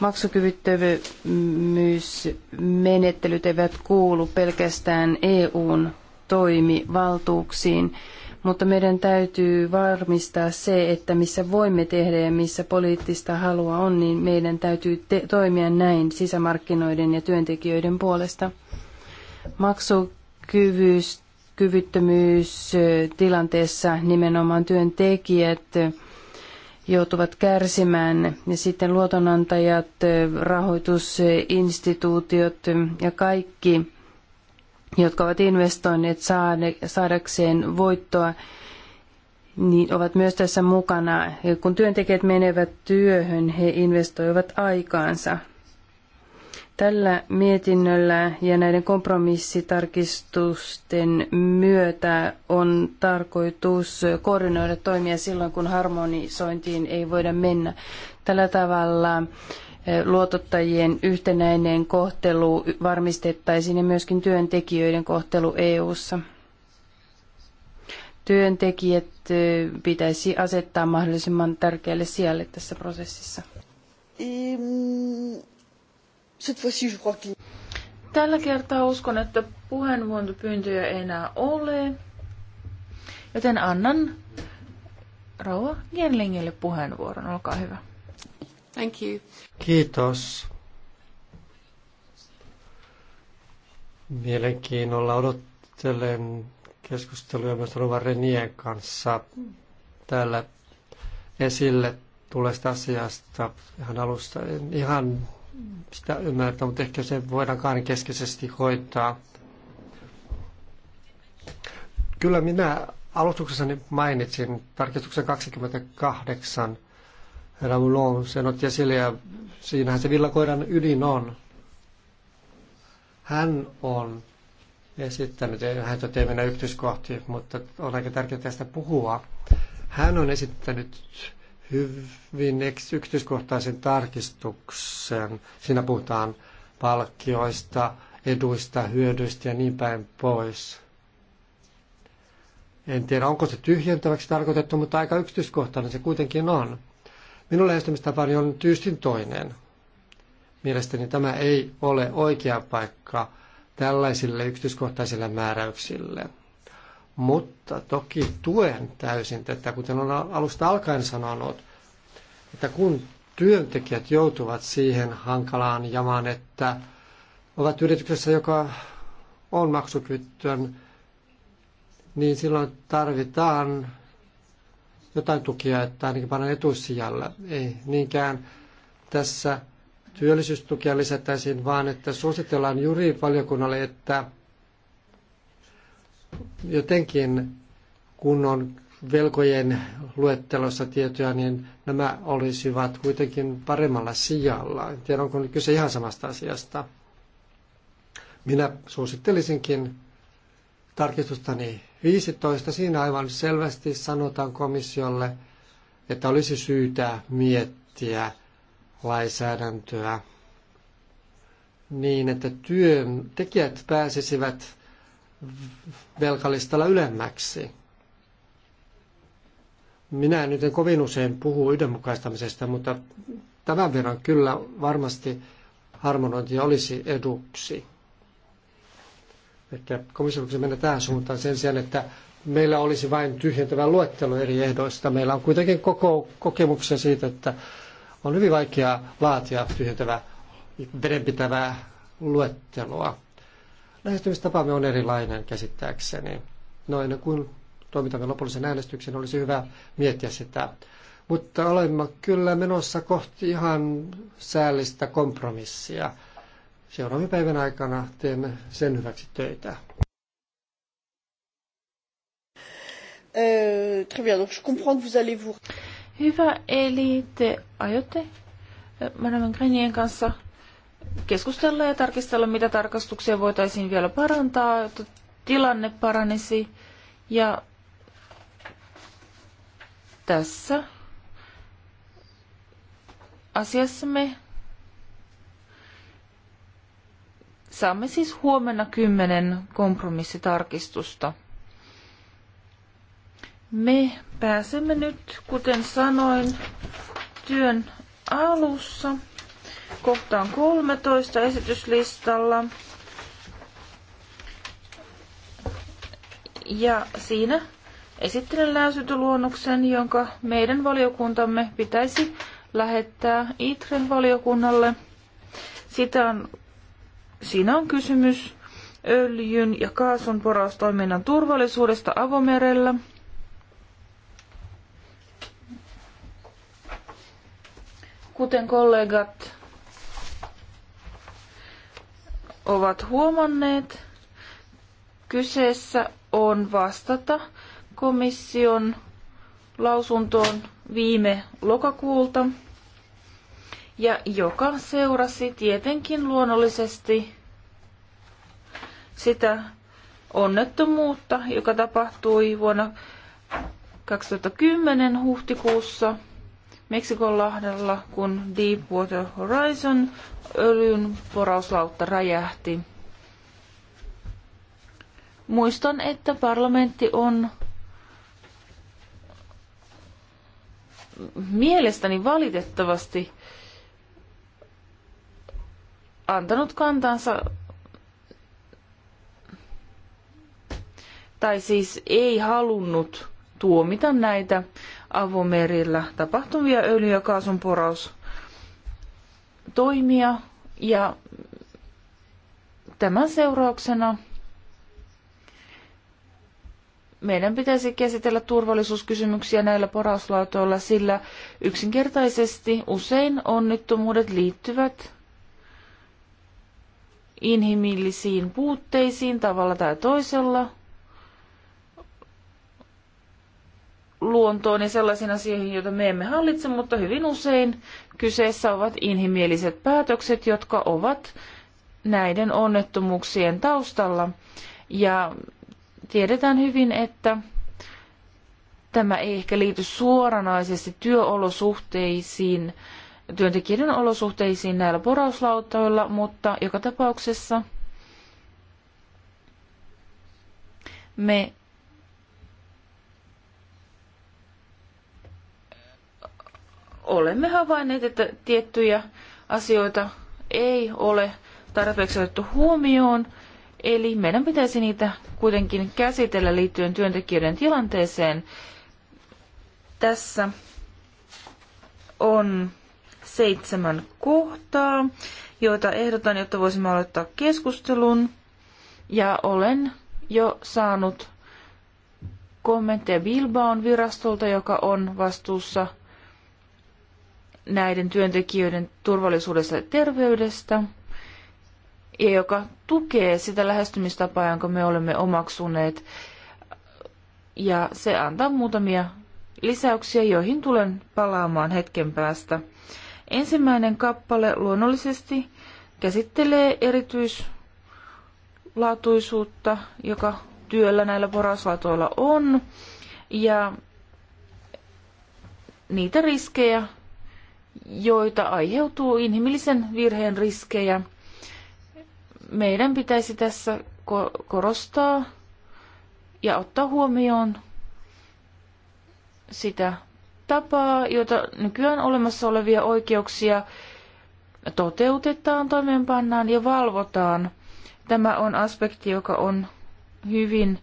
Maksukyvyttömyysmenettelyt eivät kuulu pelkästään EUn toimivaltuuksiin mutta meidän täytyy varmistaa se, että missä voimme tehdä ja missä poliittista halua on, niin meidän täytyy toimia näin sisämarkkinoiden ja työntekijöiden puolesta. Maksukyvyttömyystilanteessa nimenomaan työntekijät joutuvat kärsimään ja sitten luotonantajat, rahoitusinstituutiot ja kaikki – jotka ovat investoineet saadakseen voittoa, niin ovat myös tässä mukana. Kun työntekijät menevät työhön, he investoivat aikaansa. Tällä mietinnöllä ja näiden kompromissitarkistusten myötä on tarkoitus koordinoida toimia silloin, kun harmonisointiin ei voida mennä. Tällä tavalla luotottajien yhtenäinen kohtelu varmistettaisiin ja myöskin työntekijöiden kohtelu EU-ssa. Työntekijät pitäisi asettaa mahdollisimman tärkeälle sijalle tässä prosessissa. Mm, Tällä kertaa uskon, että puheenvuontopyyntöjä ei enää ole, joten annan Rauha Genlingille puheenvuoron. Olkaa hyvä. Thank you. Kiitos. Mielenkiinnolla odottelen keskusteluja myös Rova Renien kanssa täällä esille tulesta asiasta ihan alusta. En ihan sitä ymmärtää, mutta ehkä se voidaan kahdenkeskeisesti hoitaa. Kyllä minä alustuksessani mainitsin tarkistuksen 28 Raulon sen otti esille ja siinähän se villakoiran ydin on. Hän on esittänyt, hän ei mennä yksityiskohtiin, mutta on aika tärkeää tästä puhua. Hän on esittänyt hyvin yksityiskohtaisen tarkistuksen. Siinä puhutaan palkkioista, eduista, hyödyistä ja niin päin pois. En tiedä, onko se tyhjentäväksi tarkoitettu, mutta aika yksityiskohtainen se kuitenkin on. Minun lähestymistapani on tyystin toinen. Mielestäni tämä ei ole oikea paikka tällaisille yksityiskohtaisille määräyksille. Mutta toki tuen täysin tätä, kuten on alusta alkaen sanonut, että kun työntekijät joutuvat siihen hankalaan jamaan, että ovat yrityksessä, joka on maksukyttön, niin silloin tarvitaan jotain tukia, että ainakin pannaan etusijalle. Ei niinkään tässä työllisyystukia lisättäisiin, vaan että suositellaan juuri valiokunnalle, että jotenkin kun on velkojen luettelossa tietoja, niin nämä olisivat kuitenkin paremmalla sijalla. En tiedä, onko nyt kyse ihan samasta asiasta. Minä suosittelisinkin tarkistustani 15. Siinä aivan selvästi sanotaan komissiolle, että olisi syytä miettiä lainsäädäntöä niin, että työntekijät pääsisivät velkalistalla ylemmäksi. Minä nyt en kovin usein puhu yhdenmukaistamisesta, mutta tämän verran kyllä varmasti harmonointi olisi eduksi. Ehkä komissio voisi mennä tähän suuntaan sen sijaan, että meillä olisi vain tyhjentävä luettelo eri ehdoista. Meillä on kuitenkin koko kokemuksia siitä, että on hyvin vaikea laatia tyhjentävää vedenpitävää luetteloa. Lähestymistapamme on erilainen käsittääkseni. No ennen kuin toimitamme lopullisen äänestyksen, olisi hyvä miettiä sitä. Mutta olemme kyllä menossa kohti ihan säällistä kompromissia – seuraavan päivän aikana teemme sen hyväksi töitä. Euh, très bien, donc je comprends que vous allez vous... Hyvä, eli te aiotte Madame Grenien kanssa keskustella ja tarkistella, mitä tarkastuksia voitaisiin vielä parantaa, jotta tilanne paranisi. Ja tässä asiassa me Saamme siis huomenna kymmenen kompromissitarkistusta. Me pääsemme nyt, kuten sanoin, työn alussa kohtaan 13 esityslistalla. Ja siinä esittelen lausuntoluonnoksen, jonka meidän valiokuntamme pitäisi lähettää ITREN valiokunnalle. Sitä on Siinä on kysymys öljyn ja kaasun porastoiminnan turvallisuudesta avomerellä. Kuten kollegat ovat huomanneet, kyseessä on vastata komission lausuntoon viime lokakuulta, ja joka seurasi tietenkin luonnollisesti sitä onnettomuutta, joka tapahtui vuonna 2010 huhtikuussa lahdella, kun Deepwater Horizon öljyn porauslautta räjähti. Muistan, että parlamentti on mielestäni valitettavasti antanut kantansa tai siis ei halunnut tuomita näitä avomerillä tapahtuvia öljy- ja kaasunporaustoimia. toimia ja tämän seurauksena meidän pitäisi käsitellä turvallisuuskysymyksiä näillä porauslautoilla, sillä yksinkertaisesti usein onnettomuudet liittyvät inhimillisiin puutteisiin tavalla tai toisella – luontoon ja sellaisiin asioihin, joita me emme hallitse, mutta hyvin usein kyseessä ovat inhimilliset päätökset, jotka ovat näiden onnettomuuksien taustalla. Ja tiedetään hyvin, että tämä ei ehkä liity suoranaisesti työolosuhteisiin, työntekijöiden olosuhteisiin näillä porauslautoilla, mutta joka tapauksessa me olemme havainneet, että tiettyjä asioita ei ole tarpeeksi otettu huomioon, eli meidän pitäisi niitä kuitenkin käsitellä liittyen työntekijöiden tilanteeseen. Tässä on seitsemän kohtaa, joita ehdotan, jotta voisimme aloittaa keskustelun. Ja olen jo saanut kommentteja Bilbaon virastolta, joka on vastuussa – näiden työntekijöiden turvallisuudesta ja terveydestä, ja joka tukee sitä lähestymistapaa, jonka me olemme omaksuneet. Ja se antaa muutamia lisäyksiä, joihin tulen palaamaan hetken päästä. Ensimmäinen kappale luonnollisesti käsittelee erityislaatuisuutta, joka työllä näillä poraslatoilla on, ja niitä riskejä, joita aiheutuu inhimillisen virheen riskejä. Meidän pitäisi tässä korostaa ja ottaa huomioon sitä tapaa, jota nykyään olemassa olevia oikeuksia toteutetaan, toimeenpannaan ja valvotaan. Tämä on aspekti, joka on hyvin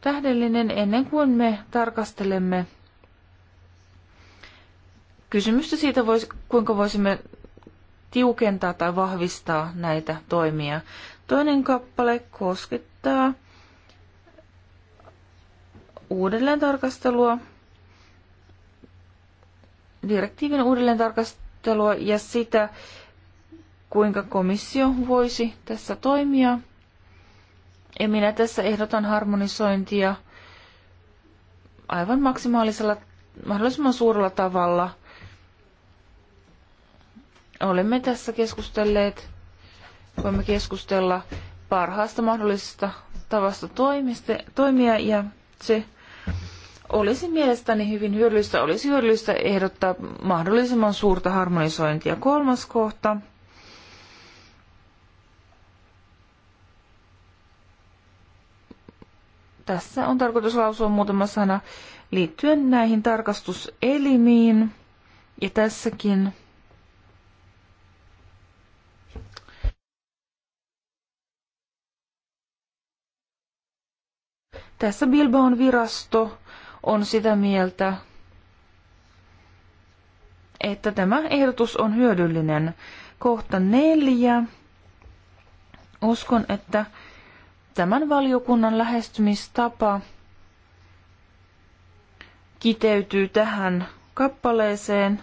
tähdellinen ennen kuin me tarkastelemme kysymystä siitä, voisi, kuinka voisimme tiukentaa tai vahvistaa näitä toimia. Toinen kappale koskettaa uudelleen tarkastelua, direktiivin uudelleen tarkastelua ja sitä, kuinka komissio voisi tässä toimia. Ja minä tässä ehdotan harmonisointia aivan maksimaalisella, mahdollisimman suurella tavalla olemme tässä keskustelleet, voimme keskustella parhaasta mahdollisesta tavasta toimista, toimia ja se olisi mielestäni hyvin hyödyllistä, olisi hyödyllistä ehdottaa mahdollisimman suurta harmonisointia. Kolmas kohta. Tässä on tarkoitus lausua muutama sana liittyen näihin tarkastuselimiin. Ja tässäkin Tässä Bilbaon virasto on sitä mieltä, että tämä ehdotus on hyödyllinen. Kohta neljä. Uskon, että tämän valiokunnan lähestymistapa kiteytyy tähän kappaleeseen.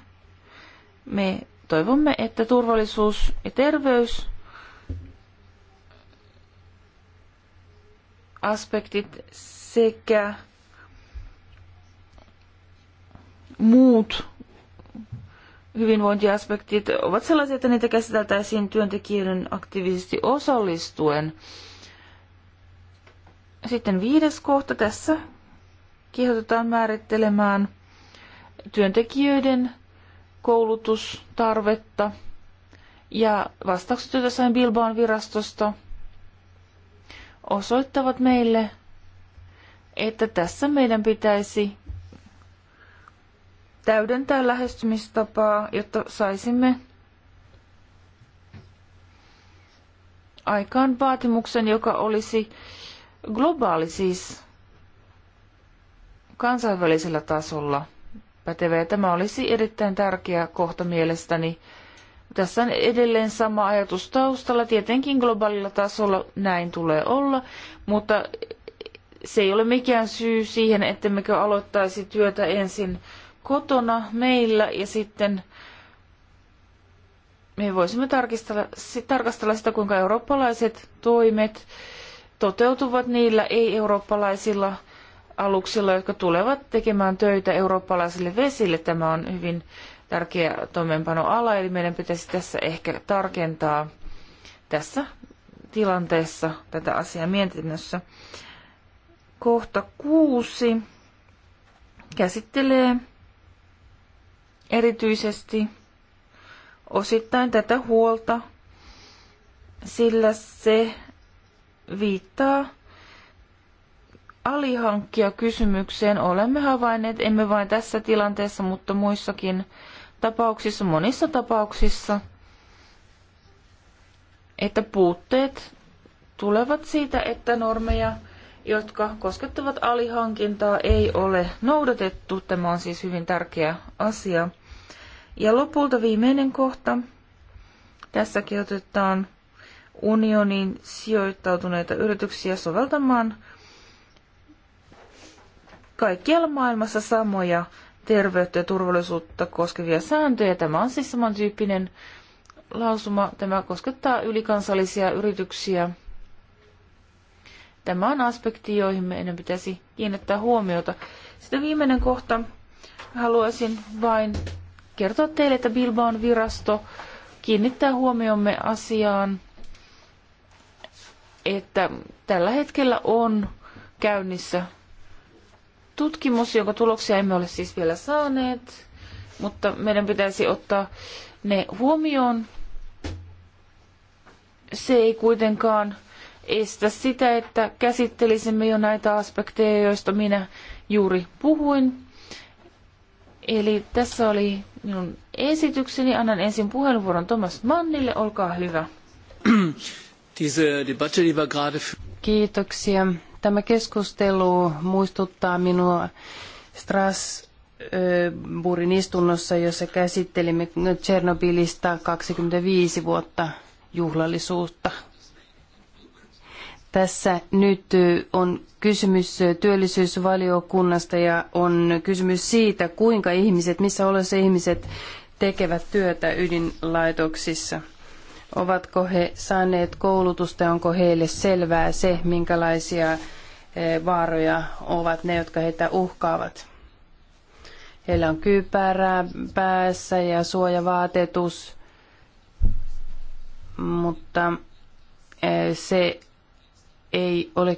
Me toivomme, että turvallisuus ja terveys aspektit sekä muut hyvinvointiaspektit ovat sellaisia, että niitä käsiteltäisiin työntekijöiden aktiivisesti osallistuen. Sitten viides kohta tässä kehotetaan määrittelemään työntekijöiden koulutustarvetta ja vastaukset, joita sain Bilbaan virastosta – osoittavat meille, että tässä meidän pitäisi täydentää lähestymistapaa, jotta saisimme aikaan vaatimuksen, joka olisi globaali siis kansainvälisellä tasolla pätevä. tämä olisi erittäin tärkeä kohta mielestäni tässä on edelleen sama ajatus taustalla. Tietenkin globaalilla tasolla näin tulee olla, mutta se ei ole mikään syy siihen, ettemmekö aloittaisi työtä ensin kotona meillä ja sitten me voisimme tarkistella, tarkastella sitä, kuinka eurooppalaiset toimet toteutuvat niillä ei-eurooppalaisilla aluksilla, jotka tulevat tekemään töitä eurooppalaisille vesille. Tämä on hyvin tärkeä toimeenpanoala, eli meidän pitäisi tässä ehkä tarkentaa tässä tilanteessa tätä asiaa mietinnössä. Kohta kuusi käsittelee erityisesti osittain tätä huolta, sillä se viittaa alihankkia kysymykseen. Olemme havainneet, emme vain tässä tilanteessa, mutta muissakin tapauksissa, monissa tapauksissa, että puutteet tulevat siitä, että normeja, jotka koskettavat alihankintaa, ei ole noudatettu. Tämä on siis hyvin tärkeä asia. Ja lopulta viimeinen kohta. Tässäkin otetaan unionin sijoittautuneita yrityksiä soveltamaan kaikkialla maailmassa samoja terveyttä ja turvallisuutta koskevia sääntöjä. Tämä on siis samantyyppinen lausuma. Tämä koskettaa ylikansallisia yrityksiä. Tämä on aspekti, joihin meidän pitäisi kiinnittää huomiota. Sitten viimeinen kohta. Haluaisin vain kertoa teille, että Bilbaon virasto kiinnittää huomiomme asiaan, että tällä hetkellä on käynnissä tutkimus, jonka tuloksia emme ole siis vielä saaneet, mutta meidän pitäisi ottaa ne huomioon. Se ei kuitenkaan estä sitä, että käsittelisimme jo näitä aspekteja, joista minä juuri puhuin. Eli tässä oli minun esitykseni. Annan ensin puheenvuoron Thomas Mannille. Olkaa hyvä. Kiitoksia. Tämä keskustelu muistuttaa minua Strasbourgin istunnossa, jossa käsittelimme Tchernobylista 25 vuotta juhlallisuutta. Tässä nyt on kysymys työllisyysvaliokunnasta ja on kysymys siitä, kuinka ihmiset, missä oloissa ihmiset tekevät työtä ydinlaitoksissa – ovatko he saaneet koulutusta, onko heille selvää se, minkälaisia eh, vaaroja ovat ne, jotka heitä uhkaavat. Heillä on kyypäärää päässä ja suojavaatetus, mutta eh, se ei ole,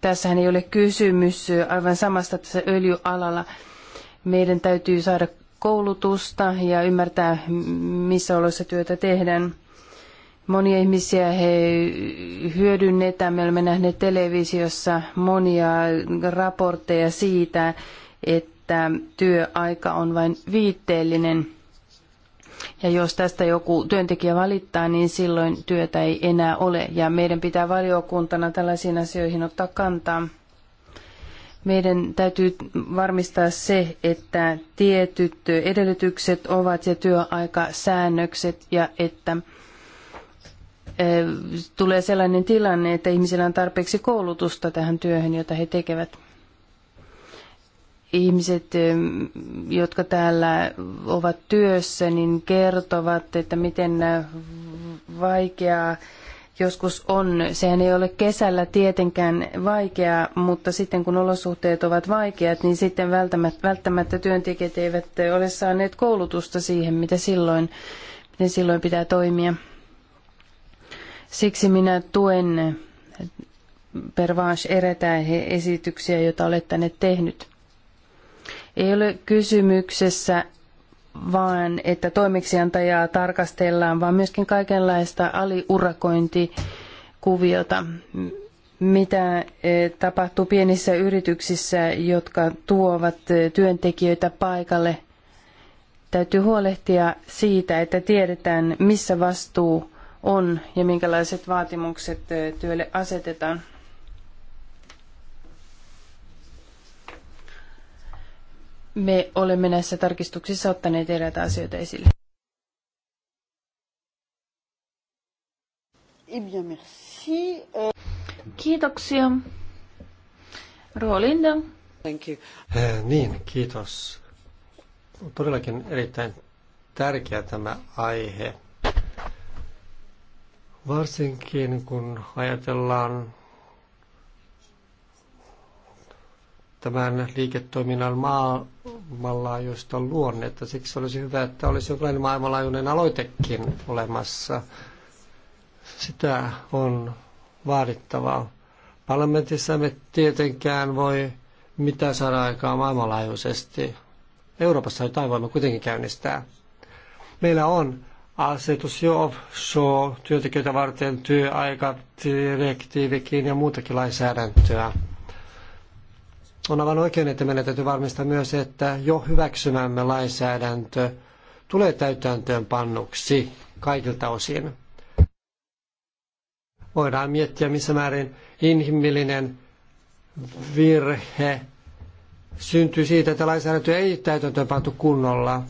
tässähän ei ole kysymys aivan samasta tässä öljyalalla. Meidän täytyy saada koulutusta ja ymmärtää, missä oloissa työtä tehdään monia ihmisiä he hyödynnetään. Me olemme nähneet televisiossa monia raportteja siitä, että työaika on vain viitteellinen. Ja jos tästä joku työntekijä valittaa, niin silloin työtä ei enää ole. Ja meidän pitää valiokuntana tällaisiin asioihin ottaa kantaa. Meidän täytyy varmistaa se, että tietyt edellytykset ovat ja työaikasäännökset ja että tulee sellainen tilanne, että ihmisillä on tarpeeksi koulutusta tähän työhön, jota he tekevät. Ihmiset, jotka täällä ovat työssä, niin kertovat, että miten vaikeaa joskus on. Sehän ei ole kesällä tietenkään vaikeaa, mutta sitten kun olosuhteet ovat vaikeat, niin sitten välttämättä, välttämättä työntekijät eivät ole saaneet koulutusta siihen, mitä silloin, miten silloin pitää toimia. Siksi minä tuen pervaas Eretäihe esityksiä, joita olet tänne tehnyt. Ei ole kysymyksessä vaan, että toimeksiantajaa tarkastellaan, vaan myöskin kaikenlaista aliurakointikuviota, mitä eh, tapahtuu pienissä yrityksissä, jotka tuovat eh, työntekijöitä paikalle. Täytyy huolehtia siitä, että tiedetään, missä vastuu on ja minkälaiset vaatimukset eh, työlle asetetaan. Me olemme näissä tarkistuksissa ottaneet eräitä asioita esille. Eh euh, Kiitoksia. Roolinda. Thank you. Eh, niin, kiitos. Todellakin erittäin tärkeä tämä aihe varsinkin kun ajatellaan tämän liiketoiminnan maailmanlaajuista luonnetta. Siksi olisi hyvä, että olisi jonkinlainen maailmanlaajuinen aloitekin olemassa. Sitä on vaadittavaa. Parlamentissa me tietenkään voi mitä saada aikaa maailmanlaajuisesti. Euroopassa jotain voimme kuitenkin käynnistää. Meillä on asetus jo offshore-työntekijöitä varten, työaikadirektiivikin ja muutakin lainsäädäntöä. On aivan oikein, että meidän täytyy varmistaa myös, että jo hyväksymämme lainsäädäntö tulee täytäntöönpannuksi kaikilta osin. Voidaan miettiä, missä määrin inhimillinen virhe syntyy siitä, että lainsäädäntö ei täytäntöön kunnolla.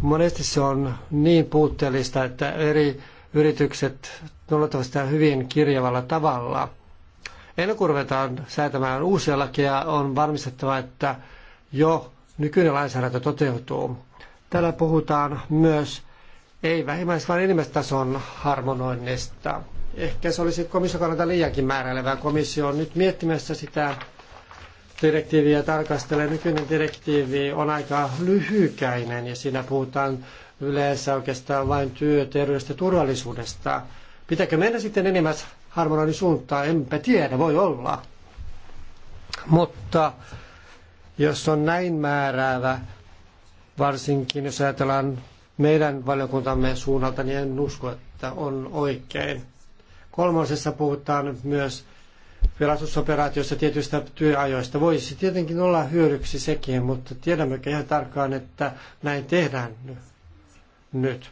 Monesti se on niin puutteellista, että eri yritykset noudattavat sitä hyvin kirjavalla tavalla. Ennen kuin ruvetaan säätämään uusia lakeja, on varmistettava, että jo nykyinen lainsäädäntö toteutuu. Täällä puhutaan myös ei vähimmäis- vaan enimmäistason harmonoinnista. Ehkä se olisi komission kannalta liiankin määräilevää. Komissio on nyt miettimässä sitä, direktiiviä tarkastelee, nykyinen direktiivi on aika lyhykäinen ja siinä puhutaan yleensä oikeastaan vain työ, terveydestä ja turvallisuudesta. Pitääkö mennä sitten enemmän harmonioinnin suuntaan? Enpä tiedä, voi olla. Mutta jos on näin määräävä, varsinkin jos ajatellaan meidän valiokuntamme suunnalta, niin en usko, että on oikein. Kolmosessa puhutaan myös pelastusoperaatiossa tietyistä työajoista. Voisi tietenkin olla hyödyksi sekin, mutta tiedämmekö ihan tarkkaan, että näin tehdään nyt.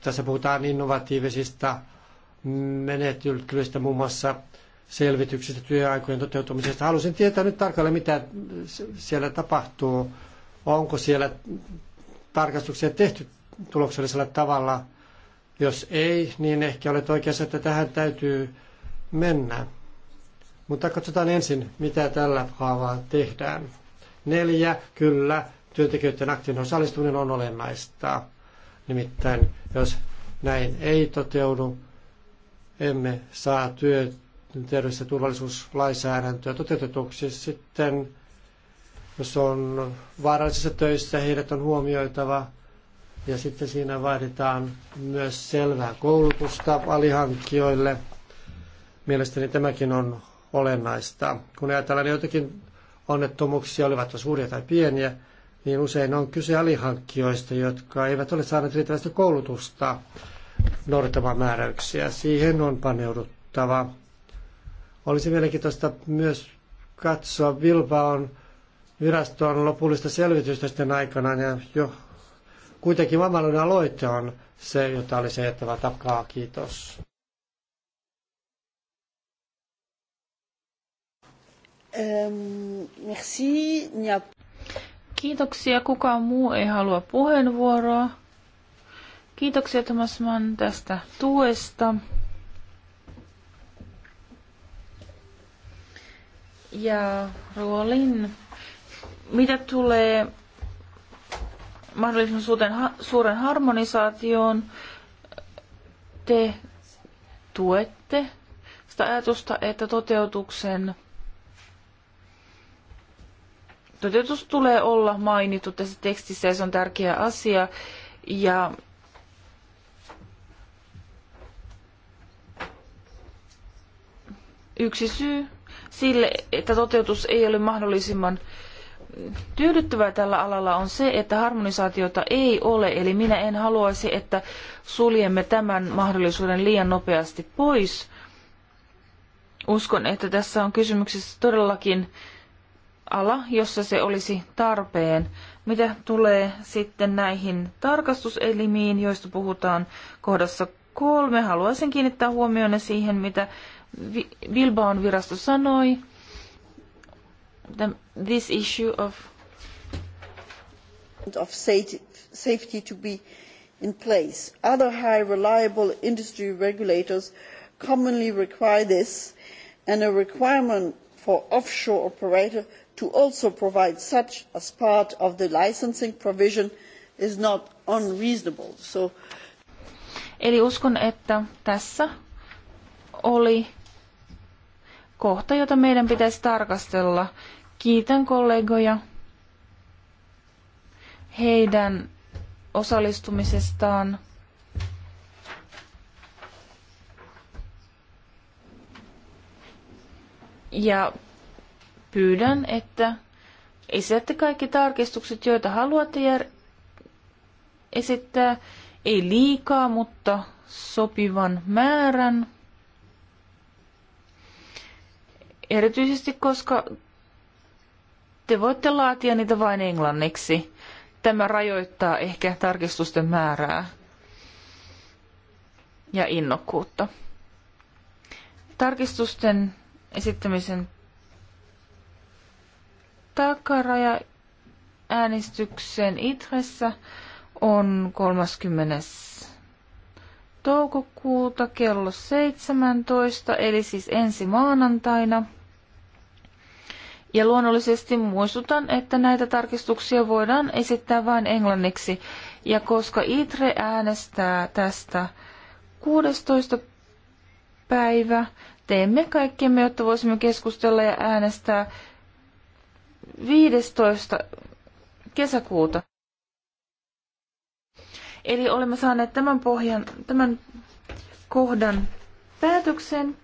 Tässä puhutaan innovatiivisista menettelyistä, muun muassa selvityksistä työaikojen toteutumisesta. Haluaisin tietää nyt tarkalleen, mitä siellä tapahtuu. Onko siellä tarkastuksia tehty tuloksellisella tavalla? Jos ei, niin ehkä olet oikeassa, että tähän täytyy mennä. Mutta katsotaan ensin, mitä tällä haavaa tehdään. Neljä, kyllä, työntekijöiden aktiivinen osallistuminen on olennaista. Nimittäin, jos näin ei toteudu, emme saa työ, terveys- ja turvallisuuslainsäädäntöä toteutetuksi. Sitten, jos on vaarallisissa töissä, heidät on huomioitava. Ja sitten siinä vaaditaan myös selvää koulutusta alihankkijoille. Mielestäni tämäkin on olennaista. Kun ajatellaan niin joitakin onnettomuuksia, olivat suuria tai pieniä, niin usein on kyse alihankkijoista, jotka eivät ole saaneet riittävästi koulutusta noudattamaan määräyksiä. Siihen on paneuduttava. Olisi mielenkiintoista myös katsoa Bilbaon viraston lopullista selvitystä sitten aikanaan ja jo kuitenkin vammallinen aloite on se, jota olisi ajettava takaa. Kiitos. merci. Kiitoksia. Kukaan muu ei halua puheenvuoroa. Kiitoksia Thomas Mann tästä tuesta. Ja Ruolin, mitä tulee mahdollisuuteen suuren, suuren harmonisaatioon, te tuette sitä ajatusta, että toteutuksen Toteutus tulee olla mainittu tässä tekstissä ja se on tärkeä asia. Ja yksi syy sille, että toteutus ei ole mahdollisimman tyydyttävää tällä alalla on se, että harmonisaatiota ei ole, eli minä en haluaisi, että suljemme tämän mahdollisuuden liian nopeasti pois. Uskon, että tässä on kysymyksessä todellakin ala, jossa se olisi tarpeen. Mitä tulee sitten näihin tarkastuselimiin, joista puhutaan kohdassa kolme, haluaisin kiinnittää huomioon siihen, mitä Vilbaan virasto sanoi. This issue of of safety to be in place. Other high reliable industry regulators commonly require this and a requirement for offshore operator to also provide such as part of the licensing provision is not unreasonable. So, Eli uskon, että tässä oli kohta, jota meidän pitäisi tarkastella. Kiitän kollegoja heidän osallistumisestaan. Ja pyydän, että esitätte kaikki tarkistukset, joita haluatte jär- esittää. Ei liikaa, mutta sopivan määrän. Erityisesti, koska te voitte laatia niitä vain englanniksi. Tämä rajoittaa ehkä tarkistusten määrää ja innokkuutta. Tarkistusten esittämisen takaraja äänestyksen itressä on 30. toukokuuta kello 17, eli siis ensi maanantaina. Ja luonnollisesti muistutan, että näitä tarkistuksia voidaan esittää vain englanniksi. Ja koska ITRE äänestää tästä 16. päivä, teemme kaikkemme, jotta voisimme keskustella ja äänestää 15. kesäkuuta. Eli olemme saaneet tämän pohjan, tämän kohdan päätöksen.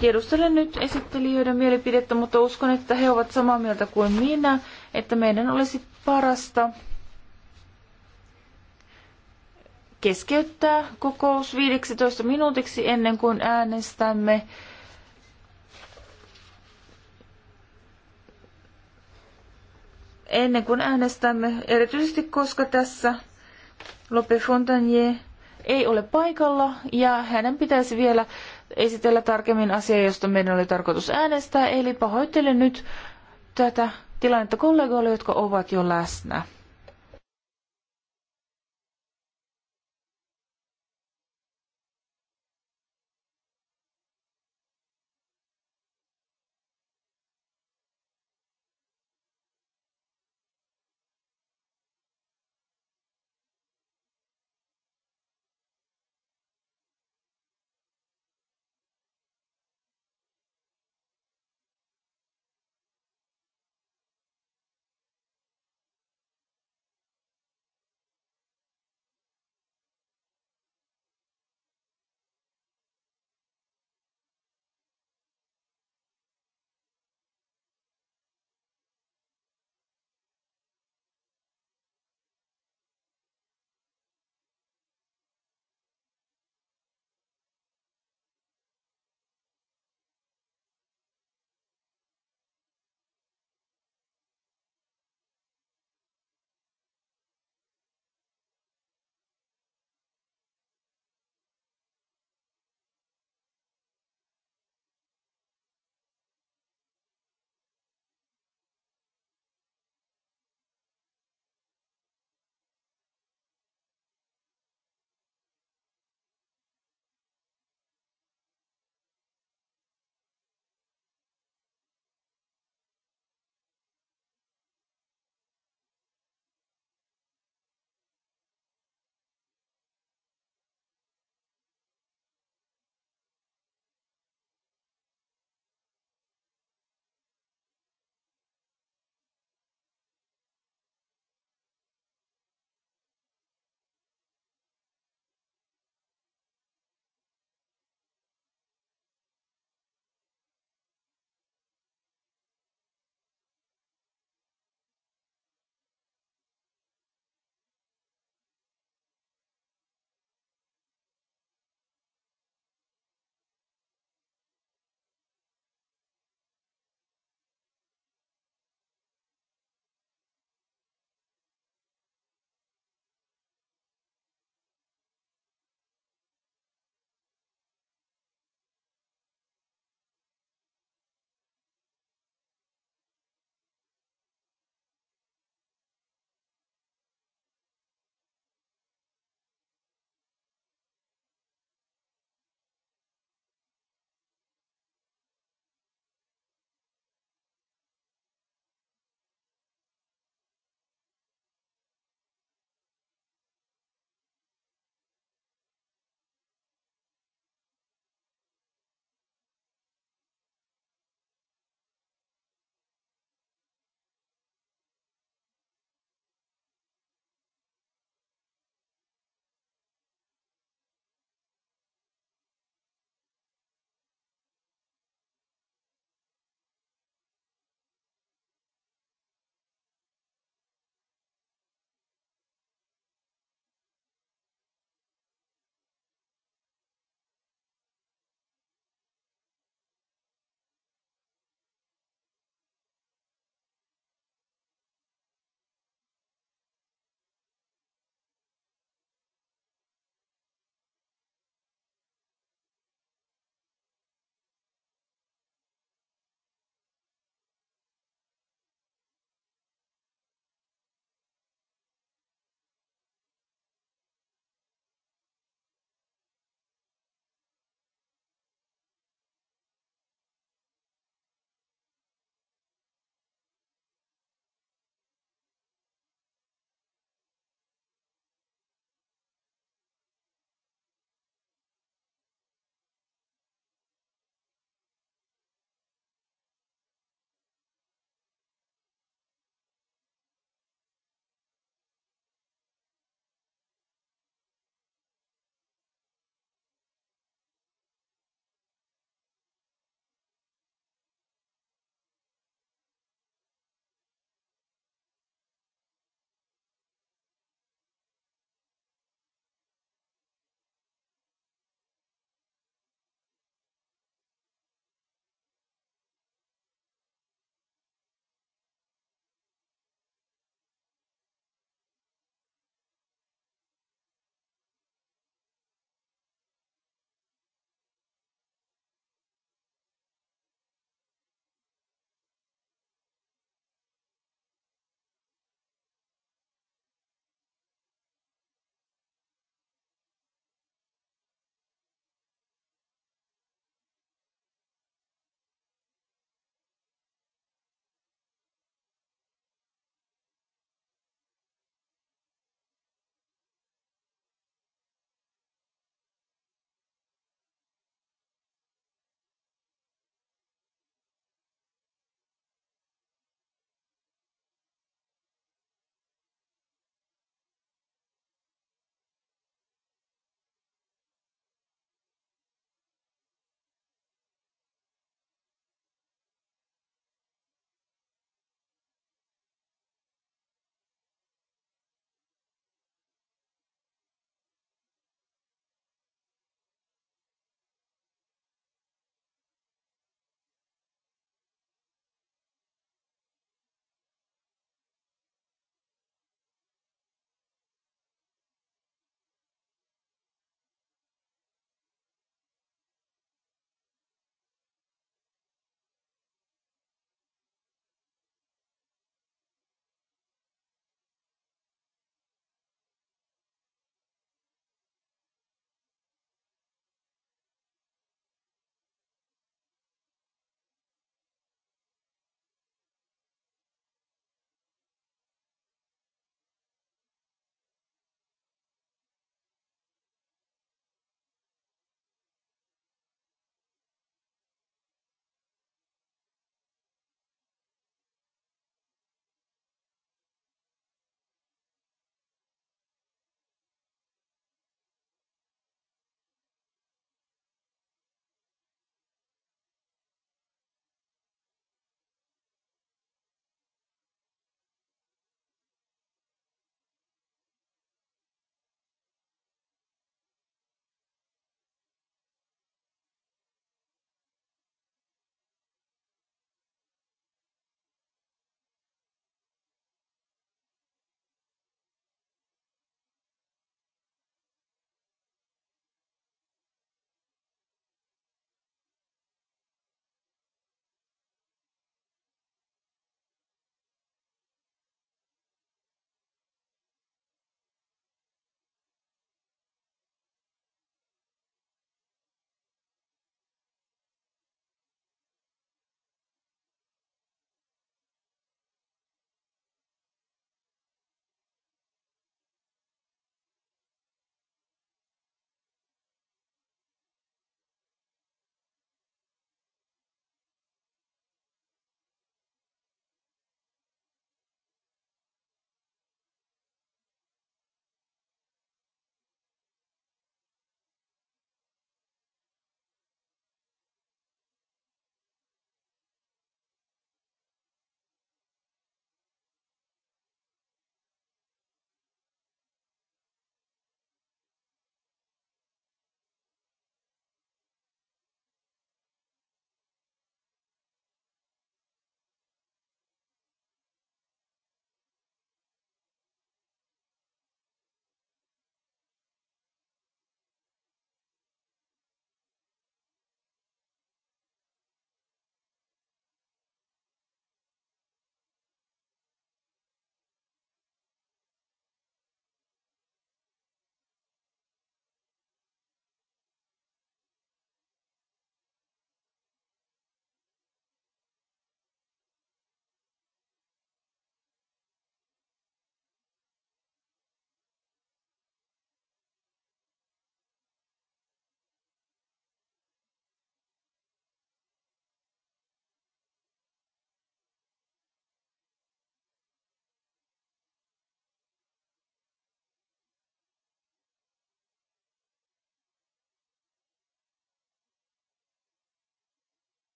Tiedustelen nyt esittelijöiden mielipidettä, mutta uskon, että he ovat samaa mieltä kuin minä, että meidän olisi parasta keskeyttää kokous 15 minuutiksi ennen kuin äänestämme ennen kuin äänestämme, erityisesti koska tässä Lope Fontanier ei ole paikalla ja hänen pitäisi vielä esitellä tarkemmin asiaa, josta meidän oli tarkoitus äänestää. Eli pahoittelen nyt tätä tilannetta kollegoille, jotka ovat jo läsnä.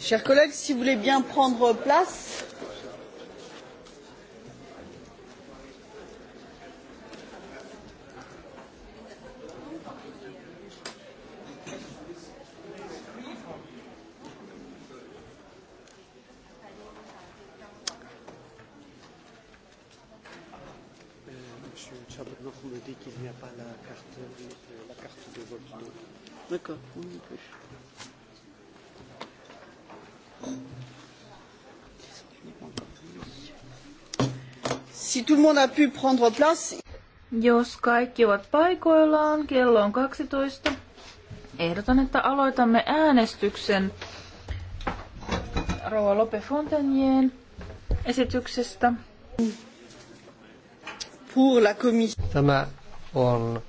chers collègues si vous voulez bien prendre place monde a pu prendre place. Jos kaikki ovat paikoillaan, kello on 12. Ehdotan, että aloitamme äänestyksen Rouva Lope Fontanien esityksestä. Pour la Tämä on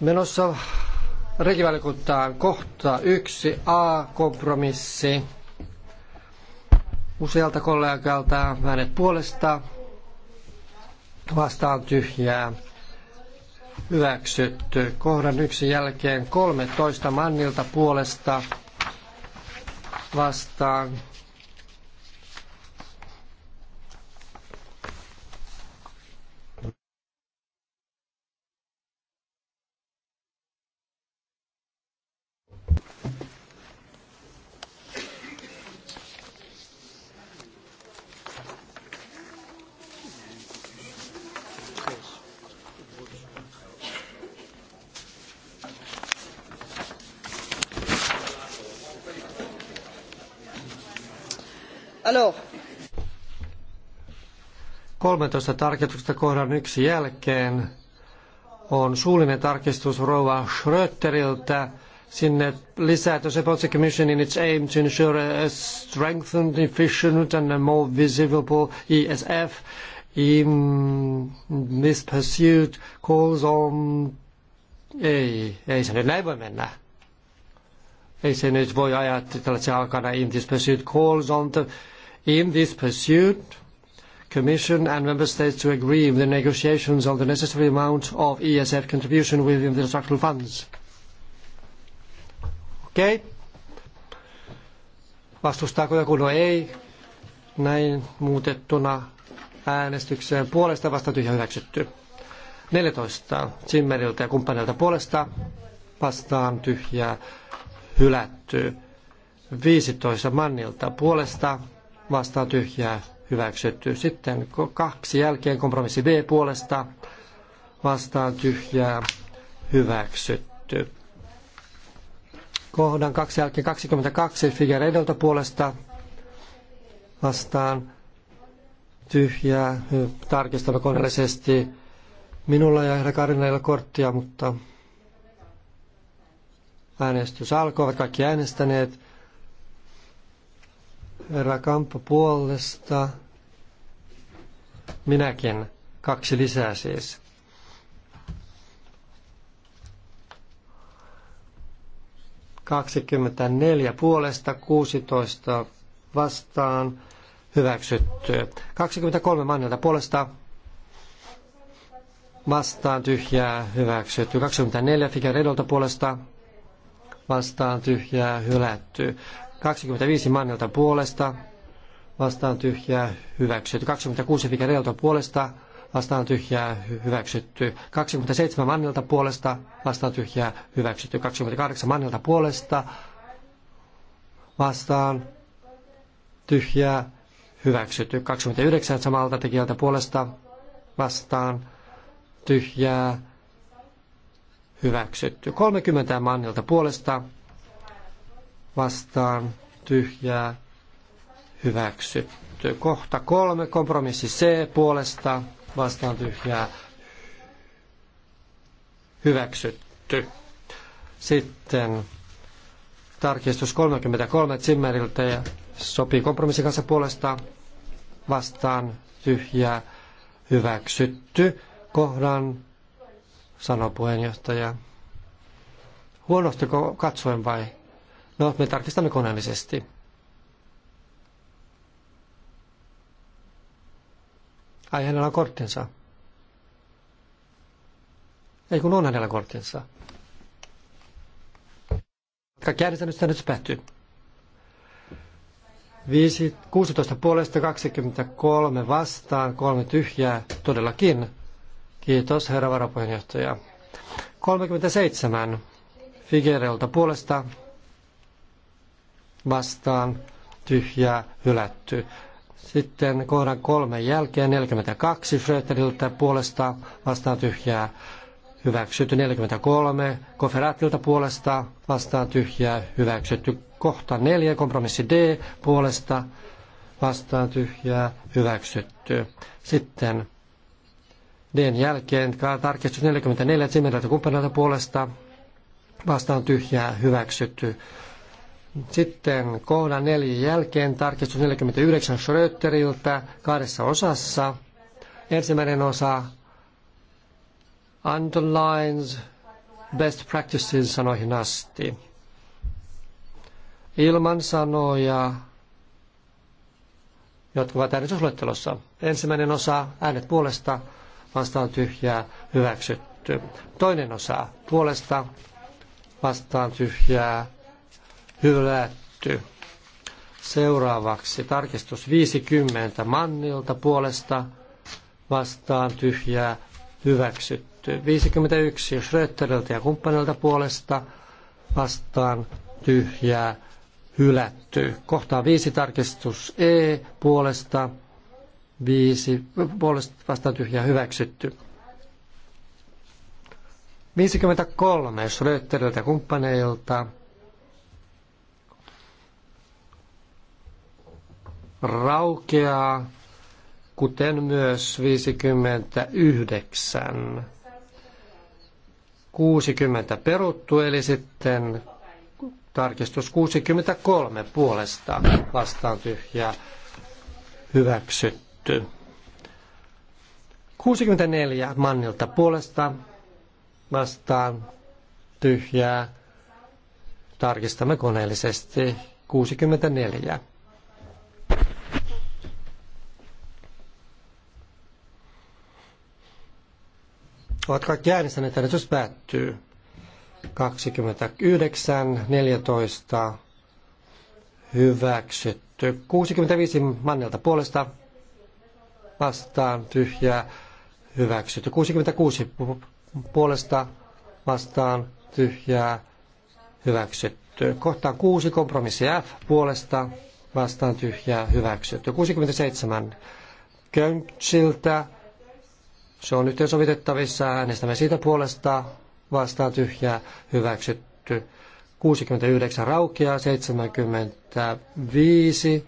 menossa rekivalikuntaan kohta 1 A-kompromissi usealta kollegalta äänet puolesta vastaan tyhjää hyväksytty. Kohdan yksi jälkeen 13 mannilta puolesta vastaan 13 tarkistusta kohdan yksi jälkeen on suullinen tarkistus Rova Schröteriltä sinne lisätty se Policy Commission in its aim to ensure a strengthened, efficient and a more visible ESF in this pursuit calls on... Ei, ei se nyt näin voi mennä. Ei se nyt voi ajatella, että se alkana in this pursuit calls on the... In this pursuit Commission and Member States to agree with the negotiations on the necessary amount of ESF contribution within the structural funds. Okei. Vastustaako joku? No ei. Näin muutettuna äänestykseen puolesta vasta tyhjä hyväksytty. 14. Zimmeriltä ja kumppaneilta puolesta vastaan tyhjää hylätty. 15. Mannilta puolesta vastaan tyhjää hyväksytty. Sitten kaksi jälkeen kompromissi B puolesta vastaan tyhjää hyväksytty. Kohdan kaksi jälkeen 22 edeltä puolesta vastaan tyhjää tarkistamme koneellisesti. Minulla ja herra Karinailla korttia, mutta äänestys alkoi, ovat kaikki äänestäneet. Herra Kamppa puolesta. Minäkin. Kaksi lisää siis. Kaksikymmentäneljä puolesta, 16 vastaan, hyväksytty. 23 mannelta puolesta, vastaan tyhjää, hyväksytty. 24 Figueredolta puolesta, vastaan tyhjää, hylätty. 25 Mannelta puolesta, vastaan tyhjää, hyväksytty. 26 Figuereelta puolesta, vastaan tyhjää, hyväksytty. 27 Mannelta puolesta, vastaan tyhjää, hyväksytty. 28 Mannelta puolesta, vastaan tyhjää, hyväksytty. 29 samalta tekijältä puolesta, vastaan tyhjää, hyväksytty. 30 Mannelta puolesta, vastaan tyhjää hyväksytty. Kohta kolme, kompromissi C puolesta vastaan tyhjää hyväksytty. Sitten tarkistus 33 Zimmeriltä ja sopii kompromissin kanssa puolesta vastaan tyhjää hyväksytty. Kohdan sanoi puheenjohtaja. Huonosti katsoen vai? No, me tarkistamme koneellisesti. Ai hänellä on korttinsa. Ei kun on hänellä korttinsa. Kaikki äänestänyt nyt päättyy. 16 puolesta 23 vastaan, kolme tyhjää, todellakin. Kiitos herra varapuheenjohtaja. 37 Figerelta puolesta vastaan tyhjää hylätty. Sitten kohdan kolme jälkeen 42 Fröteriltä puolesta vastaan tyhjää hyväksytty 43, koferatilta puolesta vastaan tyhjää hyväksytty kohta 4, kompromissi D puolesta vastaan tyhjää hyväksytty. Sitten Dn jälkeen tarkistus 44 Zimmeriltä kumppanilta puolesta vastaan tyhjää hyväksytty. Sitten kohdan neljän jälkeen tarkistus 49 Schröteriltä kahdessa osassa. Ensimmäinen osa underlines best practices sanoihin asti. Ilman sanoja, jotka ovat äänestysluettelossa. Ensimmäinen osa, äänet puolesta, vastaan tyhjää, hyväksytty. Toinen osa, puolesta, vastaan tyhjää, hylätty. Seuraavaksi tarkistus 50 Mannilta puolesta vastaan tyhjää hyväksytty. 51 Schröteriltä ja kumppanilta puolesta vastaan tyhjää hylätty. Kohtaa 5 tarkistus E puolesta 5 puolesta vastaan tyhjää hyväksytty. 53 Schröteriltä ja kumppaneilta raukeaa, kuten myös 59. 60 peruttu, eli sitten tarkistus 63 puolesta vastaan tyhjä hyväksytty. 64 Mannilta puolesta vastaan tyhjää. Tarkistamme koneellisesti 64. ovat kaikki äänestäneet, äänestys päättyy. 29, 14, hyväksytty. 65 Mannelta puolesta vastaan tyhjää hyväksytty. 66 puolesta vastaan tyhjää hyväksytty. Kohtaan 6 kompromissi F puolesta vastaan tyhjää hyväksytty. 67 Köntsiltä se on yhteensovitettavissa. Äänestämme siitä puolesta vastaan tyhjää hyväksytty. 69 raukeaa, 75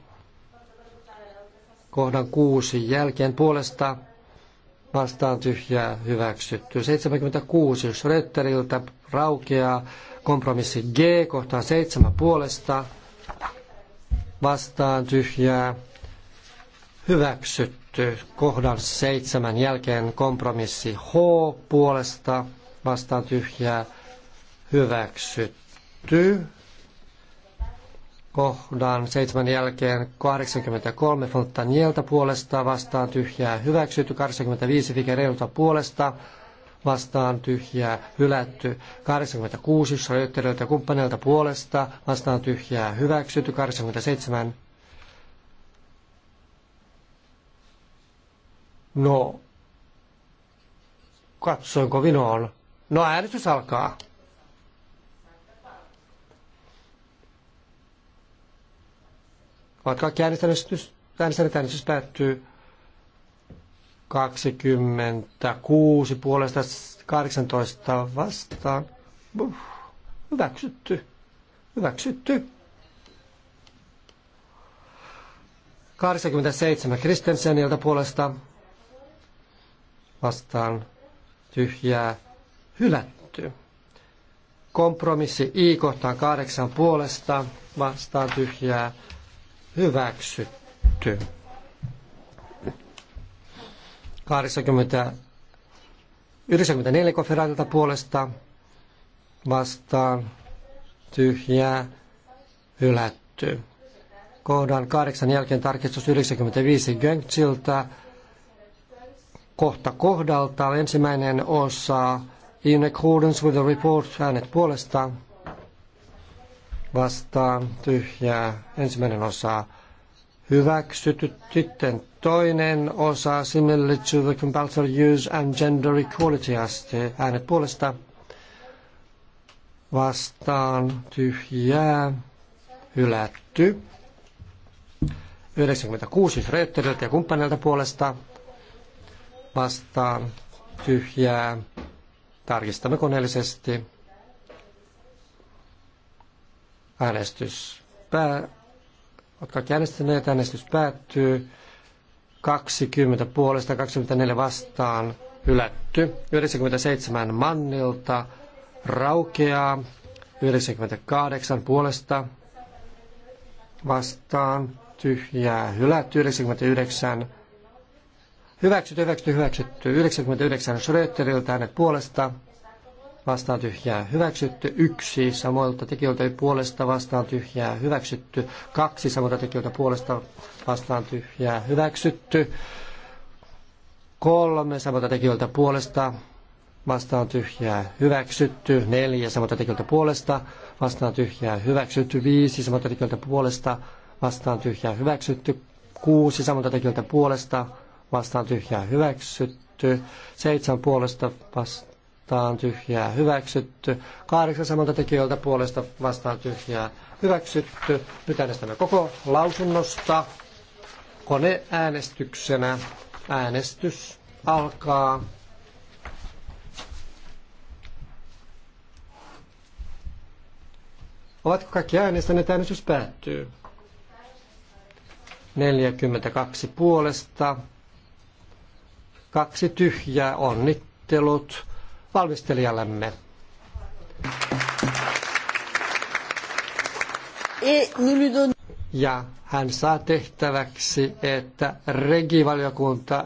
kohdan 6 jälkeen puolesta vastaan tyhjää hyväksytty. 76 Schröteriltä raukeaa kompromissi G kohtaan 7 puolesta vastaan tyhjää hyväksytty kohdan seitsemän jälkeen kompromissi H puolesta vastaan tyhjää hyväksytty. Kohdan seitsemän jälkeen 83 Fontanielta puolesta vastaan tyhjää hyväksytty, 85 Figueiredolta puolesta vastaan tyhjää hylätty, 86 Schröteriltä kumppaneilta puolesta vastaan tyhjää hyväksytty, 87 No, katsoin kovin on. No äänestys alkaa. Ovat kaikki äänestäneet, äänestäneet äänestys päättyy 26 puolesta 18 vastaan. Uh, hyväksytty. Hyväksytty. 87 Kristensenilta puolesta vastaan tyhjää hylätty. Kompromissi I kohtaan kahdeksan puolesta vastaan tyhjää hyväksytty. 80, 94 konferaatilta puolesta vastaan tyhjää hylätty. Kohdan kahdeksan jälkeen tarkistus 95 Göngtsiltä kohta kohdalta. Ensimmäinen osa in accordance with the report äänet puolesta vastaan tyhjää. Ensimmäinen osa hyväksytty. Sitten toinen osa similar to the compulsory use and gender equality aste. Äänet puolesta vastaan tyhjää. Hylätty. 96 Rötteriltä ja kumppaneilta puolesta vastaan tyhjää. Tarkistamme koneellisesti. Äänestys pää... Olet äänestyneet äänestäneet, äänestys päättyy. 20 puolesta, 24 vastaan, hylätty. 97 Mannilta, raukeaa. 98 puolesta, vastaan, tyhjää, hylätty. 99 Hyväksytty, hyväksytty, hyväksytty. 99 Schröteriltä hänet puolesta. Vastaan tyhjää. Hyväksytty. Yksi samoilta tekijöiltä puolesta vastaan tyhjää. Hyväksytty. Kaksi samoilta tekijöiltä puolesta vastaan tyhjää. Hyväksytty. Kolme samoilta tekijöiltä puolesta vastaan tyhjää. Hyväksytty. Neljä samoilta tekijöiltä puolesta vastaan tyhjää. Hyväksytty. Viisi samoilta tekijöiltä puolesta vastaan tyhjää. Hyväksytty. Kuusi samoilta tekijöiltä puolesta vastaan tyhjää hyväksytty, seitsemän puolesta vastaan tyhjää hyväksytty, kahdeksan samalta tekijöiltä puolesta vastaan tyhjää hyväksytty. Nyt äänestämme koko lausunnosta koneäänestyksenä. Äänestys alkaa. Ovatko kaikki äänestäneet? Äänestys päättyy. 42 puolesta, Kaksi tyhjää onnittelut valmistelijallemme. Ja hän saa tehtäväksi, että regivaliokunta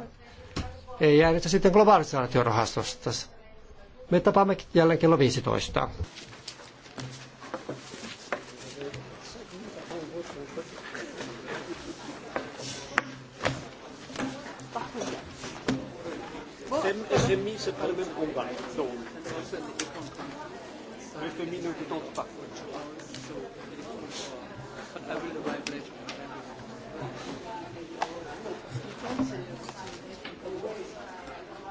ei äänestä sitten globalisaatiorahastosta. Me tapaamme jälleen kello 15. le mise par le même combat. Donc, le famille ne vous tente pas. I will arrive later.